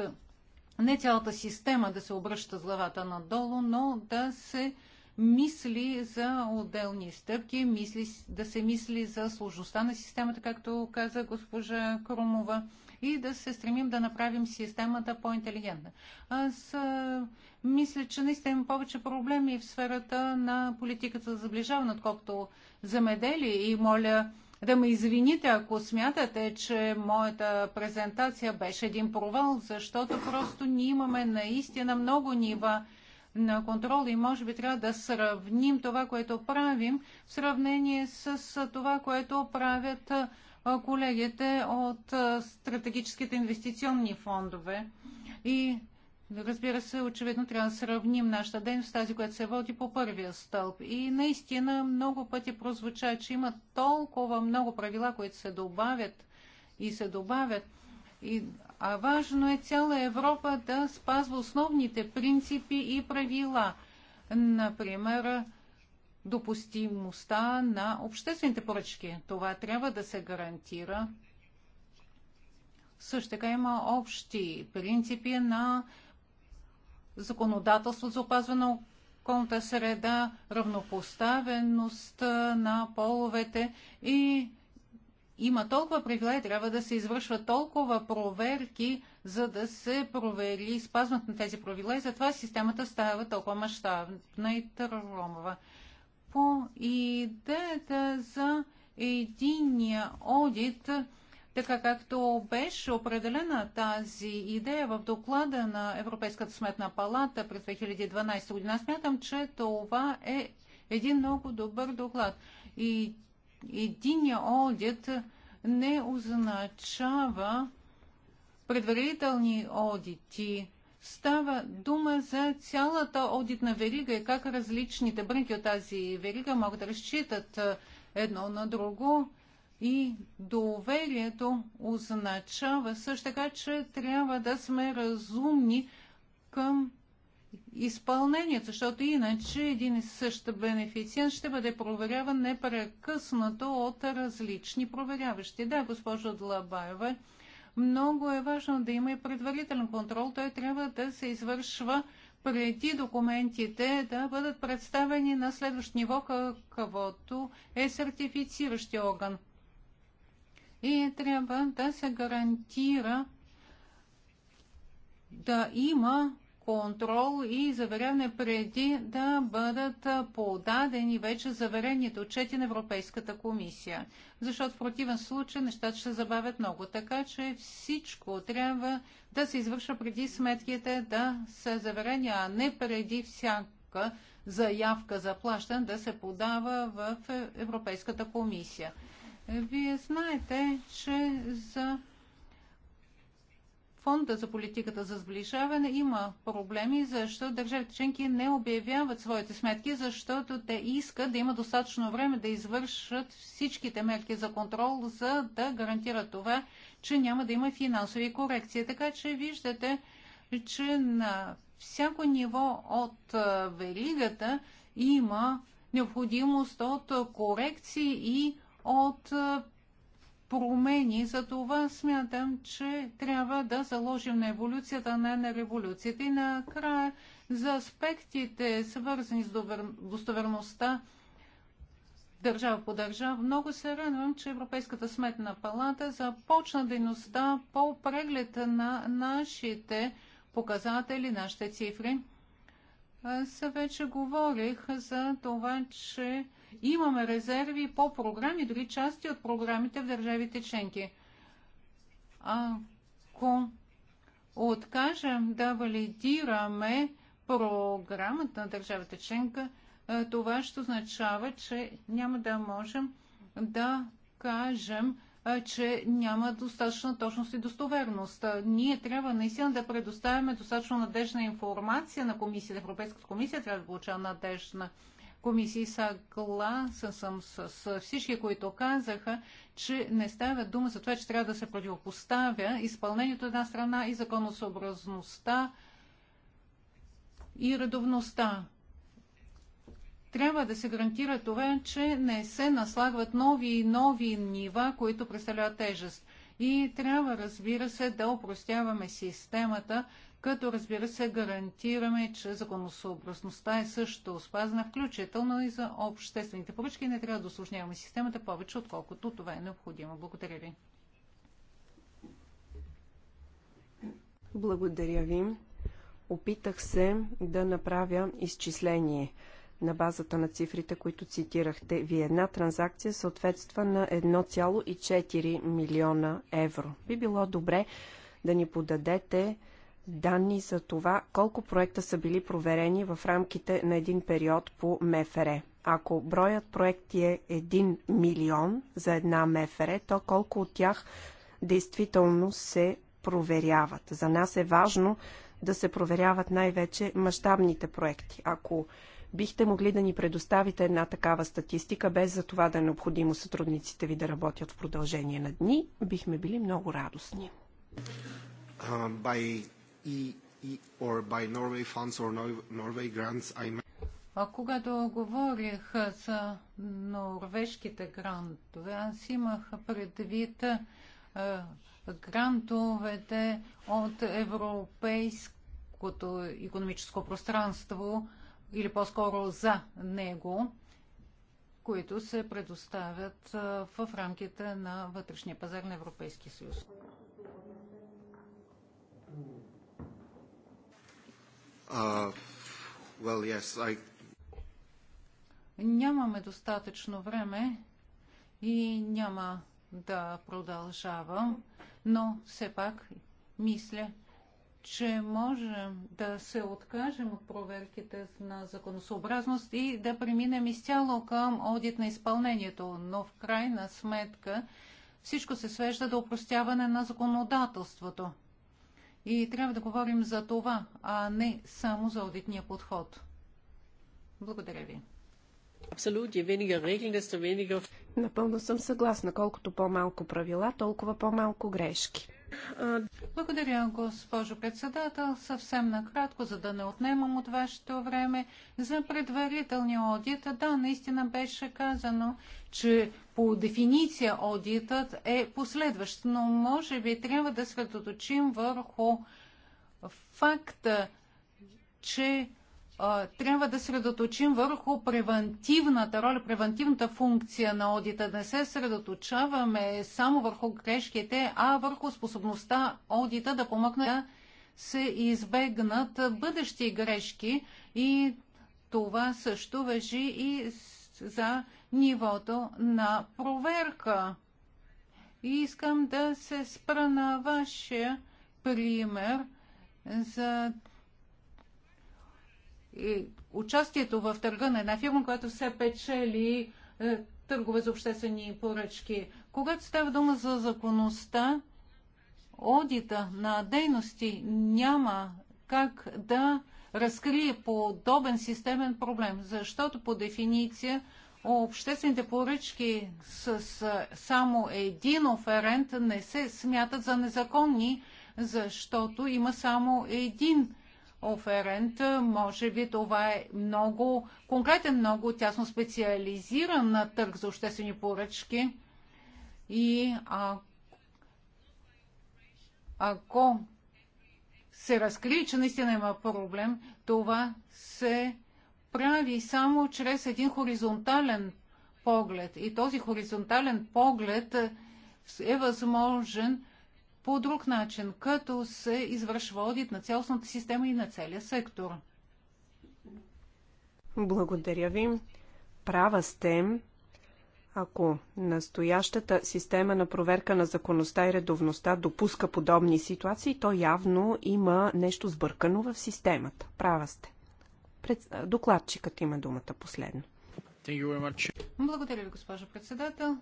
Не цялата система да се обръща с главата надолу, но да се мисли за отделни стъпки, мисли, да се мисли за сложността на системата, както каза госпожа Крумова и да се стремим да направим системата по-интелигентна. Аз а, мисля, че наистина има повече проблеми в сферата на политиката за заближаване, отколкото замедели. и моля да ме извините, ако смятате, че моята презентация беше един провал, защото просто ние имаме наистина много нива на контрол и може би трябва да сравним това, което правим в сравнение с това, което правят колегите от стратегическите инвестиционни фондове. И Разбира се, очевидно трябва да сравним нашата дейност с тази, която се води по първия стълб. И наистина много пъти прозвуча, че има толкова много правила, които се добавят и се добавят. И, а важно е цяла Европа да спазва основните принципи и правила. Например, допустимостта на обществените поръчки. Това трябва да се гарантира. Също така има общи принципи на законодателство за опазване на околната среда, равнопоставеност на половете и има толкова правила и трябва да се извършват толкова проверки, за да се провери спазването на тези правила и затова системата става толкова мащабна и тромава по идеята за единния одит, така както беше определена тази идея в доклада на Европейската сметна палата през 2012 година. Смятам, че това е един много добър доклад. И единия одит не означава предварителни одити Става дума за цялата одитна верига и как различните брънки от тази верига могат да разчитат едно на друго. И доверието означава също така, че трябва да сме разумни към изпълнението, защото иначе един и същ бенефициент ще бъде проверяван непрекъснато от различни проверяващи. Да, госпожо Длабаева, много е важно да има и предварителен контрол. Той трябва да се извършва преди документите да бъдат представени на следващ ниво, каквото е сертифициращи орган. И трябва да се гарантира да има контрол и заверяване преди да бъдат подадени вече заверените отчети на Европейската комисия. Защото в противен случай нещата ще забавят много. Така че всичко трябва да се извършва преди сметките да са заверени, а не преди всяка заявка за плащане да се подава в Европейската комисия. Вие знаете, че за фонда за политиката за сближаване има проблеми, защото държавите членки не обявяват своите сметки, защото те искат да има достатъчно време да извършат всичките мерки за контрол, за да гарантират това, че няма да има финансови корекции. Така че виждате, че на всяко ниво от веригата има необходимост от корекции и от промени. За това смятам, че трябва да заложим на еволюцията, а не на революцията. И накрая за аспектите, свързани с довер... достоверността държава по държава. Много се радвам, че Европейската сметна палата започна дейността по преглед на нашите показатели, нашите цифри. Аз вече говорих за това, че Имаме резерви по програми, дори части от програмите в държавите членки. Ако откажем да валидираме програмата на държавата членка, е, това ще означава, че няма да можем да кажем, е, че няма достатъчна точност и достоверност. Ние трябва наистина да предоставяме достатъчно надежна информация на комисията. Европейската комисия трябва да получава надежна информация комисии. Съгласен съм с, с всички, които казаха, че не става дума за това, че трябва да се противопоставя изпълнението една страна и законосъобразността и редовността. Трябва да се гарантира това, че не се наслагват нови и нови нива, които представляват тежест. И трябва, разбира се, да опростяваме системата, като разбира се гарантираме, че законосъобразността е също спазна, включително и за обществените поръчки. Не трябва да осложняваме системата повече, отколкото това е необходимо. Благодаря ви. Благодаря ви. Опитах се да направя изчисление на базата на цифрите, които цитирахте. Ви една транзакция съответства на 1,4 милиона евро. Би било добре да ни подадете данни за това колко проекта са били проверени в рамките на един период по МФР. Ако броят проекти е 1 милион за една МФР, то колко от тях действително се проверяват. За нас е важно да се проверяват най-вече мащабните проекти. Ако бихте могли да ни предоставите една такава статистика, без за това да е необходимо сътрудниците ви да работят в продължение на дни, бихме били много радостни. Uh, by or by Norway funds or Norway grants, I mean... А когато говорих за норвежките грантове, аз имах предвид грантовете от Европейското економическо пространство или по-скоро за него, които се предоставят в рамките на вътрешния пазар на Европейския съюз. Uh, well, yes, I... Нямаме достатъчно време и няма да продължавам, но все пак мисля, че можем да се откажем от проверките на законосообразност и да преминем изцяло към одит на изпълнението, но в крайна сметка всичко се свежда до упростяване на законодателството. И трябва да говорим за това, а не само за аудитния подход. Благодаря ви. Напълно съм съгласна. Колкото по-малко правила, толкова по-малко грешки. Благодаря, госпожо председател. Съвсем накратко, за да не отнемам от вашето време, за предварителния одит. Да, наистина беше казано, че по дефиниция одитът е последващ, но може би трябва да средоточим върху факта, че трябва да средоточим върху превентивната роля, превентивната функция на одита. не се средоточаваме само върху грешките, а върху способността одита да помогне да се избегнат бъдещи грешки и това също въжи и за нивото на проверка. И искам да се спра на вашия пример за е, участието в търга на една фирма, която се печели е, търгове за обществени поръчки. Когато става дума за законността, одита на дейности няма как да разкрие подобен системен проблем, защото по дефиниция обществените поръчки с само един оферент не се смятат за незаконни, защото има само един оферент. Може би това е много конкретен, много тясно специализиран на търг за обществени поръчки. И а, ако се разкрие, че наистина има проблем, това се прави само чрез един хоризонтален поглед. И този хоризонтален поглед е възможен по друг начин, като се извършва одит на цялостната система и на целия сектор. Благодаря ви. Права сте, ако настоящата система на проверка на законността и редовността допуска подобни ситуации, то явно има нещо сбъркано в системата. Права сте. Пред... Докладчикът има думата последно. Благодаря ви, госпожо председател.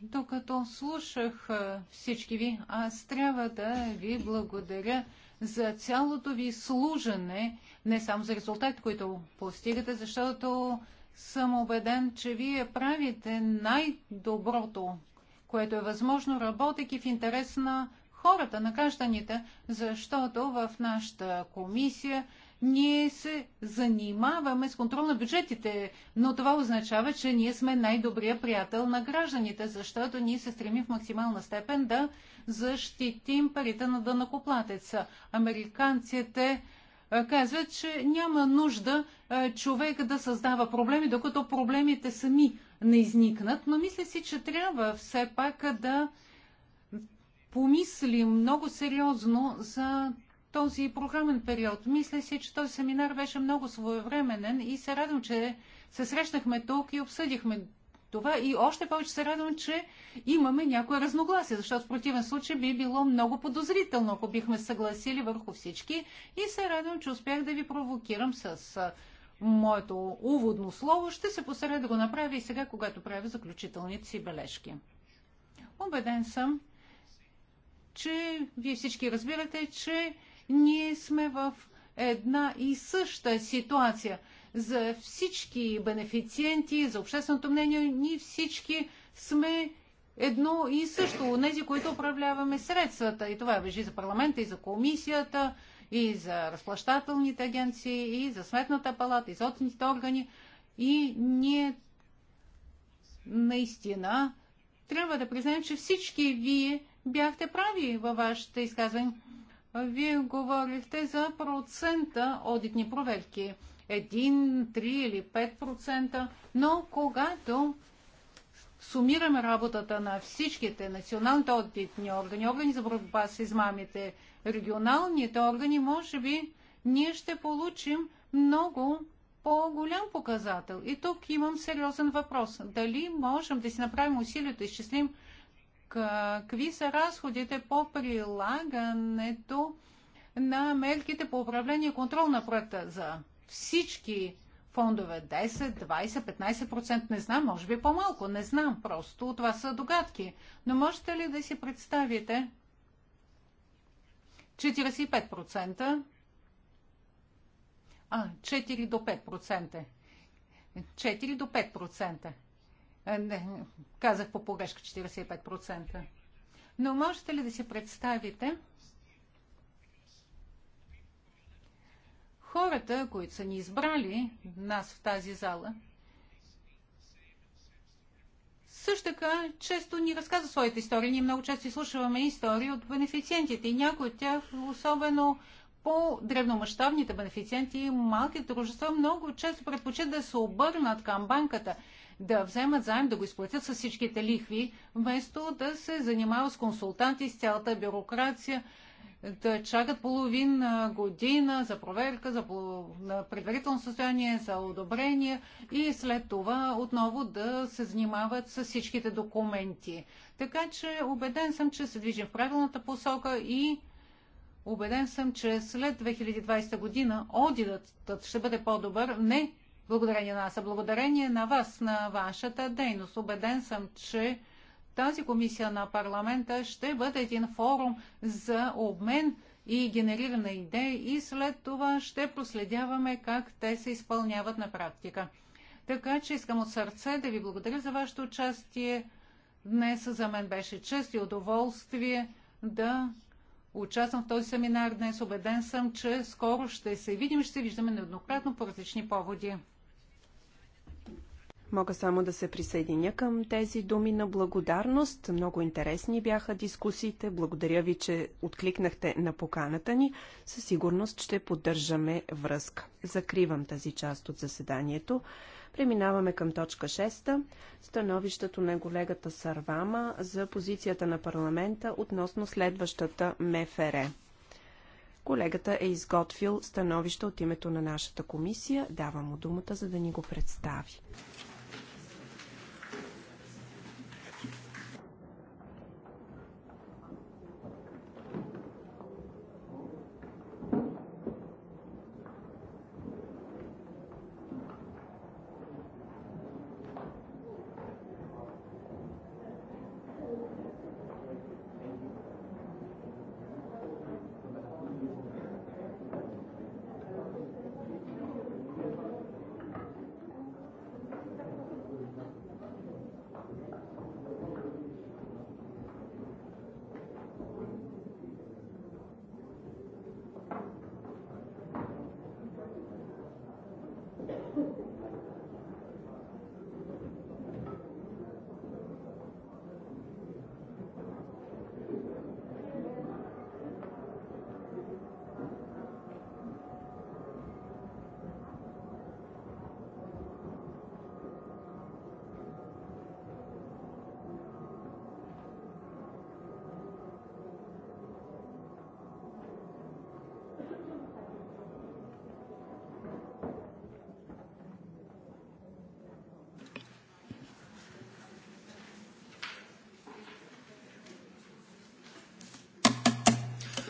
Докато слушах всички ви, аз трябва да ви благодаря за цялото ви служене, не само за резултатите, които постигате, защото съм убеден, че вие правите най-доброто, което е възможно, работейки в интерес на хората, на гражданите, защото в нашата комисия ние се занимаваме с контрол на бюджетите, но това означава, че ние сме най-добрия приятел на гражданите, защото ние се стремим в максимална степен да защитим парите на дънакоплатеца. Американците казват, че няма нужда човек да създава проблеми, докато проблемите сами не изникнат, но мисля си, че трябва все пак да помисли много сериозно за този програмен период. Мисля си, че този семинар беше много своевременен и се радвам, че се срещнахме тук и обсъдихме това и още повече се радвам, че имаме някое разногласие, защото в противен случай би било много подозрително, ако бихме съгласили върху всички и се радвам, че успях да ви провокирам с моето уводно слово. Ще се посъря да го направя и сега, когато правя заключителните си бележки. Обеден съм, че вие всички разбирате, че ние сме в една и съща ситуация. За всички бенефициенти, за общественото мнение, ние всички сме едно и също. нези, които управляваме средствата. И това въжи за парламента, и за комисията, и за разплащателните агенции, и за сметната палата, и за отните органи. И ние наистина трябва да признаем, че всички вие бяхте прави във вашето изказване, Вие говорихте за процента одитни проверки. 1, 3 или 5%. Но когато сумираме работата на всичките националните одитни органи, органи за борба с измамите, регионалните органи, може би ние ще получим много по-голям показател. И тук имам сериозен въпрос. Дали можем да си направим усилието да изчислим какви са разходите по прилагането на мерките по управление и контрол на проекта за всички фондове 10, 20, 15%, не знам, може би по-малко, не знам, просто това са догадки. Но можете ли да си представите 45%? А, 4 до 5%. 4 до 5%. Е, не, казах по погрешка 45%. Но можете ли да си представите хората, които са ни избрали нас в тази зала, също така често ни разказва своите истории. Ние много често изслушваме истории от бенефициентите и някои от тях, особено по-древномащабните бенефициенти и малките дружества, много често предпочитат да се обърнат към банката – да вземат заем, да го изплатят с всичките лихви, вместо да се занимават с консултанти, с цялата бюрокрация, да чакат половин година за проверка, за предварително състояние, за одобрение и след това отново да се занимават с всичките документи. Така че убеден съм, че се движим в правилната посока и убеден съм, че след 2020 година одитът ще бъде по-добър не благодарение на нас, а благодарение на вас, на вашата дейност. Обеден съм, че тази комисия на парламента ще бъде един форум за обмен и генериране идеи и след това ще проследяваме как те се изпълняват на практика. Така че искам от сърце да ви благодаря за вашето участие. Днес за мен беше чест и удоволствие да участвам в този семинар днес. убеден съм, че скоро ще се видим, и ще се виждаме неоднократно по различни поводи. Мога само да се присъединя към тези думи на благодарност. Много интересни бяха дискусиите. Благодаря ви, че откликнахте на поканата ни. Със сигурност ще поддържаме връзка. Закривам тази част от заседанието. Преминаваме към точка 6. Становището на колегата Сарвама за позицията на парламента относно следващата МФР. Колегата е изготвил становище от името на нашата комисия. Давам му думата, за да ни го представи.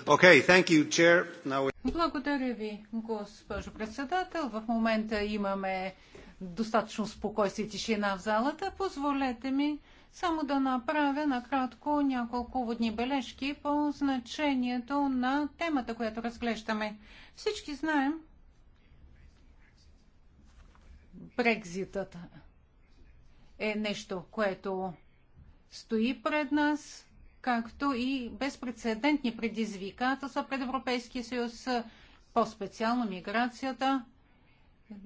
Okay, thank you, chair. Now... Благодаря ви, госпожо председател. В момента имаме достатъчно спокойствие и тишина в залата. Позволете ми само да направя накратко няколко водни бележки по значението на темата, която разглеждаме. Всички знаем Брекзитът е нещо, което стои пред нас както и безпредседентни предизвикателства пред Европейския съюз, по-специално миграцията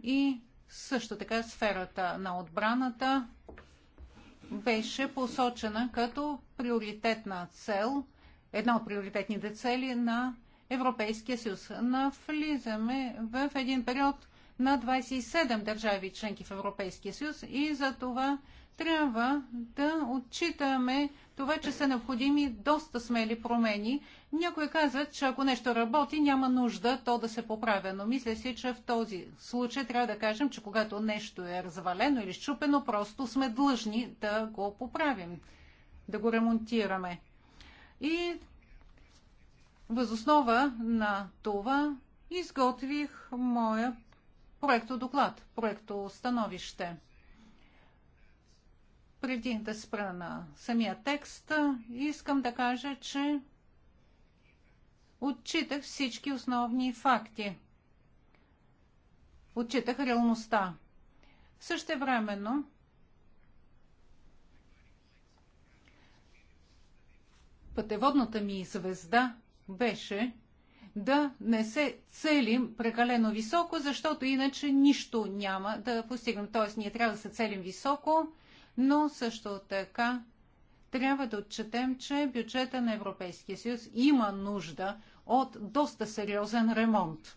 и също така сферата на отбраната беше посочена като приоритетна цел, една от приоритетните цели на Европейския съюз. Навлизаме в един период на 27 държави членки в Европейския съюз и за това трябва да отчитаме това, че са необходими доста смели промени. Някои казват, че ако нещо работи, няма нужда то да се поправя, но мисля си, че в този случай трябва да кажем, че когато нещо е развалено или щупено, просто сме длъжни да го поправим, да го ремонтираме. И възоснова на това изготвих моя проекто доклад, проекто становище преди да спра на самия текст, искам да кажа, че отчитах всички основни факти. Отчитах реалността. времено, пътеводната ми звезда беше да не се целим прекалено високо, защото иначе нищо няма да постигнем. Тоест, ние трябва да се целим високо, но също така трябва да отчетем, че бюджета на Европейския съюз има нужда от доста сериозен ремонт.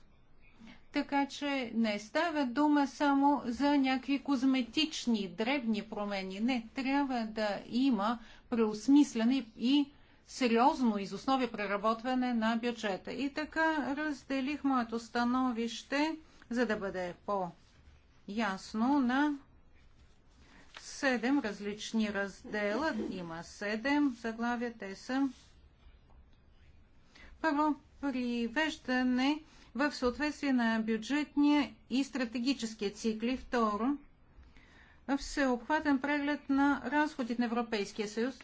Така че не става дума само за някакви козметични, дребни промени. Не, трябва да има преосмислене и сериозно изоснови преработване на бюджета. И така разделих моето становище, за да бъде по-ясно на седем различни раздела. Има седем заглавия. Те са първо привеждане в съответствие на бюджетния и стратегическия цикли. Второ, всеобхватен преглед на разходите на Европейския съюз.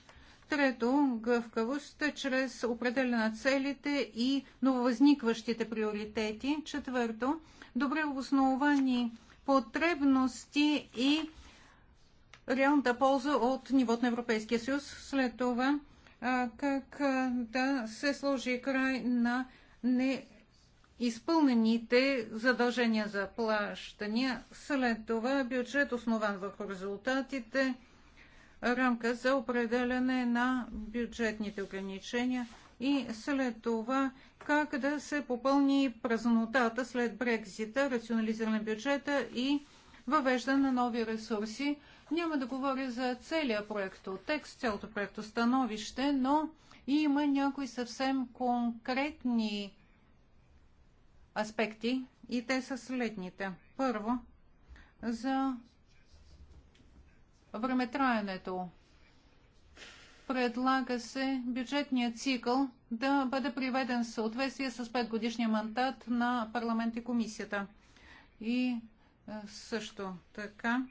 Трето, гъвкавост чрез определена на целите и нововъзникващите приоритети. Четвърто, добре обосновани потребности и реалната полза от нивото на Европейския съюз. След това как да се сложи край на неизпълнените задължения за плащания. След това бюджет основан върху резултатите, рамка за определяне на бюджетните ограничения и след това как да се попълни празнотата след Брекзита, рационализиране бюджета и въвеждане на нови ресурси. Няма да говоря за целия проекто текст, цялото проекто становище, но има някои съвсем конкретни аспекти и те са следните. Първо, за времетраенето. Предлага се бюджетният цикъл да бъде приведен в съответствие с 5-годишния мандат на парламент и комисията. И също така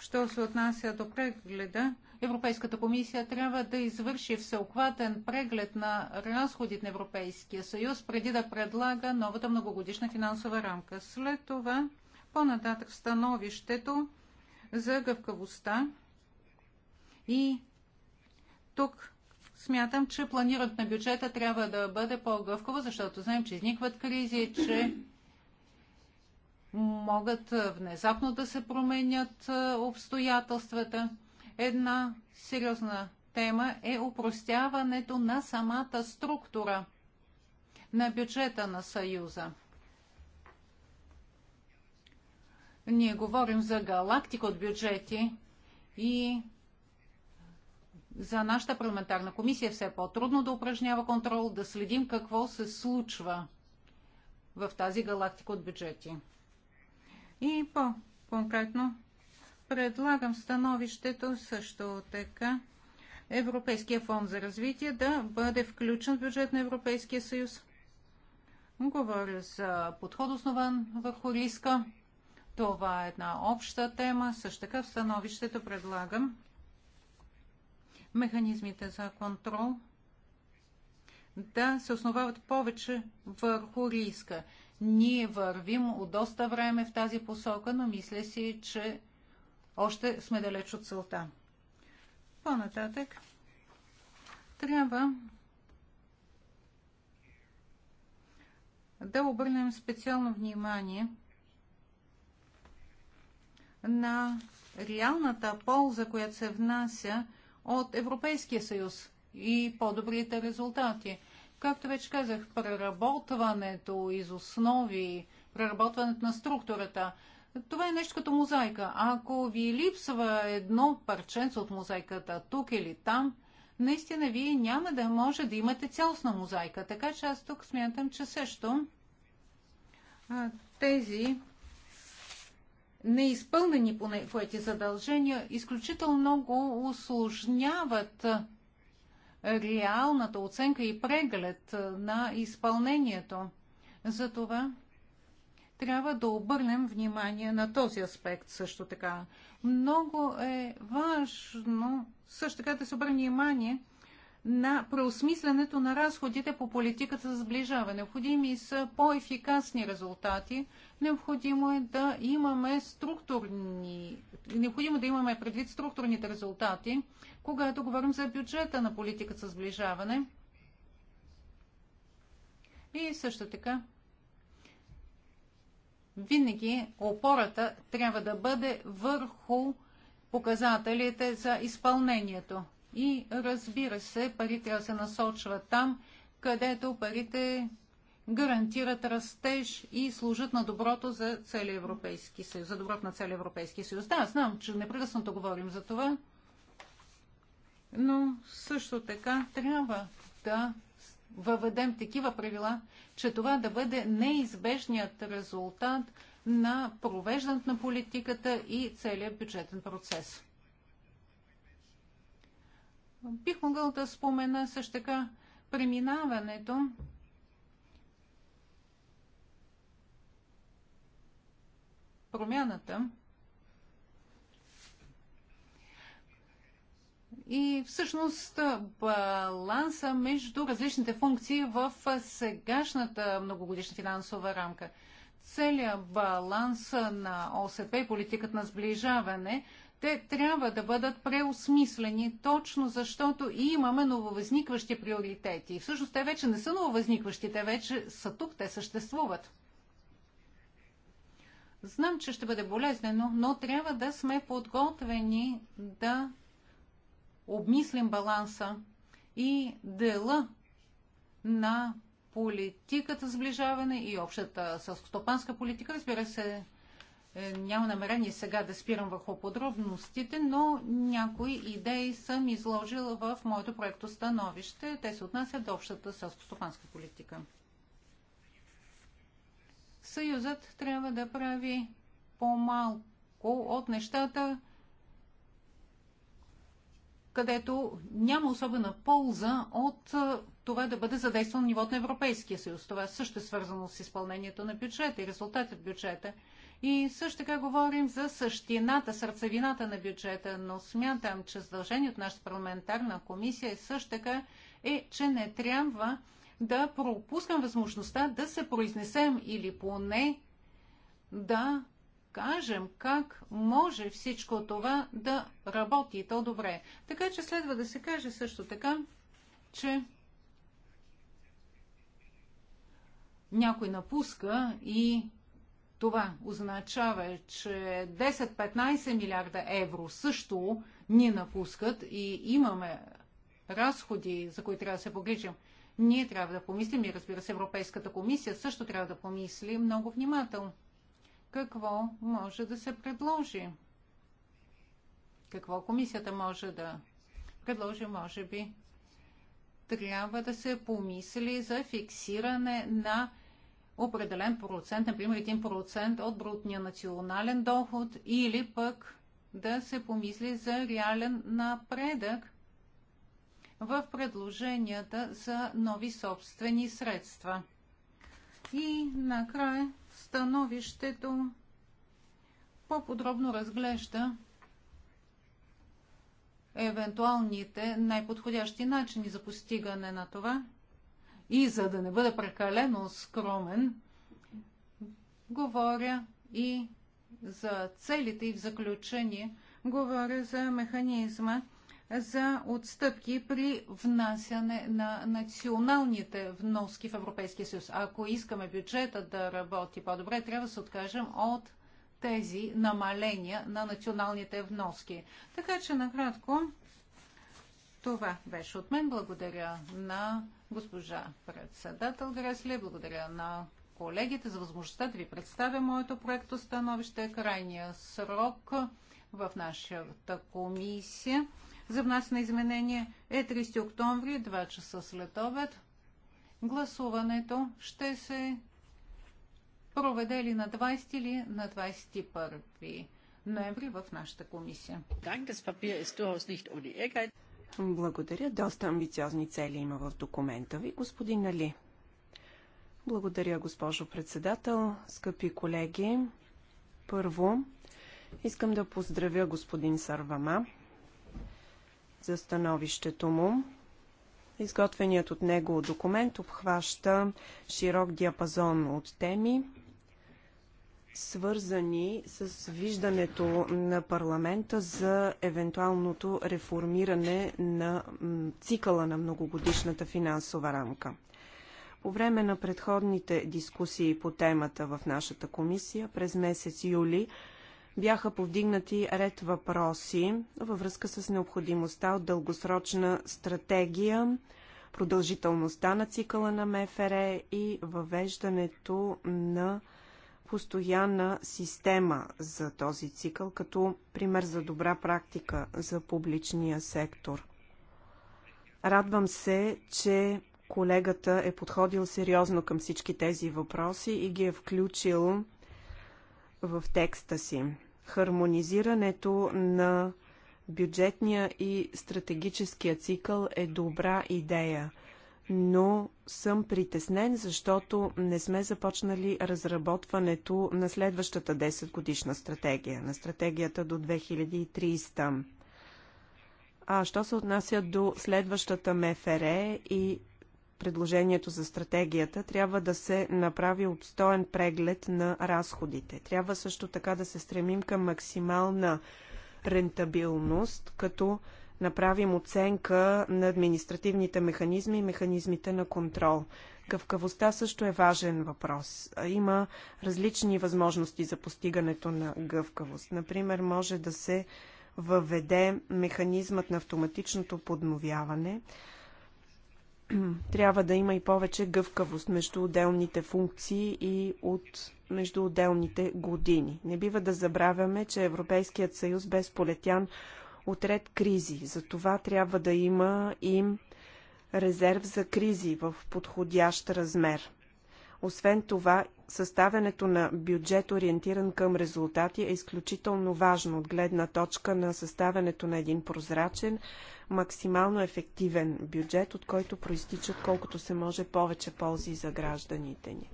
Що се отнася до прегледа, Европейската комисия трябва да извърши всеохватен преглед на разходите на Европейския съюз, преди да предлага новата многогодишна финансова рамка. След това, по-нататък становището за гъвкавостта и тук смятам, че планирането на бюджета трябва да бъде по-гъвкаво, защото знаем, че изникват кризи, че могат е, внезапно да се променят е, обстоятелствата. Една сериозна тема е упростяването на самата структура на бюджета на Съюза. Ние говорим за галактика от бюджети и за нашата парламентарна комисия все по-трудно да упражнява контрол, да следим какво се случва в тази галактика от бюджети. И по-конкретно предлагам становището също така Европейския фонд за развитие да бъде включен в бюджет на Европейския съюз. Говоря за подход основан върху риска. Това е една обща тема. Също така в становището предлагам механизмите за контрол да се основават повече върху риска. Ние вървим от доста време в тази посока, но мисля си, че още сме далеч от целта. По-нататък трябва да обърнем специално внимание на реалната полза, която се внася от Европейския съюз и по-добрите резултати. Както вече казах, преработването из основи, преработването на структурата, това е нещо като мозайка. Ако ви липсва едно парченце от мозайката тук или там, наистина вие няма да може да имате цялостна мозайка. Така че аз тук смятам, че също тези неизпълнени поети задължения изключително много усложняват реалната оценка и преглед на изпълнението. Затова трябва да обърнем внимание на този аспект също така. Много е важно също така да се обърне внимание на преосмисленето на разходите по политиката за сближаване. Необходими са по-ефикасни резултати. Необходимо е да имаме структурни, необходимо да имаме предвид структурните резултати, когато говорим за бюджета на политиката за сближаване. И също така, винаги опората трябва да бъде върху показателите за изпълнението. И разбира се, парите трябва да се насочват там, където парите гарантират растеж и служат на доброто за цели Европейски съюз, за доброто на целия Европейски съюз. Да, знам, че непрекъснато говорим за това, но също така трябва да въведем такива правила, че това да бъде неизбежният резултат на провеждането на политиката и целият бюджетен процес. Бих могъл да спомена също така преминаването промяната. И всъщност баланса между различните функции в сегашната многогодишна финансова рамка. Целият баланс на ОСП и политиката на сближаване те трябва да бъдат преосмислени, точно защото имаме нововъзникващи приоритети. И всъщност те вече не са нововъзникващи, те вече са тук, те съществуват. Знам, че ще бъде болезнено, но трябва да сме подготвени да обмислим баланса и дела на политиката сближаване и общата селскостопанска политика, разбира се, е, няма намерение сега да спирам върху подробностите, но някои идеи съм изложила в моето проекто становище. Те се отнасят до общата селско-стопанска политика. Съюзът трябва да прави по-малко от нещата, където няма особена полза от е, това да бъде задействан нивото на Европейския съюз. Това също е свързано с изпълнението на бюджета и резултатът бюджета – и също така говорим за същината, сърцевината на бюджета, но смятам, че задължение от нашата парламентарна комисия е също така е, че не трябва да пропускам възможността да се произнесем или поне да кажем как може всичко това да работи и то добре. Така че следва да се каже също така, че някой напуска и това означава, че 10-15 милиарда евро също ни напускат и имаме разходи, за които трябва да се погрижим. Ние трябва да помислим и разбира се Европейската комисия също трябва да помисли много внимателно. Какво може да се предложи? Какво комисията може да предложи, може би? Трябва да се помисли за фиксиране на определен процент, например 1% от брутния национален доход или пък да се помисли за реален напредък в предложенията за нови собствени средства. И накрая становището по-подробно разглежда евентуалните най-подходящи начини за постигане на това – и за да не бъда прекалено скромен, говоря и за целите и в заключение говоря за механизма за отстъпки при внасяне на националните вноски в Европейския съюз. Ако искаме бюджета да работи по-добре, трябва да се откажем от тези намаления на националните вноски. Така че, накратко, това беше от мен. Благодаря на госпожа председател Гресли, благодаря на колегите за възможността да ви представя моето проекто становище. Крайния срок в нашата комисия за внасяне на изменение е 30 октомври, 2 часа след обед. Гласуването ще се проведе ли на 20 или на 21 ноември в нашата комисия. Благодаря. Доста амбициозни цели има в документа ви, господин Али. Благодаря, госпожо председател, скъпи колеги. Първо, искам да поздравя господин Сарвама за становището му. Изготвеният от него документ обхваща широк диапазон от теми, свързани с виждането на парламента за евентуалното реформиране на цикъла на многогодишната финансова рамка. По време на предходните дискусии по темата в нашата комисия през месец юли бяха повдигнати ред въпроси във връзка с необходимостта от дългосрочна стратегия, продължителността на цикъла на МФР и въвеждането на постоянна система за този цикъл, като пример за добра практика за публичния сектор. Радвам се, че колегата е подходил сериозно към всички тези въпроси и ги е включил в текста си. Хармонизирането на бюджетния и стратегическия цикъл е добра идея – но съм притеснен, защото не сме започнали разработването на следващата 10 годишна стратегия, на стратегията до 2300. А що се отнася до следващата МФР и предложението за стратегията, трябва да се направи обстоен преглед на разходите. Трябва също така да се стремим към максимална рентабилност, като направим оценка на административните механизми и механизмите на контрол. Гъвкавостта също е важен въпрос. Има различни възможности за постигането на гъвкавост. Например, може да се въведе механизмът на автоматичното подновяване. Трябва да има и повече гъвкавост между отделните функции и от между отделните години. Не бива да забравяме, че Европейският съюз без полетян. Отред кризи. За това трябва да има и резерв за кризи в подходящ размер. Освен това, съставянето на бюджет, ориентиран към резултати, е изключително важно от гледна точка на съставянето на един прозрачен, максимално ефективен бюджет, от който проистичат колкото се може повече ползи за гражданите ни.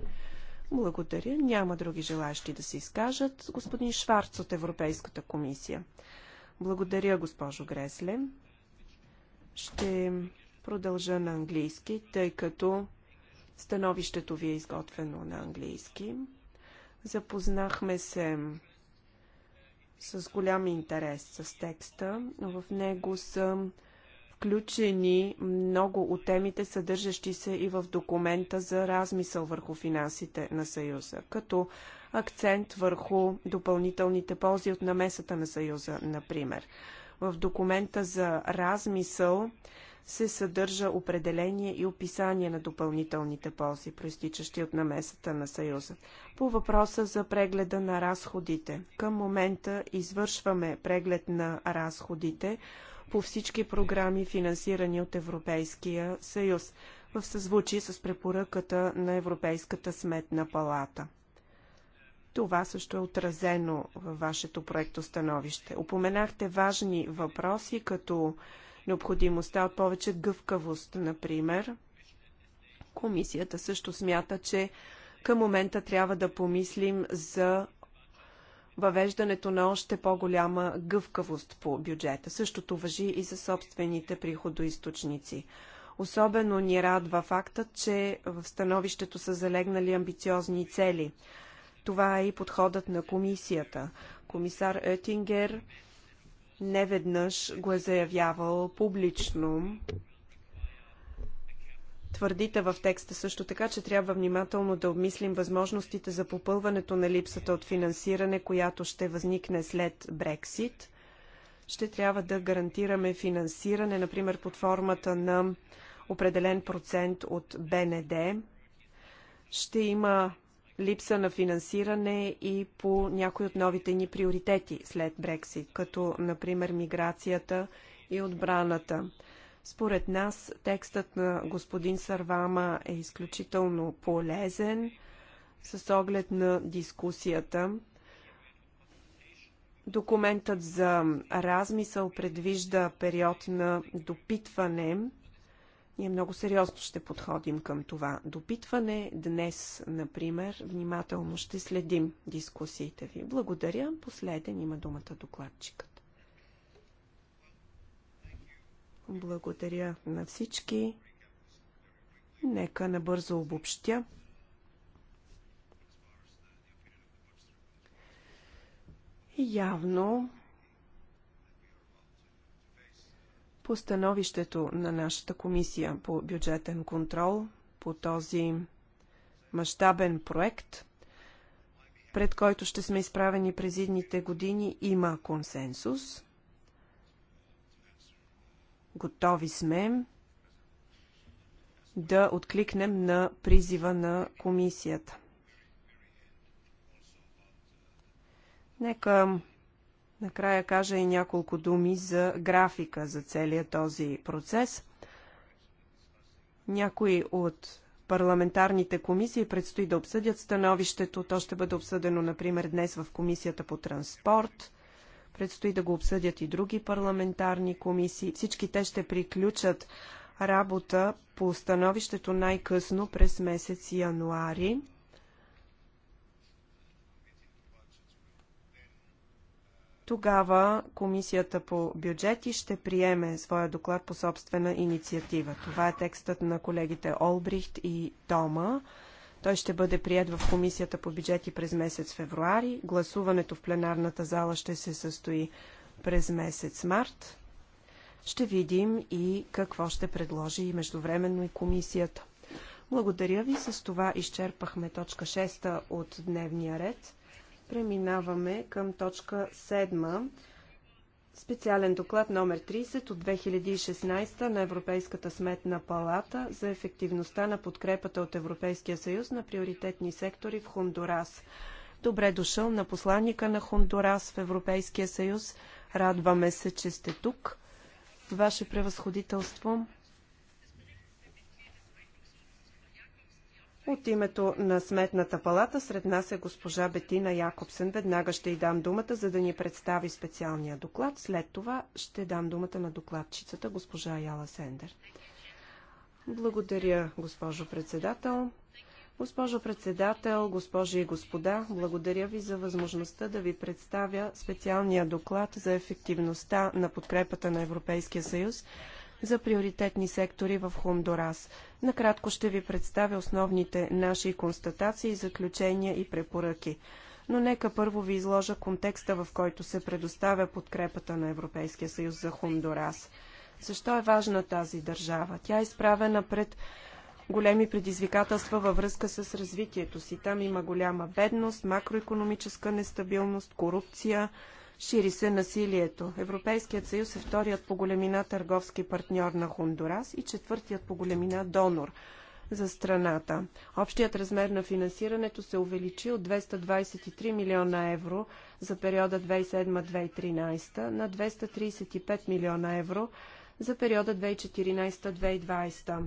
Благодаря. Няма други желащи да се изкажат. Господин Шварц от Европейската комисия. Благодаря, госпожо Гресле. Ще продължа на английски, тъй като становището ви е изготвено на английски. Запознахме се с голям интерес с текста. В него са включени много от темите, съдържащи се и в документа за размисъл върху финансите на Съюза, като акцент върху допълнителните ползи от намесата на Съюза, например. В документа за размисъл се съдържа определение и описание на допълнителните ползи, проистичащи от намесата на Съюза. По въпроса за прегледа на разходите. Към момента извършваме преглед на разходите по всички програми, финансирани от Европейския съюз, в съзвучие с препоръката на Европейската сметна палата. Това също е отразено във вашето проекто становище. Опоменахте важни въпроси, като необходимостта от повече гъвкавост, например. Комисията също смята, че към момента трябва да помислим за въвеждането на още по-голяма гъвкавост по бюджета. Същото въжи и за собствените приходоисточници. Особено ни радва фактът, че в становището са залегнали амбициозни цели – това е и подходът на комисията. Комисар Етингер неведнъж го е заявявал публично. Твърдите в текста също така, че трябва внимателно да обмислим възможностите за попълването на липсата от финансиране, която ще възникне след Брексит. Ще трябва да гарантираме финансиране, например под формата на определен процент от БНД. Ще има липса на финансиране и по някои от новите ни приоритети след Брексит, като например миграцията и отбраната. Според нас текстът на господин Сарвама е изключително полезен с оглед на дискусията. Документът за размисъл предвижда период на допитване ние много сериозно ще подходим към това допитване. Днес, например, внимателно ще следим дискусиите ви. Благодаря. Последен има думата докладчикът. Благодаря на всички. Нека набързо обобщя. Явно по становището на нашата комисия по бюджетен контрол по този мащабен проект, пред който ще сме изправени през идните години, има консенсус. Готови сме да откликнем на призива на комисията. Нека накрая кажа и няколко думи за графика за целия този процес. Някои от парламентарните комисии предстои да обсъдят становището. То ще бъде обсъдено, например, днес в Комисията по транспорт. Предстои да го обсъдят и други парламентарни комисии. Всички те ще приключат работа по становището най-късно през месец януари. тогава Комисията по бюджети ще приеме своя доклад по собствена инициатива. Това е текстът на колегите Олбрихт и Тома. Той ще бъде прият в Комисията по бюджети през месец февруари. Гласуването в пленарната зала ще се състои през месец март. Ще видим и какво ще предложи и междувременно и комисията. Благодаря ви. С това изчерпахме точка 6 от дневния ред. Преминаваме към точка 7. Специален доклад номер 30 от 2016 на Европейската сметна палата за ефективността на подкрепата от Европейския съюз на приоритетни сектори в Хондурас. Добре дошъл на посланника на Хондурас в Европейския съюз. Радваме се, че сте тук. Ваше превъзходителство, От името на Сметната палата сред нас е госпожа Бетина Якобсен. Веднага ще й дам думата, за да ни представи специалния доклад. След това ще дам думата на докладчицата госпожа Яла Сендер. Благодаря, госпожо председател. Госпожо председател, госпожи и господа, благодаря ви за възможността да ви представя специалния доклад за ефективността на подкрепата на Европейския съюз за приоритетни сектори в Хондурас. Накратко ще ви представя основните наши констатации, заключения и препоръки. Но нека първо ви изложа контекста, в който се предоставя подкрепата на Европейския съюз за Хондурас. Защо е важна тази държава? Тя е изправена пред големи предизвикателства във връзка с развитието си. Там има голяма бедност, макроекономическа нестабилност, корупция, Шири се насилието. Европейският съюз е вторият по големина търговски партньор на Хондурас и четвъртият по големина донор за страната. Общият размер на финансирането се увеличи от 223 милиона евро за периода 2007-2013 на 235 милиона евро за периода 2014-2020.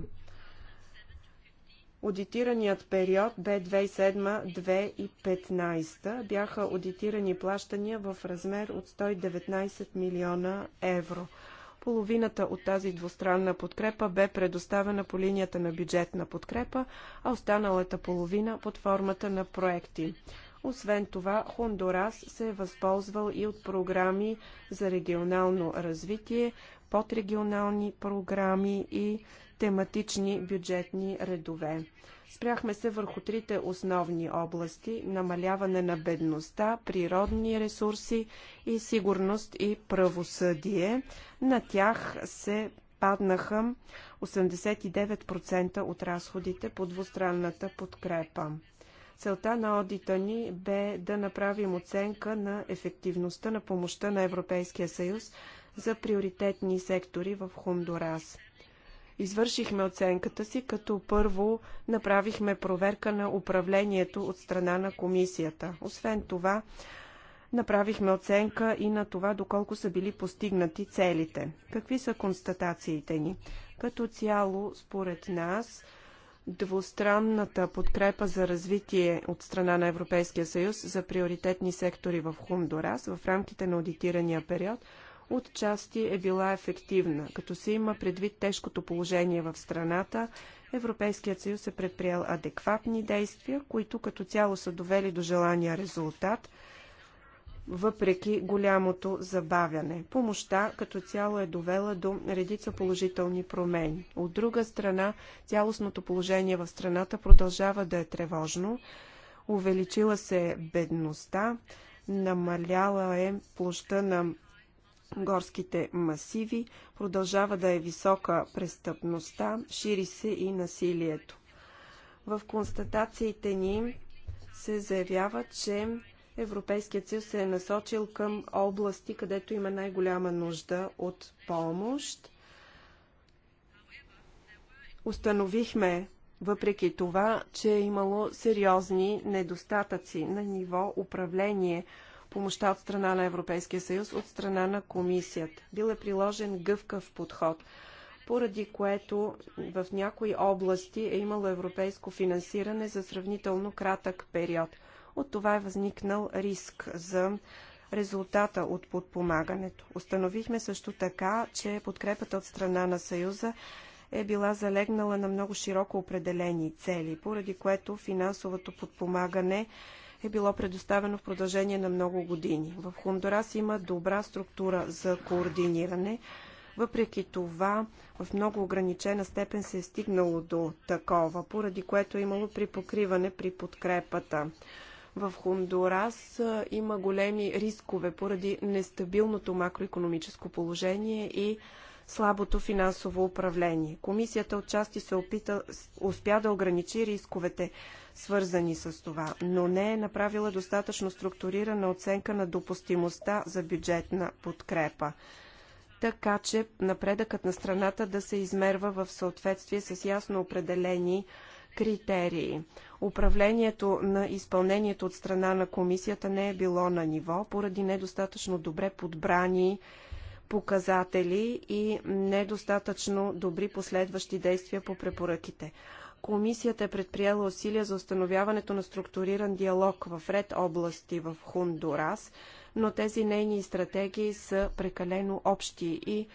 Аудитираният период бе 2007-2015. Бяха аудитирани плащания в размер от 119 милиона евро. Половината от тази двустранна подкрепа бе предоставена по линията на бюджетна подкрепа, а останалата половина под формата на проекти. Освен това, Хондурас се е възползвал и от програми за регионално развитие, подрегионални програми и тематични бюджетни редове. Спряхме се върху трите основни области – намаляване на бедността, природни ресурси и сигурност и правосъдие. На тях се паднаха 89% от разходите по двустранната подкрепа. Целта на одита ни бе да направим оценка на ефективността на помощта на Европейския съюз за приоритетни сектори в Хондурас. Извършихме оценката си, като първо направихме проверка на управлението от страна на комисията. Освен това, направихме оценка и на това доколко са били постигнати целите. Какви са констатациите ни? Като цяло, според нас, двустранната подкрепа за развитие от страна на Европейския съюз за приоритетни сектори в Хундурас в рамките на аудитирания период – отчасти е била ефективна. Като се има предвид тежкото положение в страната, Европейският съюз е предприел адекватни действия, които като цяло са довели до желания резултат, въпреки голямото забавяне. Помощта като цяло е довела до редица положителни промени. От друга страна, цялостното положение в страната продължава да е тревожно. Увеличила се е бедността, намаляла е площа на горските масиви, продължава да е висока престъпността, шири се и насилието. В констатациите ни се заявява, че Европейският съюз се е насочил към области, където има най-голяма нужда от помощ. Установихме въпреки това, че е имало сериозни недостатъци на ниво управление – помощта от страна на Европейския съюз, от страна на комисията. Бил е приложен гъвкав подход, поради което в някои области е имало европейско финансиране за сравнително кратък период. От това е възникнал риск за резултата от подпомагането. Установихме също така, че подкрепата от страна на Съюза е била залегнала на много широко определени цели, поради което финансовото подпомагане е било предоставено в продължение на много години. В Хондурас има добра структура за координиране. Въпреки това, в много ограничена степен се е стигнало до такова, поради което е имало припокриване при подкрепата. В Хондурас има големи рискове поради нестабилното макроекономическо положение и слабото финансово управление. Комисията отчасти се опита, успя да ограничи рисковете, свързани с това, но не е направила достатъчно структурирана оценка на допустимостта за бюджетна подкрепа така че напредъкът на страната да се измерва в съответствие с ясно определени критерии. Управлението на изпълнението от страна на комисията не е било на ниво, поради недостатъчно добре подбрани показатели и недостатъчно добри последващи действия по препоръките. Комисията е предприела усилия за установяването на структуриран диалог в ред области в Хундурас, но тези нейни стратегии са прекалено общи и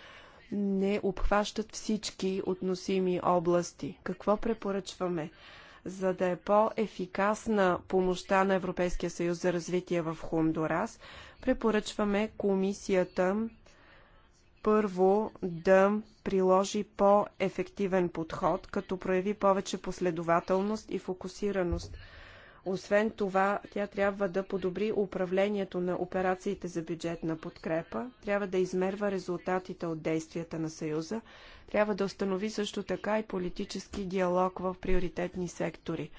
не обхващат всички относими области. Какво препоръчваме? За да е по-ефикасна помощта на Европейския съюз за развитие в Хундурас, препоръчваме комисията първо да приложи по-ефективен подход, като прояви повече последователност и фокусираност. Освен това, тя трябва да подобри управлението на операциите за бюджетна подкрепа, трябва да измерва резултатите от действията на Съюза, трябва да установи също така и политически диалог в приоритетни сектори.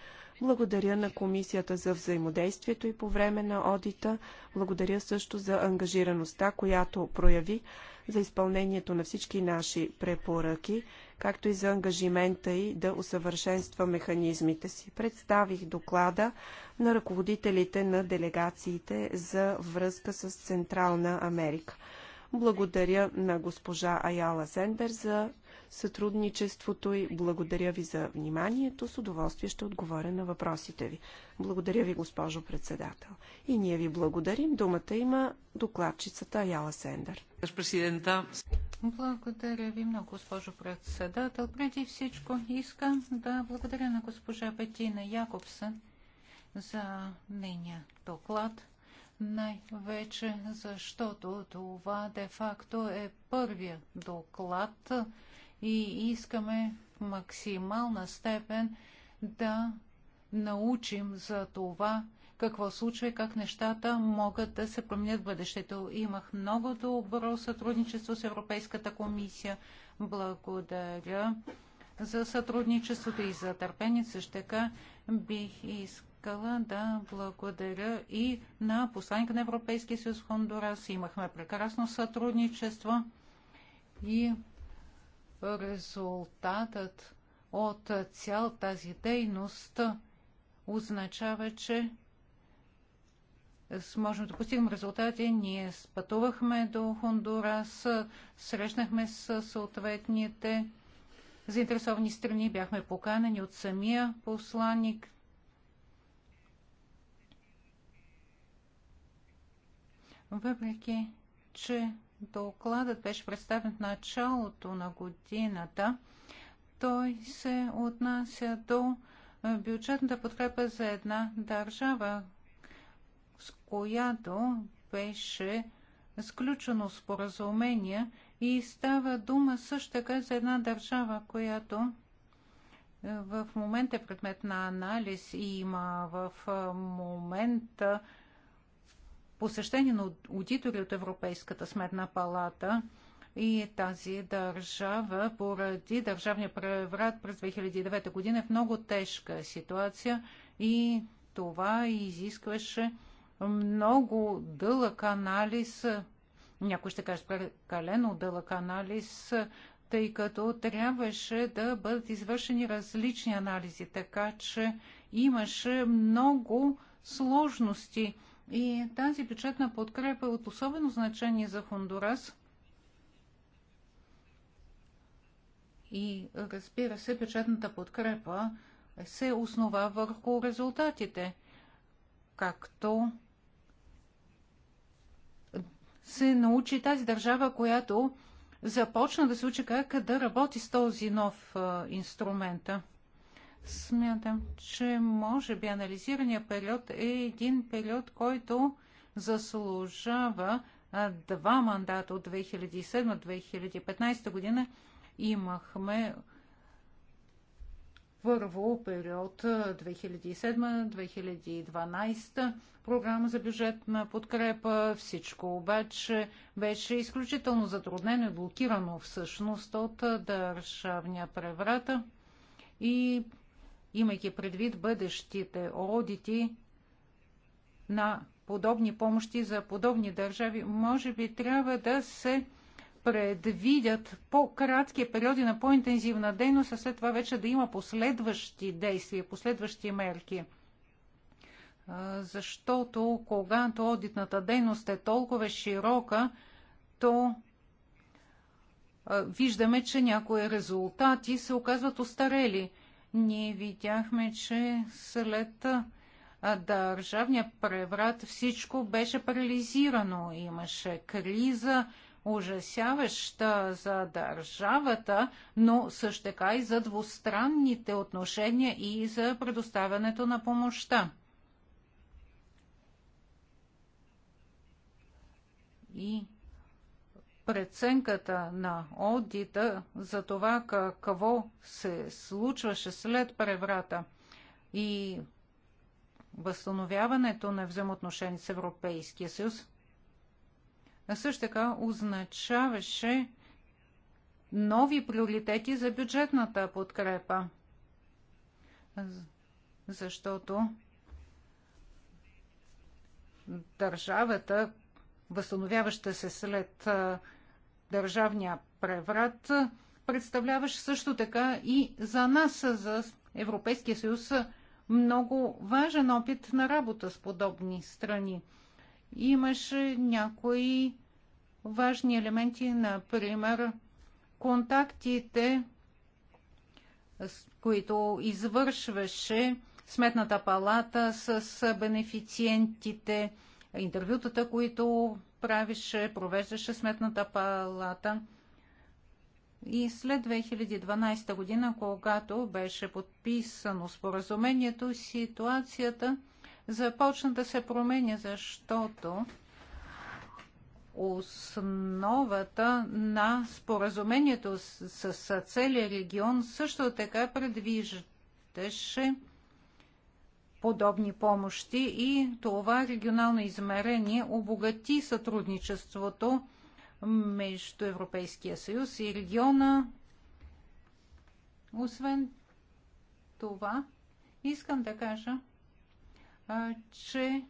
Благодаря на комисията за взаимодействието и по време на одита. Благодаря също за ангажираността, която прояви за изпълнението на всички наши препоръки, както и за ангажимента и да усъвършенства механизмите си. Представих доклада на ръководителите на делегациите за връзка с Централна Америка. Благодаря на госпожа Аяла Сендер за сътрудничеството и благодаря ви за вниманието. С удоволствие ще отговоря на въпросите ви. Благодаря ви, госпожо председател. И ние ви благодарим. Думата има докладчицата Яла Сендър. Благодаря ви много, госпожо председател. Преди всичко искам да благодаря на госпожа Бетина Якобсен за нейния доклад най-вече защото това де-факто е първия доклад и искаме в максимална степен да научим за това, какво случва и как нещата могат да се променят в бъдещето. Имах много добро сътрудничество с Европейската комисия. Благодаря за сътрудничеството и за търпение. Също така бих искала да благодаря и на посланника на Европейския съюз в Хондурас. Имахме прекрасно сътрудничество и резултатът от цял тази дейност означава, че можем да постигнем резултати. Ние спътувахме до Хондурас, срещнахме с съответните заинтересовани страни, бяхме поканени от самия посланник. Въпреки, че докладът беше представен в началото на годината. Той се отнася до бюджетната подкрепа за една държава, с която беше сключено споразумение и става дума също така за една държава, която в момента е предмет на анализ и има в момента посещение на аудитори от Европейската сметна палата и тази държава поради държавния преврат през 2009 година е в много тежка ситуация и това изискваше много дълъг анализ, някой ще каже прекалено дълъг анализ, тъй като трябваше да бъдат извършени различни анализи, така че имаше много сложности и тази бюджетна подкрепа е от особено значение за Хондурас. И разбира се, бюджетната подкрепа се основа върху резултатите, както се научи тази държава, която започна да се учи как да работи с този нов инструмент. Смятам, че може би анализирания период е един период, който заслужава два мандата от 2007-2015 година. Имахме първо период 2007-2012 програма за бюджетна подкрепа. Всичко обаче беше изключително затруднено и блокирано всъщност от държавния преврата и имайки предвид бъдещите одити на подобни помощи за подобни държави, може би трябва да се предвидят по-кратки периоди на по-интензивна дейност, а след това вече да има последващи действия, последващи мерки. Защото когато одитната дейност е толкова широка, то виждаме, че някои резултати се оказват устарели – ние видяхме, че след държавния преврат всичко беше парализирано. Имаше криза, ужасяваща за държавата, но също така и за двустранните отношения и за предоставянето на помощта. И преценката на одита за това какво се случваше след преврата и възстановяването на взаимоотношения с Европейския съюз, също така означаваше нови приоритети за бюджетната подкрепа. Защото държавата, възстановяваща се след държавния преврат, представляваш също така и за нас, за Европейския съюз, много важен опит на работа с подобни страни. Имаше някои важни елементи, например контактите, които извършваше Сметната палата с бенефициентите, интервютата, които правеше, провеждаше сметната палата. И след 2012 година, когато беше подписано споразумението, ситуацията започна да се променя, защото основата на споразумението с, с, с целия регион също така предвиждаше подобни помощи и това регионално измерение обогати сътрудничеството между Европейския съюз и региона. Освен това, искам да кажа, че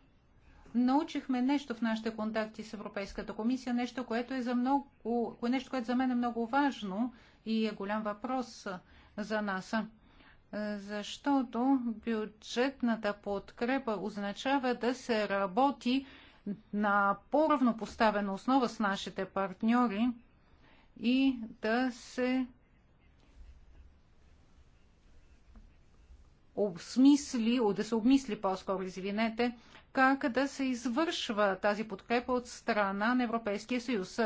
научихме нещо в нашите контакти с Европейската комисия, нещо, което е за много, нещо, което за мен е много важно и е голям въпрос за нас защото бюджетната подкрепа означава да се работи на по-равнопоставена основа с нашите партньори и да се обсмисли, да се обмисли по-скоро, извинете, как да се извършва тази подкрепа от страна на Европейския съюз.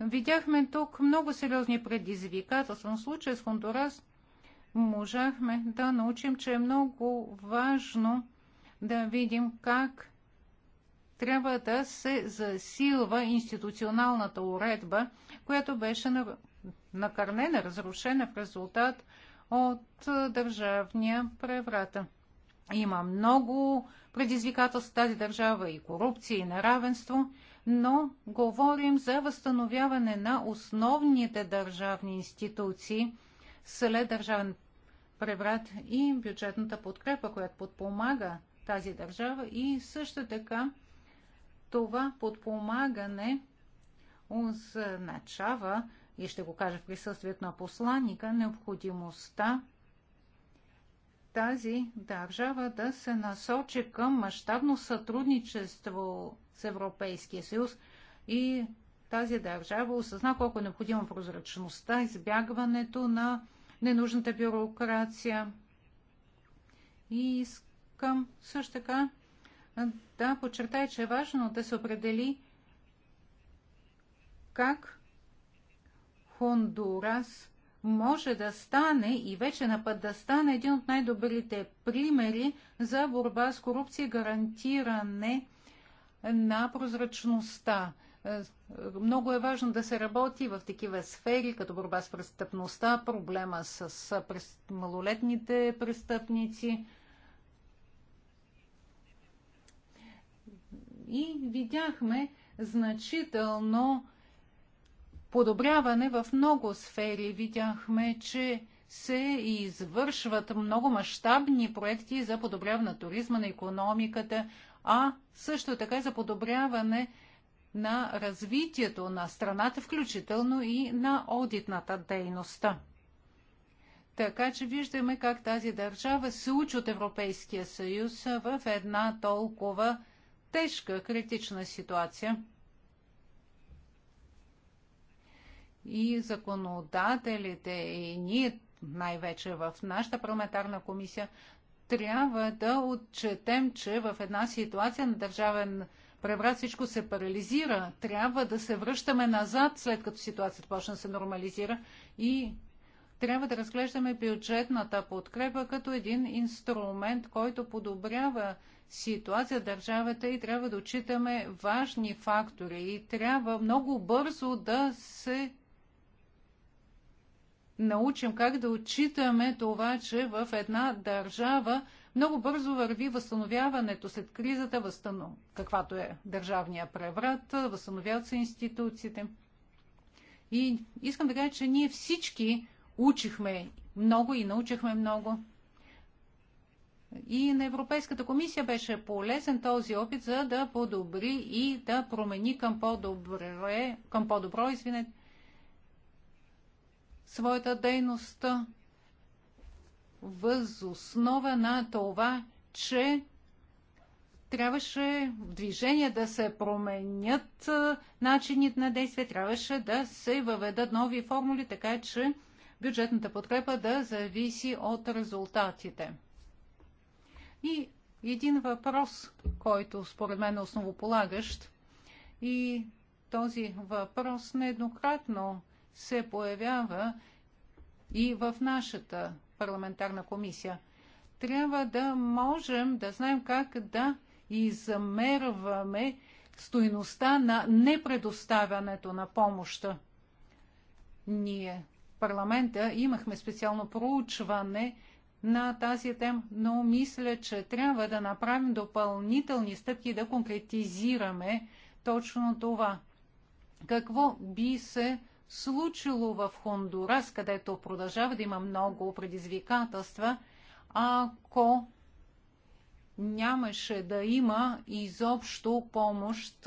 Видяхме тук много сериозни предизвикателства. В случая с Хондурас можахме да научим, че е много важно да видим как трябва да се засилва институционалната уредба, която беше накърнена, разрушена в резултат от държавния преврата. Има много предизвикателства в тази държава и корупция, и неравенство, но говорим за възстановяване на основните държавни институции след държавен преврат и бюджетната подкрепа, която подпомага тази държава и също така това подпомагане означава, и ще го кажа в присъствието на посланника, необходимостта тази държава да се насочи към мащабно сътрудничество с Европейския съюз и тази държава осъзна колко е необходима прозрачността, избягването на ненужната бюрокрация. И искам също така да подчертая, че е важно да се определи как Хондурас може да стане и вече на път да стане един от най-добрите примери за борба с корупция и гарантиране на прозрачността. Е, много е важно да се работи в такива сфери, като борба с престъпността, проблема с малолетните престъпници. И видяхме значително подобряване в много сфери. Видяхме, че се извършват много мащабни проекти за подобряване на туризма, на економиката, а също така за подобряване на развитието на страната, включително и на одитната дейността. Така че виждаме как тази държава се учи от Европейския съюз в една толкова тежка, критична ситуация. И законодателите, и ние най-вече в нашата парламентарна комисия, трябва да отчетем, че в една ситуация на държавен преврат, всичко се парализира. Трябва да се връщаме назад, след като ситуацията почна да се нормализира и трябва да разглеждаме бюджетната подкрепа като един инструмент, който подобрява ситуация в държавата и трябва да отчитаме важни фактори и трябва много бързо да се научим как да отчитаме това, че в една държава много бързо върви възстановяването след кризата, възстанов... каквато е държавния преврат, възстановяват се институциите. И искам да кажа, че ние всички учихме много и научихме много. И на Европейската комисия беше полезен този опит, за да подобри и да промени към по-добро, към по-добро извинете, своята дейност възоснова на това, че трябваше в движение да се променят начините на действие, трябваше да се въведат нови формули, така че бюджетната подкрепа да зависи от резултатите. И един въпрос, който според мен е основополагащ, и този въпрос нееднократно се появява и в нашата парламентарна комисия. Трябва да можем да знаем как да измерваме стоиността на непредоставянето на помощта. Ние, парламента, имахме специално проучване на тази тема, но мисля, че трябва да направим допълнителни стъпки да конкретизираме точно това. Какво би се случило в Хондурас, където продължава да има много предизвикателства, ако нямаше да има изобщо помощ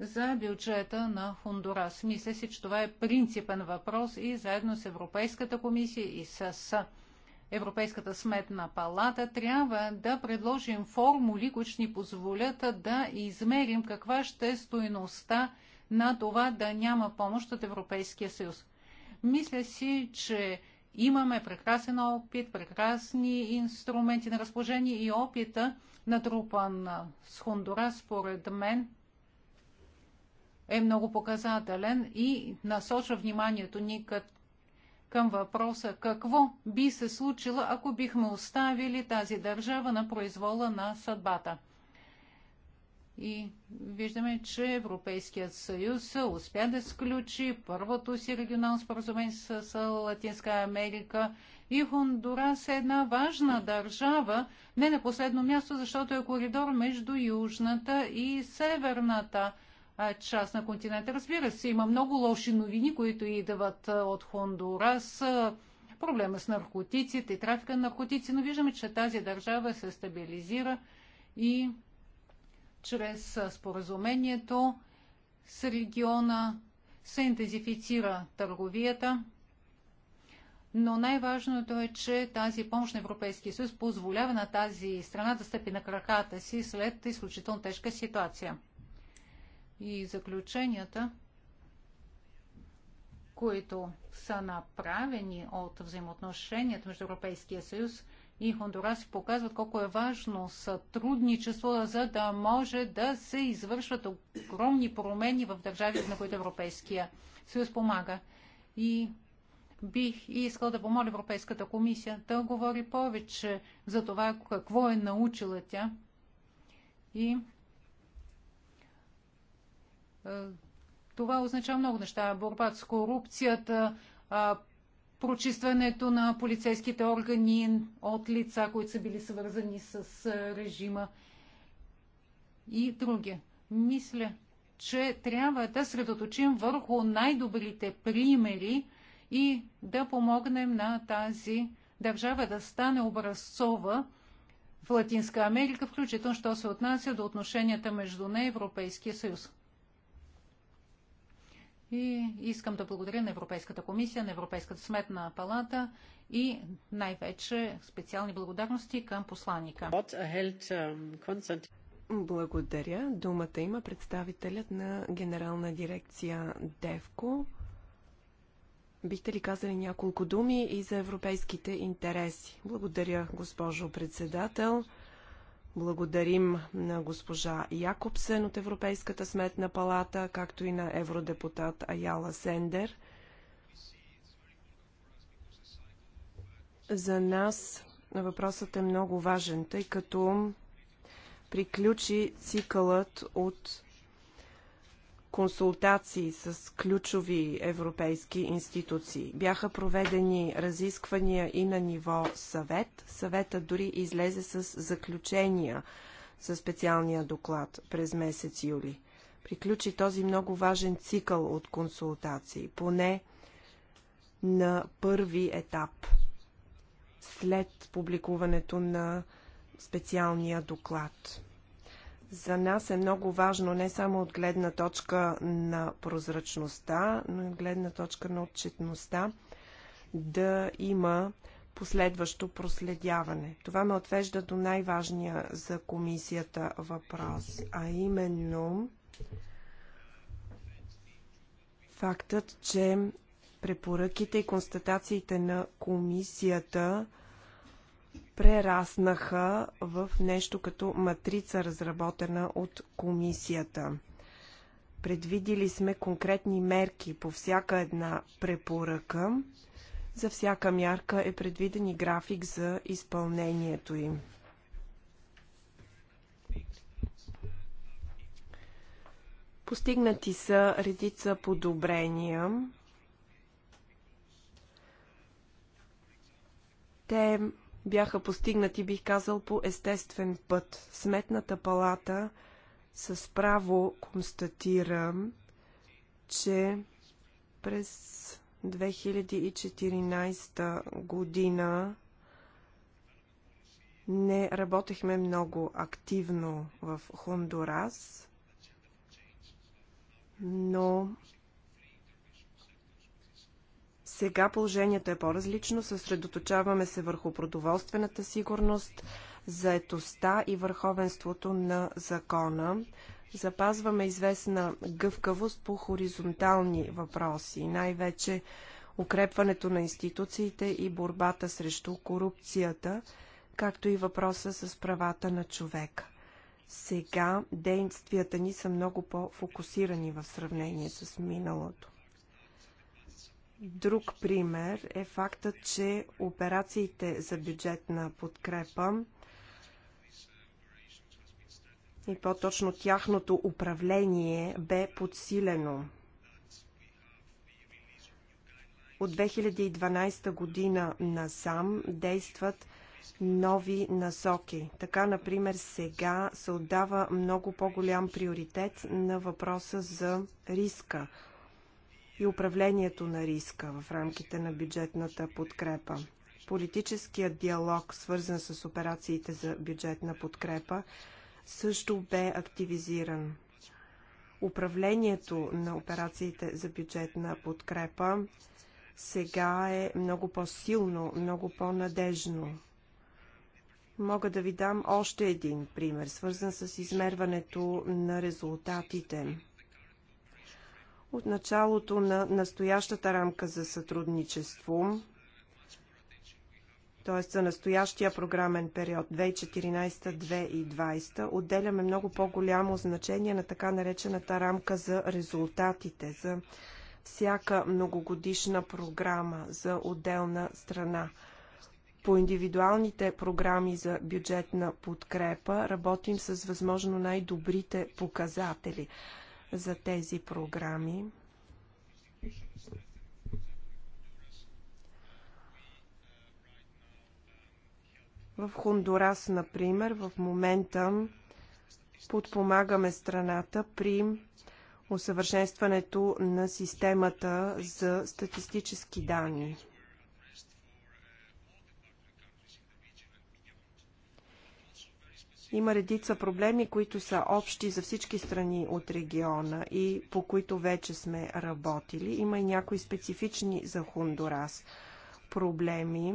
за бюджета на Хондурас. Мисля си, че това е принципен въпрос и заедно с Европейската комисия и с Европейската сметна палата трябва да предложим формули, които ни позволят да измерим каква ще е стоеността на това да няма помощ от Европейския съюз. Мисля си, че имаме прекрасен опит, прекрасни инструменти на разположение и опита, натрупан с Хондура, според мен, е много показателен и насочва вниманието ни към въпроса какво би се случило, ако бихме оставили тази държава на произвола на съдбата. И виждаме, че Европейският съюз успя да сключи първото си регионално споразумение с Латинска Америка. И Хондурас е една важна държава, не на последно място, защото е коридор между южната и северната част на континента. Разбира се, има много лоши новини, които идват от Хондурас. Проблема с наркотиците, и трафика на наркотици, но виждаме, че тази държава се стабилизира и чрез споразумението с региона се интензифицира търговията, но най-важното е, че тази помощ на Европейския съюз позволява на тази страна да стъпи на краката си след изключително тежка ситуация. И заключенията, които са направени от взаимоотношенията между Европейския съюз – и Хондурас показват колко е важно сътрудничество, за да може да се извършват огромни промени в държавите, на които Европейския съюз помага. И бих искал да помоля Европейската комисия да говори повече за това какво е научила тя и е, това означава много неща. Борбата с корупцията, прочистването на полицейските органи от лица, които са били свързани с режима и други. Мисля, че трябва да средоточим върху най-добрите примери и да помогнем на тази държава да стане образцова в Латинска Америка, включително що се отнася до отношенията между нея и Европейския съюз. И искам да благодаря на Европейската комисия, на Европейската сметна палата и най-вече специални благодарности към посланника. Благодаря. Думата има представителят на генерална дирекция ДЕВКО. Бихте ли казали няколко думи и за европейските интереси? Благодаря, госпожо председател. Благодарим на госпожа Якобсен от Европейската сметна палата, както и на евродепутат Аяла Сендер. За нас въпросът е много важен, тъй като приключи цикълът от консултации с ключови европейски институции. Бяха проведени разисквания и на ниво съвет. Съвета дори излезе с заключения със специалния доклад през месец юли. Приключи този много важен цикъл от консултации, поне на първи етап след публикуването на специалния доклад за нас е много важно не само от гледна точка на прозрачността, но и от гледна точка на отчетността да има последващо проследяване. Това ме отвежда до най-важния за комисията въпрос, а именно фактът, че препоръките и констатациите на комисията – прераснаха в нещо като матрица, разработена от комисията. Предвидили сме конкретни мерки по всяка една препоръка. За всяка мярка е предвиден и график за изпълнението им. Постигнати са редица подобрения. Те бяха постигнати, бих казал, по естествен път. Сметната палата с право констатира, че през 2014 година не работехме много активно в Хондурас, но сега положението е по-различно. Съсредоточаваме се върху продоволствената сигурност, заетостта и върховенството на закона. Запазваме известна гъвкавост по хоризонтални въпроси, най-вече укрепването на институциите и борбата срещу корупцията, както и въпроса с правата на човека. Сега действията ни са много по-фокусирани в сравнение с миналото. Друг пример е фактът, че операциите за бюджетна подкрепа и по-точно тяхното управление бе подсилено. От 2012 година насам действат нови насоки. Така, например, сега се отдава много по-голям приоритет на въпроса за риска и управлението на риска в рамките на бюджетната подкрепа. Политическият диалог, свързан с операциите за бюджетна подкрепа, също бе активизиран. Управлението на операциите за бюджетна подкрепа сега е много по-силно, много по-надежно. Мога да ви дам още един пример, свързан с измерването на резултатите. От началото на настоящата рамка за сътрудничество, т.е. за настоящия програмен период 2014-2020, отделяме много по-голямо значение на така наречената рамка за резултатите, за всяка многогодишна програма за отделна страна. По индивидуалните програми за бюджетна подкрепа работим с възможно най-добрите показатели за тези програми. В Хондурас, например, в момента подпомагаме страната при усъвършенстването на системата за статистически данни. Има редица проблеми, които са общи за всички страни от региона и по които вече сме работили. Има и някои специфични за Хондурас проблеми.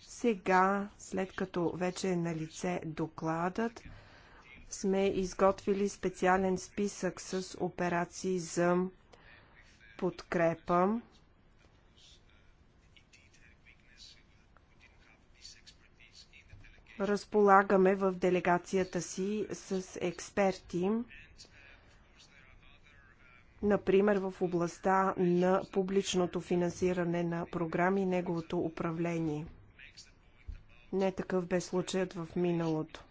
Сега, след като вече е на лице докладът, сме изготвили специален списък с операции за подкрепа. Разполагаме в делегацията си с експерти, например в областта на публичното финансиране на програми и неговото управление. Не такъв бе случаят в миналото.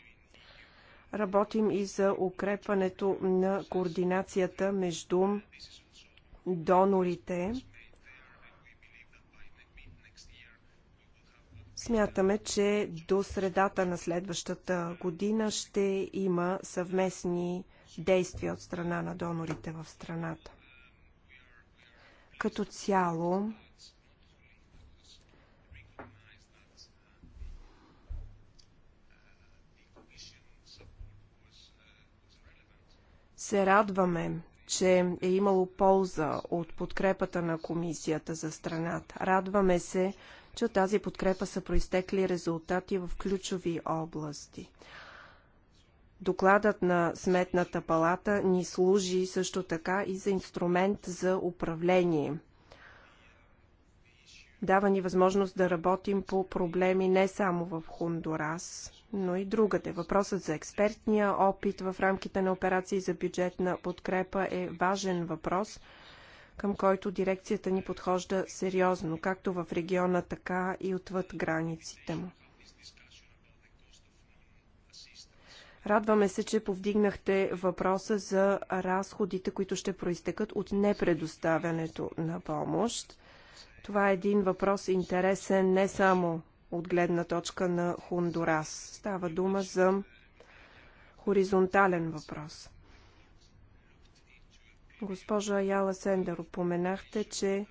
Работим и за укрепването на координацията между донорите, Смятаме, че до средата на следващата година ще има съвместни действия от страна на донорите в страната. Като цяло, се радваме, че е имало полза от подкрепата на комисията за страната. Радваме се, че от тази подкрепа са проистекли резултати в ключови области. Докладът на Сметната палата ни служи също така и за инструмент за управление. Дава ни възможност да работим по проблеми не само в Хондурас, но и другаде. Въпросът за експертния опит в рамките на операции за бюджетна подкрепа е важен въпрос – към който дирекцията ни подхожда сериозно, както в региона, така и отвъд границите му. Радваме се, че повдигнахте въпроса за разходите, които ще проистекат от непредоставянето на помощ. Това е един въпрос интересен не само от гледна точка на Хондурас. Става дума за хоризонтален въпрос. Госпожа Яла Сендер, упоменахте, че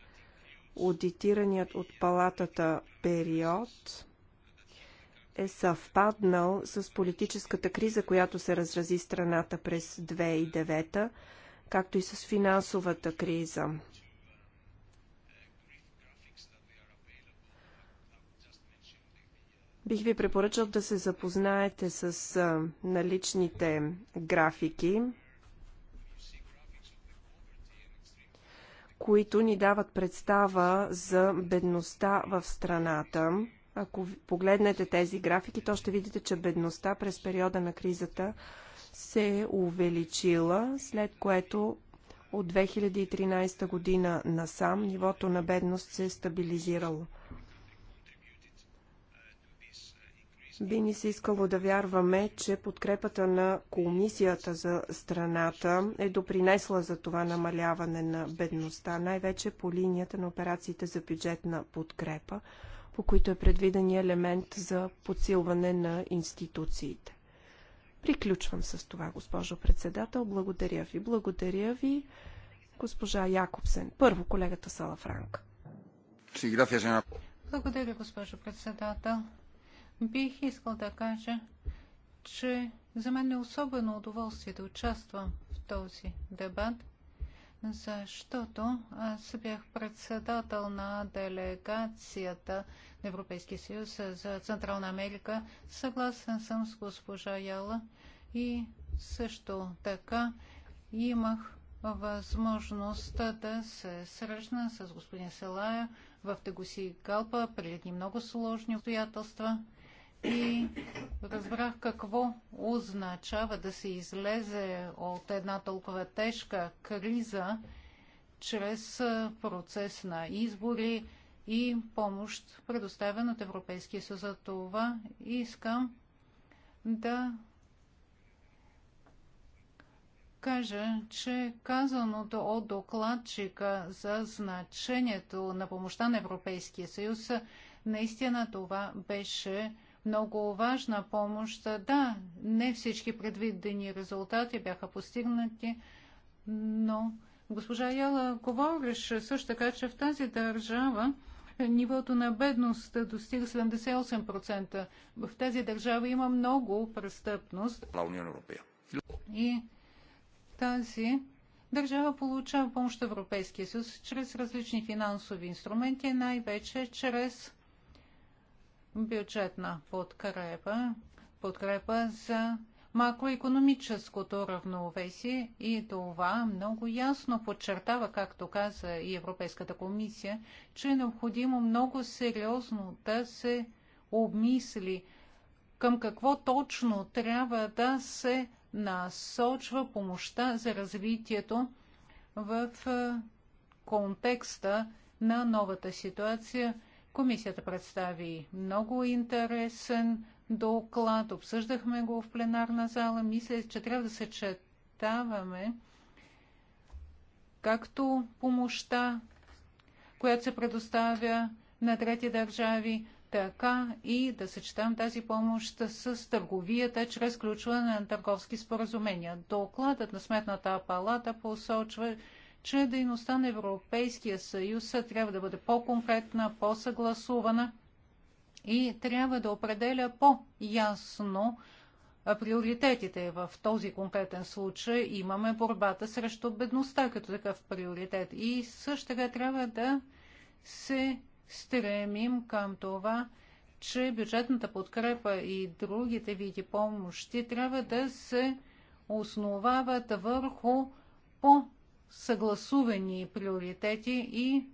аудитираният от палатата период е съвпаднал с политическата криза, която се разрази страната през 2009, както и с финансовата криза. Бих ви препоръчал да се запознаете с наличните графики, които ни дават представа за бедността в страната. Ако погледнете тези графики, то ще видите, че бедността през периода на кризата се е увеличила, след което от 2013 година насам нивото на бедност се е стабилизирало. Би ни се искало да вярваме, че подкрепата на комисията за страната е допринесла за това намаляване на бедността, най-вече по линията на операциите за бюджетна подкрепа, по които е предвиден елемент за подсилване на институциите. Приключвам с това, госпожо председател. Благодаря ви. Благодаря ви, госпожа Якобсен. Първо, колегата Салафранк. Благодаря, госпожо председател бих искал да кажа, че за мен е особено удоволствие да участвам в този дебат, защото аз бях председател на делегацията на Европейския съюз за Централна Америка. Съгласен съм с госпожа Яла и също така имах възможност да се срещна с господин Селая в Тегуси Галпа преди много сложни обстоятелства – и разбрах какво означава да се излезе от една толкова тежка криза чрез процес на избори и помощ, предоставена от Европейския съюз. За това искам да кажа, че казаното от докладчика за значението на помощта на Европейския съюз, наистина това беше много важна помощ. Да, не всички предвидени резултати бяха постигнати, но госпожа Яла говореше също така, че в тази държава нивото на бедност достига 78%. В тази държава има много престъпност. И тази държава получава помощ от Европейския съюз чрез различни финансови инструменти, най-вече чрез бюджетна подкрепа, подкрепа за макроекономическото равновесие и това много ясно подчертава, както каза и Европейската комисия, че е необходимо много сериозно да се обмисли към какво точно трябва да се насочва помощта за развитието в контекста на новата ситуация – Комисията представи много интересен доклад, обсъждахме го в пленарна зала. Мисля, че трябва да съчетаваме както помощта, която се предоставя на трети държави, така и да съчетам тази помощ с търговията чрез включване на търговски споразумения. Докладът на Сметната палата посочва, че дейността на Европейския съюз трябва да бъде по-конкретна, по-съгласувана и трябва да определя по-ясно приоритетите. В този конкретен случай имаме борбата срещу бедността като такъв приоритет. И също така трябва да се стремим към това, че бюджетната подкрепа и другите види помощи трябва да се основават върху по съгласувани приоритети и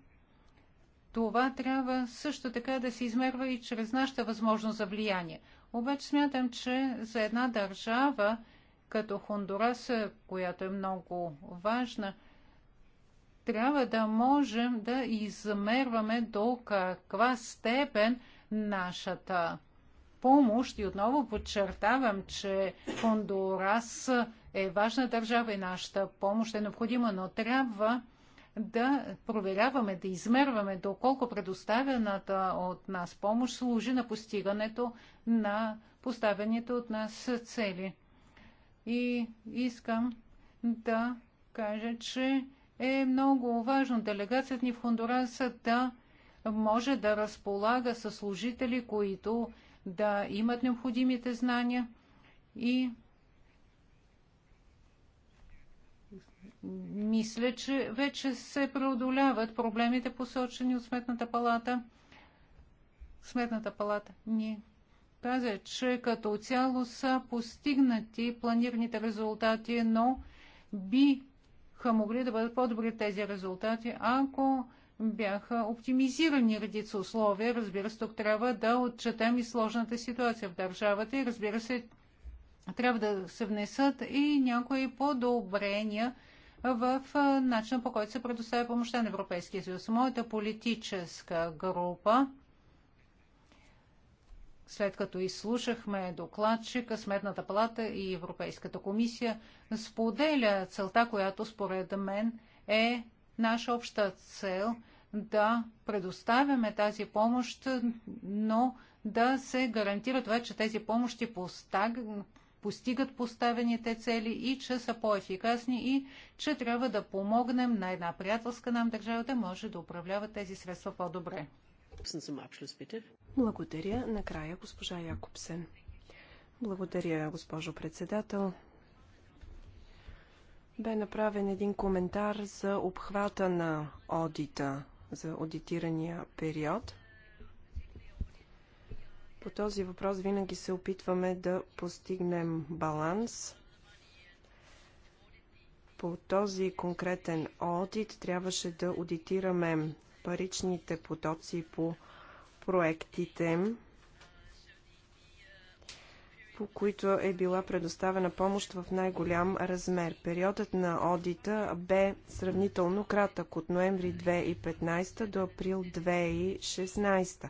това трябва също така да се измерва и чрез нашата възможност за влияние. Обаче смятам, че за една държава като Хондурас, която е много важна, трябва да можем да измерваме до каква степен нашата помощ и отново подчертавам, че Хондурас е важна държава и нашата помощ е необходима, но трябва да проверяваме, да измерваме доколко предоставената от нас помощ служи на постигането на поставените от нас цели. И искам да кажа, че е много важно делегацията ни в Хондураса да може да разполага със служители, които да имат необходимите знания и мисля, че вече се преодоляват проблемите, посочени от Сметната палата. Сметната палата ни каза, че като цяло са постигнати планираните резултати, но биха могли да бъдат по-добри тези резултати, ако бяха оптимизирани редица условия. Разбира се, тук трябва да отчетем и сложната ситуация в държавата и разбира се, трябва да се внесат и някои подобрения в начина по който се предоставя помощта на Европейския съюз. Моята политическа група, след като изслушахме докладчика, Сметната палата и Европейската комисия, споделя целта, която според мен е наша обща цел – да предоставяме тази помощ, но да се гарантира това, че тези помощи постаг... постигат поставените цели и че са по-ефикасни и че трябва да помогнем на една приятелска нам държава да може да управлява тези средства по-добре. Благодаря. Накрая госпожа Якобсен. Благодаря, госпожо председател. Бе направен един коментар за обхвата на одита за аудитирания период. По този въпрос винаги се опитваме да постигнем баланс. По този конкретен одит трябваше да аудитираме паричните потоци по проектите по които е била предоставена помощ в най-голям размер. Периодът на одита бе сравнително кратък от ноември 2015 до април 2016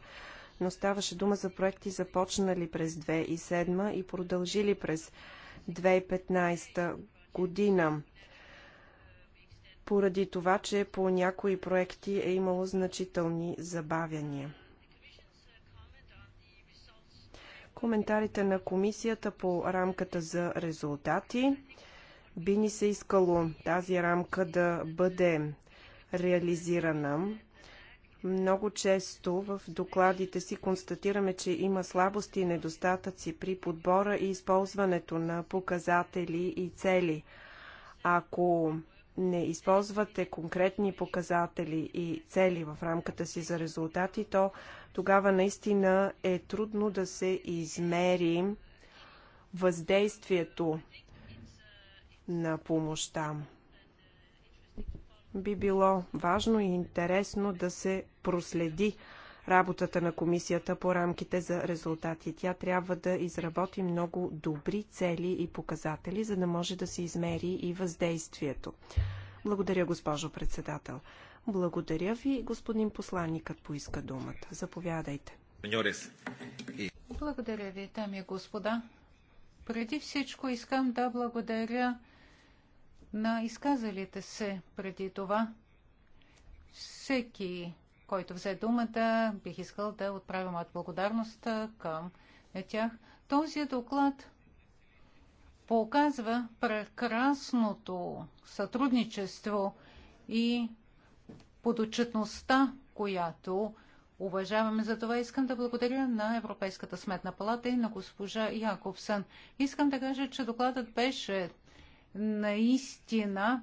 но ставаше дума за проекти започнали през 2007 и продължили през 2015 година. Поради това, че по някои проекти е имало значителни забавяния. коментарите на комисията по рамката за резултати. Би ни се искало тази рамка да бъде реализирана. Много често в докладите си констатираме, че има слабости и недостатъци при подбора и използването на показатели и цели. Ако не използвате конкретни показатели и цели в рамката си за резултати, то тогава наистина е трудно да се измери въздействието на помощта. Би било важно и интересно да се проследи работата на комисията по рамките за резултати. Тя трябва да изработи много добри цели и показатели, за да може да се измери и въздействието. Благодаря, госпожо председател. Благодаря ви, господин посланникът поиска думата. Заповядайте. Благодаря ви, дами и господа. Преди всичко искам да благодаря на изказалите се преди това. Всеки който взе думата. Бих искал да отправя моят благодарност към е, тях. Този доклад показва прекрасното сътрудничество и подочетността, която уважаваме. За това искам да благодаря на Европейската сметна палата и на госпожа Якобсън. Искам да кажа, че докладът беше наистина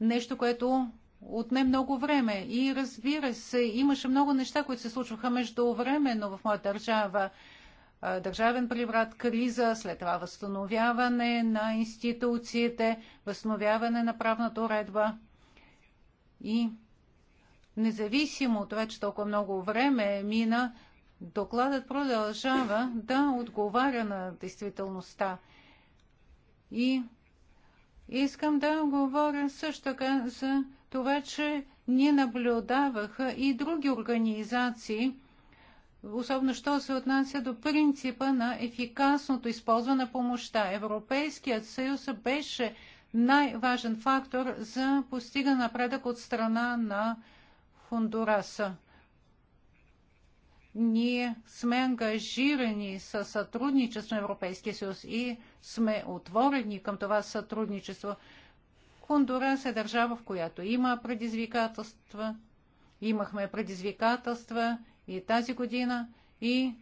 нещо, което отне много време. И разбира се, имаше много неща, които се случваха междувременно в моя държава. Държавен преврат, криза, след това възстановяване на институциите, възстановяване на правната уредба. И независимо от това, че толкова много време мина, докладът продължава да отговаря на действителността. И искам да говоря също така за това, че ни наблюдаваха и други организации, особено що се отнася до принципа на ефикасното използване на помощта. Европейският съюз беше най-важен фактор за постигане напредък от страна на Хондураса. Ние сме ангажирани с сътрудничество на Европейския съюз и сме отворени към това сътрудничество. Хондурас е държава, в която има предизвикателства. Имахме предизвикателства и тази година, и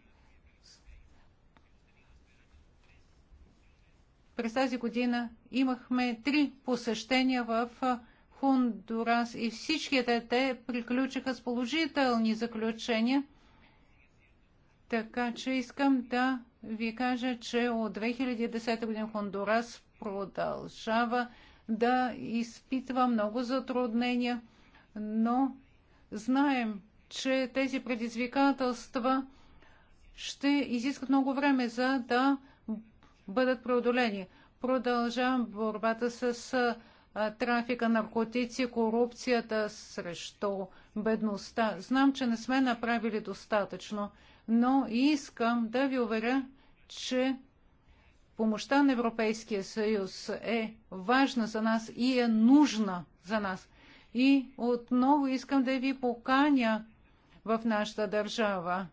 през тази година имахме три посещения в Хондурас и всичките те приключиха с положителни заключения. Така че искам да ви кажа, че от 2010 година Хондурас продължава да изпитва много затруднения, но знаем, че тези предизвикателства ще изискат много време, за да бъдат преодолени. Продължавам борбата с трафика, наркотици, корупцията срещу бедността. Знам, че не сме направили достатъчно, но искам да ви уверя, че помощта на Европейския съюз е важна за нас и е нужна за нас. И отново искам да ви поканя в нашата държава.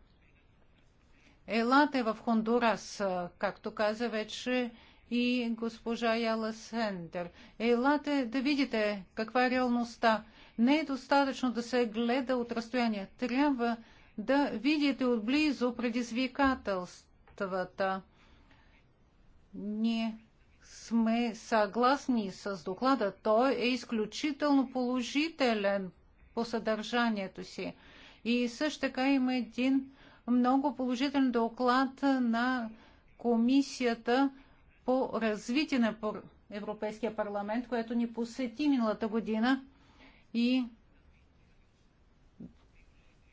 Елате в Хондурас, както каза вече и госпожа Яла Сендер. Елате да видите каква е реалността. Не е достатъчно да се гледа от разстояние. Трябва да видите отблизо предизвикателствата. Ние сме съгласни с доклада. Той е изключително положителен по съдържанието си. И също така има един много положителен доклад на Комисията по развитие на Европейския парламент, което ни посети миналата година и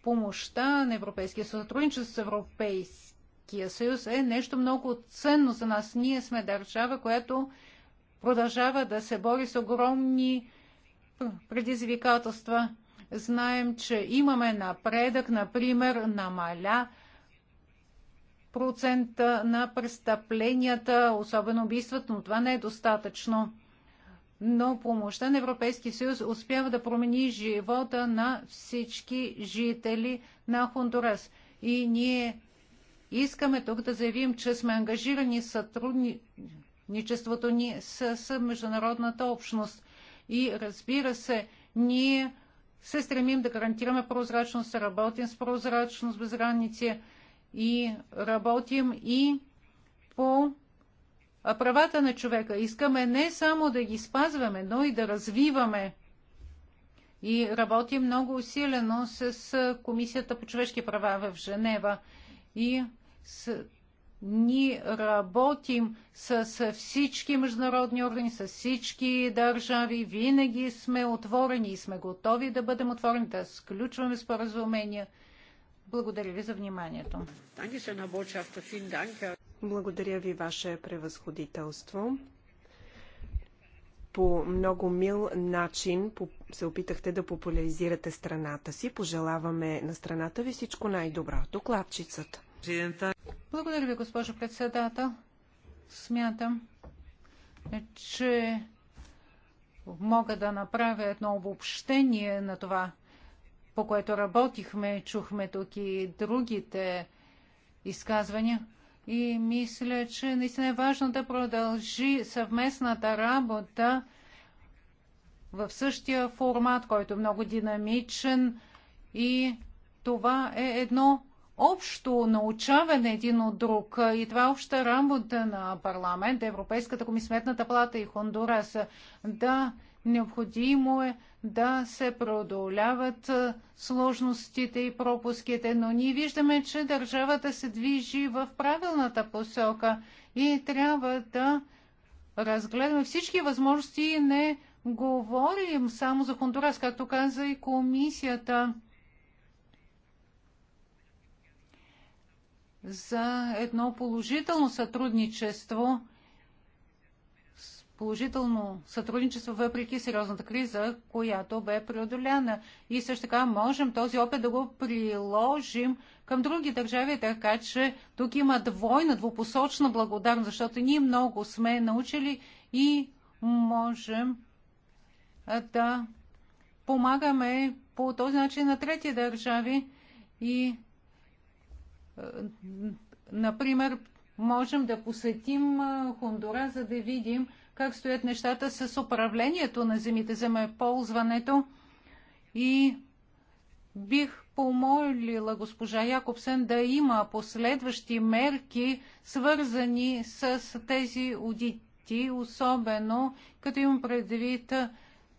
помощта на Европейския сътрудничество с Европейския Европейския съюз е нещо много ценно за нас. Ние сме държава, която продължава да се бори с огромни предизвикателства. Знаем, че имаме напредък, например, намаля процента на престъпленията, особено убийствата, но това не е достатъчно. Но помощта на Европейския съюз успява да промени живота на всички жители на Хондурас. И ние Искаме тук да заявим, че сме ангажирани сътрудничеството ни с, с международната общност. И разбира се, ние се стремим да гарантираме прозрачност, работим с прозрачност без граници и работим и по правата на човека. Искаме не само да ги спазваме, но и да развиваме. И работим много усилено с Комисията по човешки права в Женева и с... ние работим с всички международни органи, с всички държави. Винаги сме отворени и сме готови да бъдем отворени, да сключваме споразумения. Благодаря ви за вниманието. Благодаря ви, Ваше превъзходителство. По много мил начин се опитахте да популяризирате страната си. Пожелаваме на страната ви всичко най-добро. Докладчицата. Благодаря ви, госпожо председател. Смятам, че мога да направя едно обобщение на това, по което работихме. Чухме тук и другите изказвания. И мисля, че наистина е важно да продължи съвместната работа в същия формат, който е много динамичен. И това е едно общо научаване един от друг и това е обща работа на парламент, Европейската комисия, Сметната палата и Хондурас. Да, необходимо е да се преодоляват сложностите и пропуските, но ние виждаме, че държавата се движи в правилната посока и трябва да разгледаме всички възможности и не говорим само за Хондурас, както каза и комисията. за едно положително сътрудничество, положително сътрудничество въпреки сериозната криза, която бе преодоляна. И също така можем този опит да го приложим към други държави, така че тук има двойна, двупосочна благодарност, защото ние много сме научили и можем да помагаме по този начин на трети държави и Например, можем да посетим Хондура, за да видим как стоят нещата с управлението на земите, земеползването. И бих помолила госпожа Якобсен да има последващи мерки, свързани с тези аудити, особено като имам предвид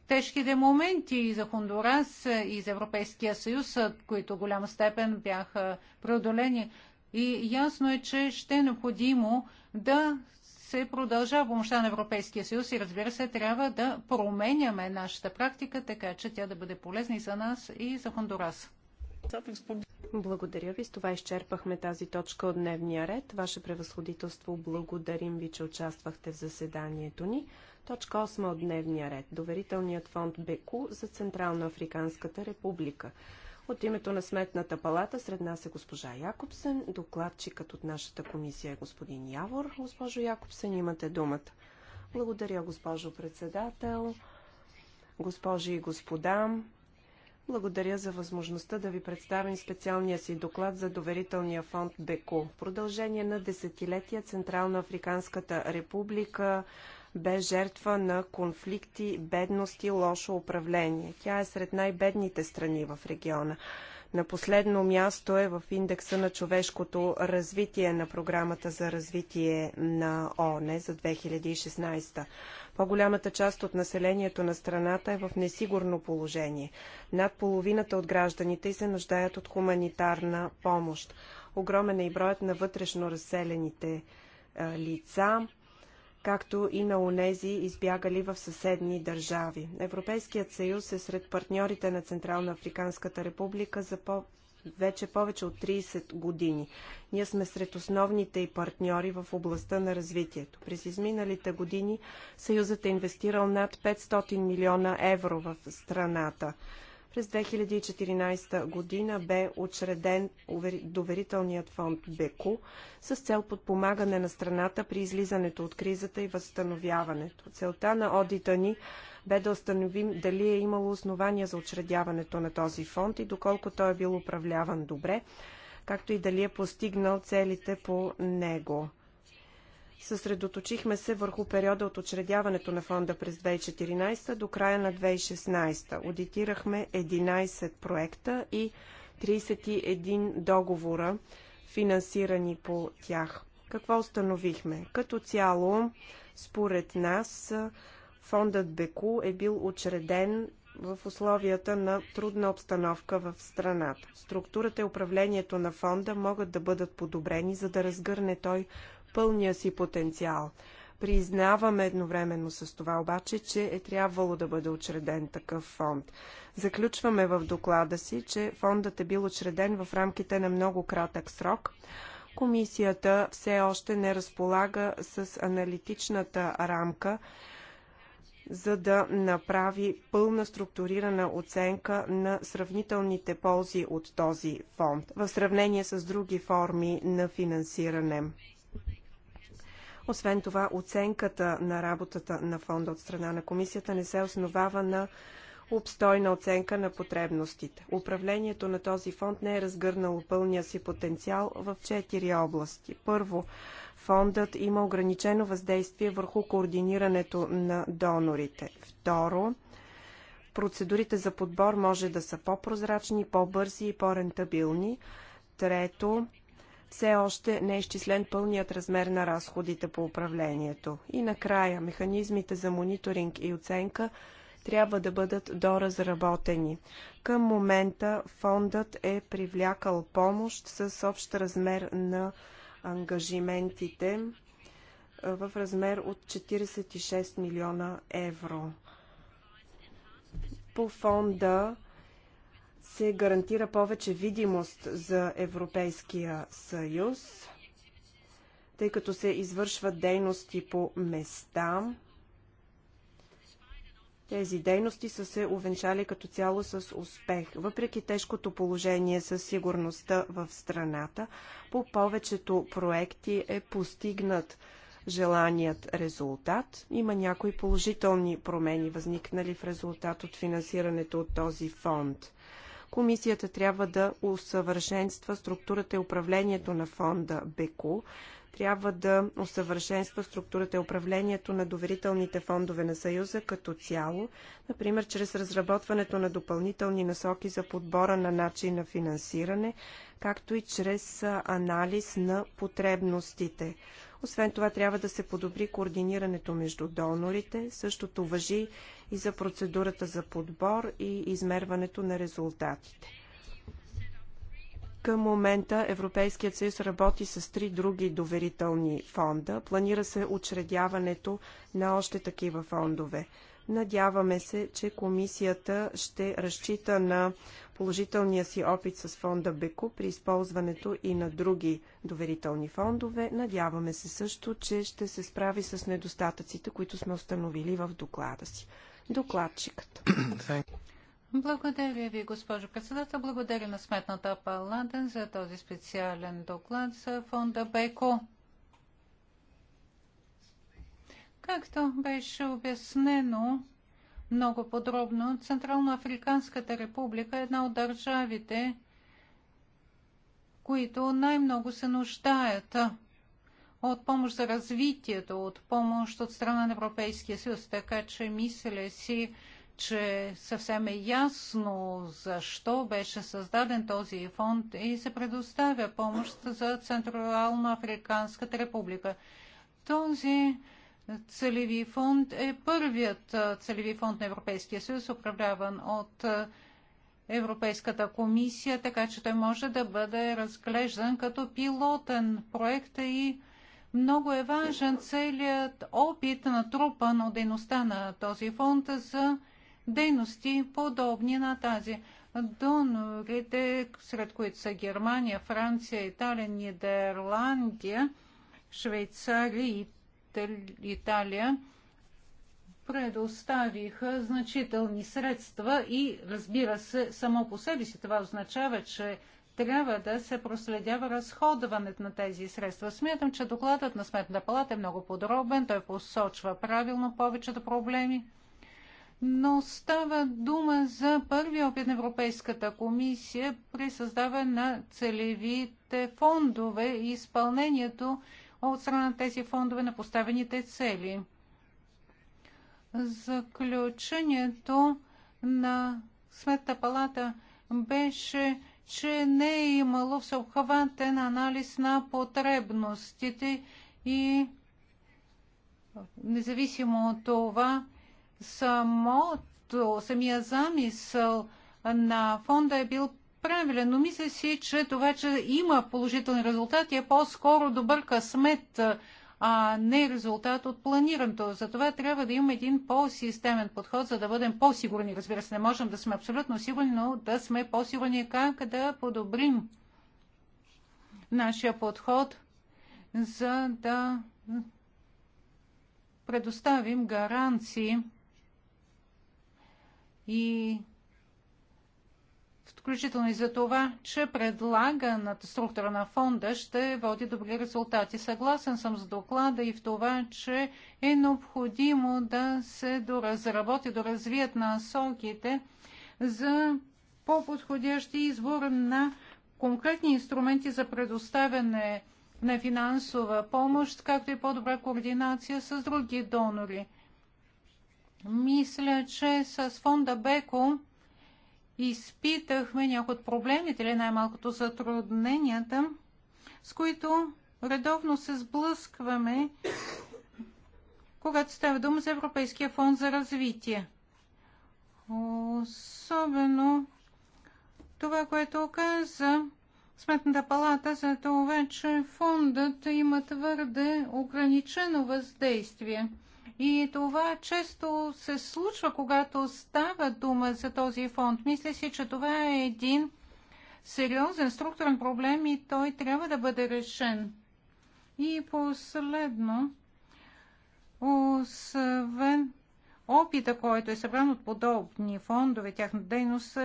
тежките моменти и за Хондурас и за Европейския съюз, които голяма степен бяха преодолени. И ясно е, че ще е необходимо да се продължава помощта на Европейския съюз и разбира се, трябва да променяме нашата практика, така че тя да бъде полезна и за нас, и за Хондурас. Благодаря ви. С това изчерпахме тази точка от дневния ред. Ваше превъзходителство, благодарим ви, че участвахте в заседанието ни. Точка 8 от дневния ред. Доверителният фонд БЕКУ за Централно Африканската република. От името на Сметната палата сред нас е госпожа Якобсен. Докладчикът от нашата комисия е господин Явор. Госпожо Якобсен, имате думата. Благодаря, госпожо председател, госпожи и господа. Благодаря за възможността да ви представим специалния си доклад за доверителния фонд БЕКО. В продължение на десетилетия Централно Африканската република бе жертва на конфликти, бедност и лошо управление. Тя е сред най-бедните страни в региона. На последно място е в индекса на човешкото развитие на програмата за развитие на ООН за 2016. По-голямата част от населението на страната е в несигурно положение. Над половината от гражданите се нуждаят от хуманитарна помощ. Огромен е и броят на вътрешно разселените лица както и на онези избягали в съседни държави. Европейският съюз е сред партньорите на Централно Африканската република за по вече повече от 30 години. Ние сме сред основните и партньори в областта на развитието. През изминалите години Съюзът е инвестирал над 500 милиона евро в страната. През 2014 година бе учреден доверителният фонд БЕКО с цел подпомагане на страната при излизането от кризата и възстановяването. Целта на одита ни бе да установим дали е имало основания за учредяването на този фонд и доколко той е бил управляван добре, както и дали е постигнал целите по него. Съсредоточихме се върху периода от учредяването на фонда през 2014 до края на 2016. Одитирахме 11 проекта и 31 договора, финансирани по тях. Какво установихме? Като цяло, според нас, фондът Беку е бил учреден в условията на трудна обстановка в страната. Структурата и управлението на фонда могат да бъдат подобрени, за да разгърне той пълния си потенциал. Признаваме едновременно с това обаче, че е трябвало да бъде учреден такъв фонд. Заключваме в доклада си, че фондът е бил учреден в рамките на много кратък срок. Комисията все още не разполага с аналитичната рамка, за да направи пълна структурирана оценка на сравнителните ползи от този фонд в сравнение с други форми на финансиране. Освен това, оценката на работата на фонда от страна на комисията не се основава на обстойна оценка на потребностите. Управлението на този фонд не е разгърнало пълния си потенциал в четири области. Първо, фондът има ограничено въздействие върху координирането на донорите. Второ, процедурите за подбор може да са по-прозрачни, по-бързи и по-рентабилни. Трето, все още не е изчислен пълният размер на разходите по управлението. И накрая, механизмите за мониторинг и оценка трябва да бъдат доразработени. Към момента фондът е привлякал помощ с общ размер на ангажиментите в размер от 46 милиона евро. По фонда се гарантира повече видимост за Европейския съюз, тъй като се извършват дейности по места. Тези дейности са се увенчали като цяло с успех. Въпреки тежкото положение със сигурността в страната, по повечето проекти е постигнат желаният резултат. Има някои положителни промени, възникнали в резултат от финансирането от този фонд. Комисията трябва да усъвършенства структурата и управлението на фонда БЕКО, трябва да усъвършенства структурата и управлението на доверителните фондове на Съюза като цяло, например чрез разработването на допълнителни насоки за подбора на начин на финансиране, както и чрез анализ на потребностите. Освен това трябва да се подобри координирането между донорите. Същото въжи и за процедурата за подбор и измерването на резултатите. Към момента Европейският съюз работи с три други доверителни фонда. Планира се учредяването на още такива фондове. Надяваме се, че комисията ще разчита на положителния си опит с фонда БЕКО при използването и на други доверителни фондове. Надяваме се също, че ще се справи с недостатъците, които сме установили в доклада си. Докладчикът. Благодаря ви, госпожо председател. Благодаря на Сметната палата за този специален доклад за фонда БЕКО. Както беше обяснено, много подробно. Централноафриканската република е една от държавите, които най-много се нуждаят от помощ за развитието, от помощ от страна на Европейския съюз. Така че мисля си, че съвсем е ясно защо беше създаден този фонд и се предоставя помощ за Централно-Африканската република. Този целеви фонд е първият целеви фонд на Европейския съюз, управляван от Европейската комисия, така че той може да бъде разглеждан като пилотен проект и много е важен целият опит на трупа на дейността на този фонд за дейности подобни на тази. Донорите, сред които са Германия, Франция, Италия, Нидерландия, Швейцария и Италия предоставиха значителни средства и разбира се, само по себе си това означава, че трябва да се проследява разходването на тези средства. Смятам, че докладът на Сметната палата е много подробен, той посочва правилно повечето проблеми. Но става дума за първи опит на Европейската комисия при създаване на целевите фондове и изпълнението от страна на тези фондове на поставените цели. Заключението на Сметната палата беше, че не е имало всеобхватен анализ на потребностите и независимо от това, самото, самия замисъл на фонда е бил правилен, но мисля си, че това, че има положителни резултати, е по-скоро добър късмет, а не резултат от планирането. Затова трябва да имаме един по-системен подход, за да бъдем по-сигурни. Разбира се, не можем да сме абсолютно сигурни, но да сме по-сигурни как да подобрим нашия подход, за да предоставим гаранции и включително и за това, че предлаганата структура на фонда ще води добри резултати. Съгласен съм с доклада и в това, че е необходимо да се доразработи, доразвият насоките за по-подходящи избор на конкретни инструменти за предоставяне на финансова помощ, както и по-добра координация с други донори. Мисля, че с фонда БЕКО изпитахме някои от проблемите или най-малкото затрудненията, с които редовно се сблъскваме, когато става дума за Европейския фонд за развитие. Особено това, което каза Сметната палата за това, че фондът има твърде ограничено въздействие. И това често се случва, когато става дума за този фонд. Мисля си, че това е един сериозен структурен проблем и той трябва да бъде решен. И последно, освен опита, който е събран от подобни фондове, тяхна дейност,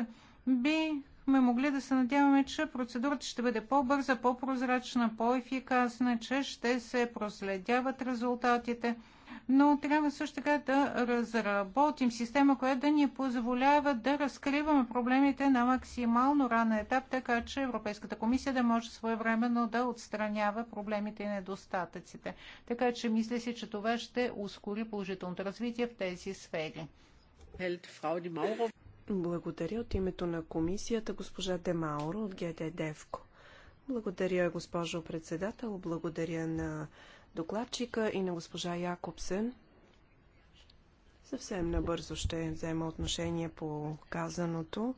бихме могли да се надяваме, че процедурата ще бъде по-бърза, по-прозрачна, по-ефикасна, че ще се проследяват резултатите – но трябва също така да разработим система, която да ни позволява да разкриваме проблемите на максимално ранен етап, така че Европейската комисия да може своевременно да отстранява проблемите и недостатъците. Така че мисля си, че това ще ускори положителното развитие в тези сфери. Благодаря от името на комисията госпожа Демауро от ГД Девко. Благодаря, госпожо председател. Благодаря на докладчика и на госпожа Якобсен. Съвсем набързо ще взема отношение по казаното.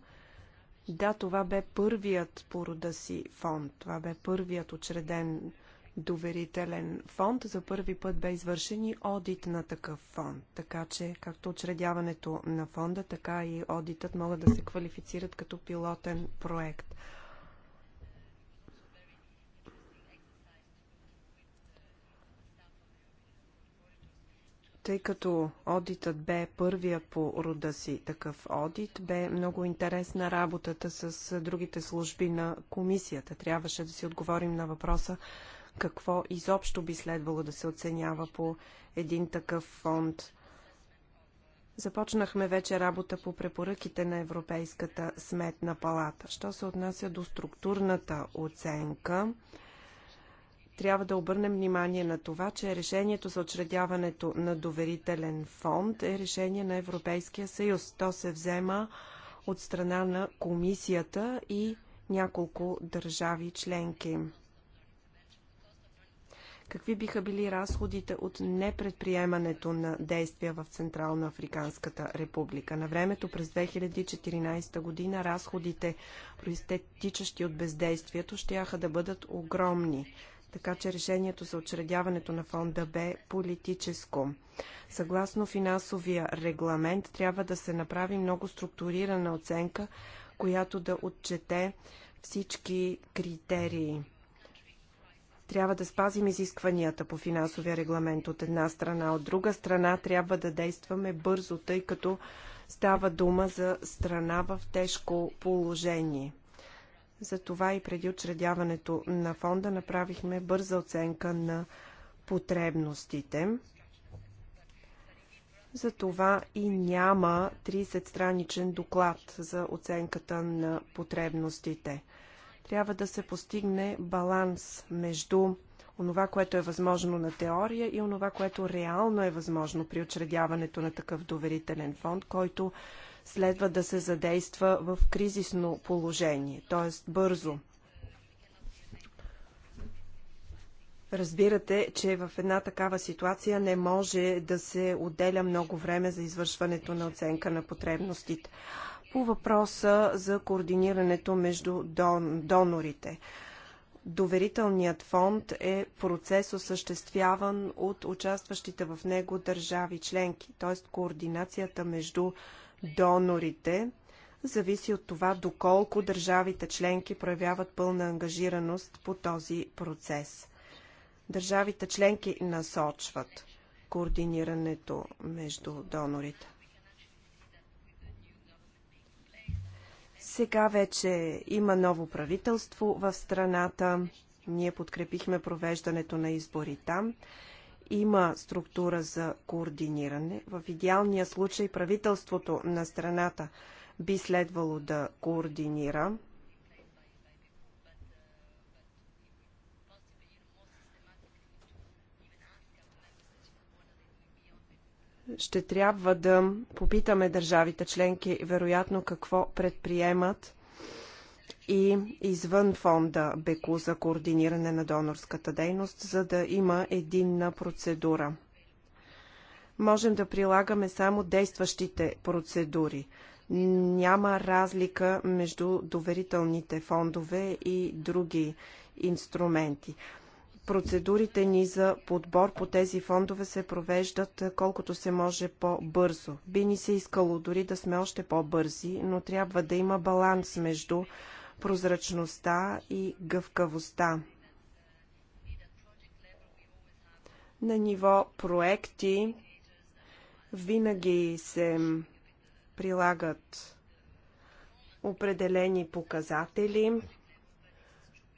Да, това бе първият по рода си фонд. Това бе първият учреден доверителен фонд. За първи път бе извършен и одит на такъв фонд. Така че, както учредяването на фонда, така и одитът могат да се квалифицират като пилотен проект. Тъй като одитът бе първия по рода си такъв одит, бе много интересна работата с другите служби на комисията. Трябваше да си отговорим на въпроса какво изобщо би следвало да се оценява по един такъв фонд. Започнахме вече работа по препоръките на Европейската сметна палата. Що се отнася до структурната оценка, трябва да обърнем внимание на това, че решението за очредяването на доверителен фонд е решение на Европейския съюз. То се взема от страна на комисията и няколко държави членки. Какви биха били разходите от непредприемането на действия в Централно Африканската република? На времето през 2014 година разходите, проистечащи от бездействието, ще да бъдат огромни така че решението за учредяването на фонда бе политическо. Съгласно финансовия регламент трябва да се направи много структурирана оценка, която да отчете всички критерии. Трябва да спазим изискванията по финансовия регламент от една страна, от друга страна трябва да действаме бързо, тъй като става дума за страна в тежко положение. Затова и преди учредяването на фонда направихме бърза оценка на потребностите. Затова и няма 30-страничен доклад за оценката на потребностите. Трябва да се постигне баланс между онова, което е възможно на теория и онова, което реално е възможно при учредяването на такъв доверителен фонд, който следва да се задейства в кризисно положение, т.е. бързо. Разбирате, че в една такава ситуация не може да се отделя много време за извършването на оценка на потребностите. По въпроса за координирането между дон, донорите. Доверителният фонд е процес осъществяван от участващите в него държави членки, т.е. координацията между донорите зависи от това доколко държавите членки проявяват пълна ангажираност по този процес. Държавите членки насочват координирането между донорите. Сега вече има ново правителство в страната. Ние подкрепихме провеждането на избори там има структура за координиране. В идеалния случай правителството на страната би следвало да координира. Ще трябва да попитаме държавите членки, вероятно какво предприемат и извън фонда БЕКУ за координиране на донорската дейност, за да има единна процедура. Можем да прилагаме само действащите процедури. Няма разлика между доверителните фондове и други инструменти процедурите ни за подбор по тези фондове се провеждат колкото се може по-бързо. Би ни се искало дори да сме още по-бързи, но трябва да има баланс между прозрачността и гъвкавостта. На ниво проекти винаги се прилагат определени показатели,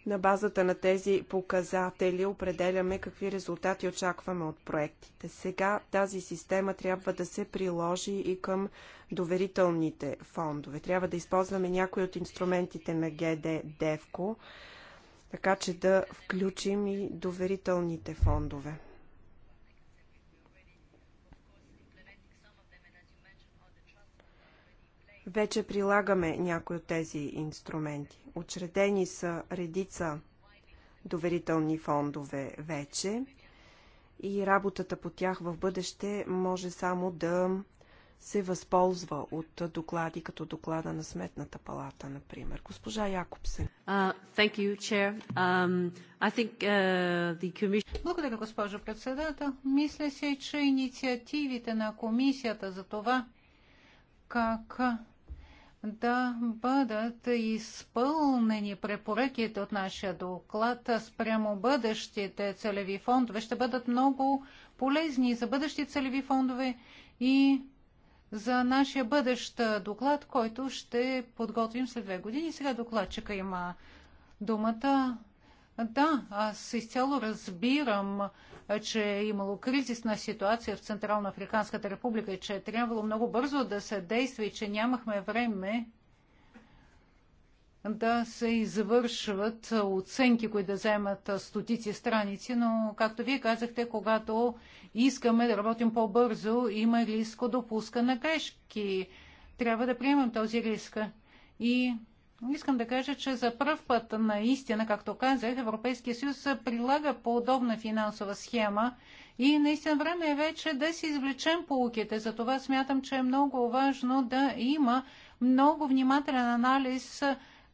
на базата на тези показатели определяме какви резултати очакваме от проектите. Сега тази система трябва да се приложи и към доверителните фондове. Трябва да използваме някои от инструментите на ГД Девко, така че да включим и доверителните фондове. Вече прилагаме някои от тези инструменти. Очредени са редица доверителни фондове вече и работата по тях в бъдеще може само да се възползва от доклади, като доклада на Сметната палата, например. Госпожа Якобсен. Uh, um, uh, commission... Благодаря, госпожо председател. Мисля се, че инициативите на комисията за това как да бъдат изпълнени препоръките от нашия доклад спрямо бъдещите целеви фондове. Ще бъдат много полезни за бъдещи целеви фондове и за нашия бъдещ доклад, който ще подготвим след две години. Сега докладчика има думата. Да, аз изцяло разбирам, че е имало кризисна ситуация в Централна Африканската република и че е трябвало много бързо да се действа и че нямахме време да се извършват оценки, които да вземат стотици страници, но, както вие казахте, когато искаме да работим по-бързо, има риск от допуска на грешки. Трябва да приемем този риск. И Искам да кажа, че за първ път наистина, както казах, Европейския съюз прилага подобна финансова схема и наистина време е вече да си извлечем полуките. Затова смятам, че е много важно да има много внимателен анализ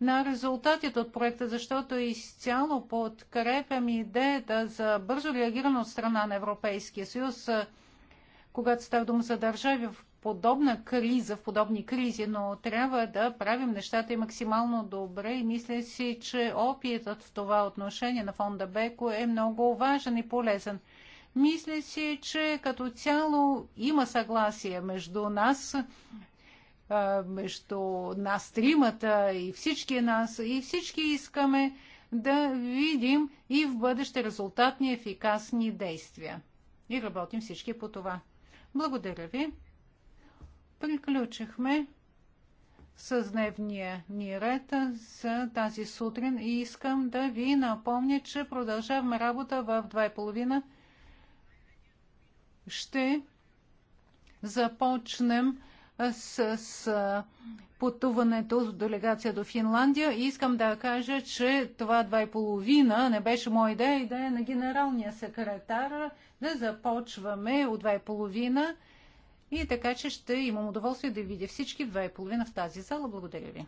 на резултатите от проекта, защото изцяло подкрепям идеята за бързо реагиране от страна на Европейския съюз, когато става дума за държави, в подобна криза, в подобни кризи, но трябва да правим нещата и максимално добре и мисля си, че опитът в това отношение на фонда Беко е много важен и полезен. Мисля си, че като цяло има съгласие между нас, между нас тримата и всички нас, и всички искаме да видим и в бъдеще резултатни ефикасни действия. И работим всички по това. Благодаря ви. Приключихме с дневния ни ред за тази сутрин и искам да ви напомня, че продължаваме работа в 2.30. Ще започнем с, с пътуването с делегация до Финландия. И искам да кажа, че това 2.30 не беше моя идея, идея на генералния секретар да започваме от 2.30 и така, че ще имам удоволствие да видя всички в 2.30 в тази зала. Благодаря ви.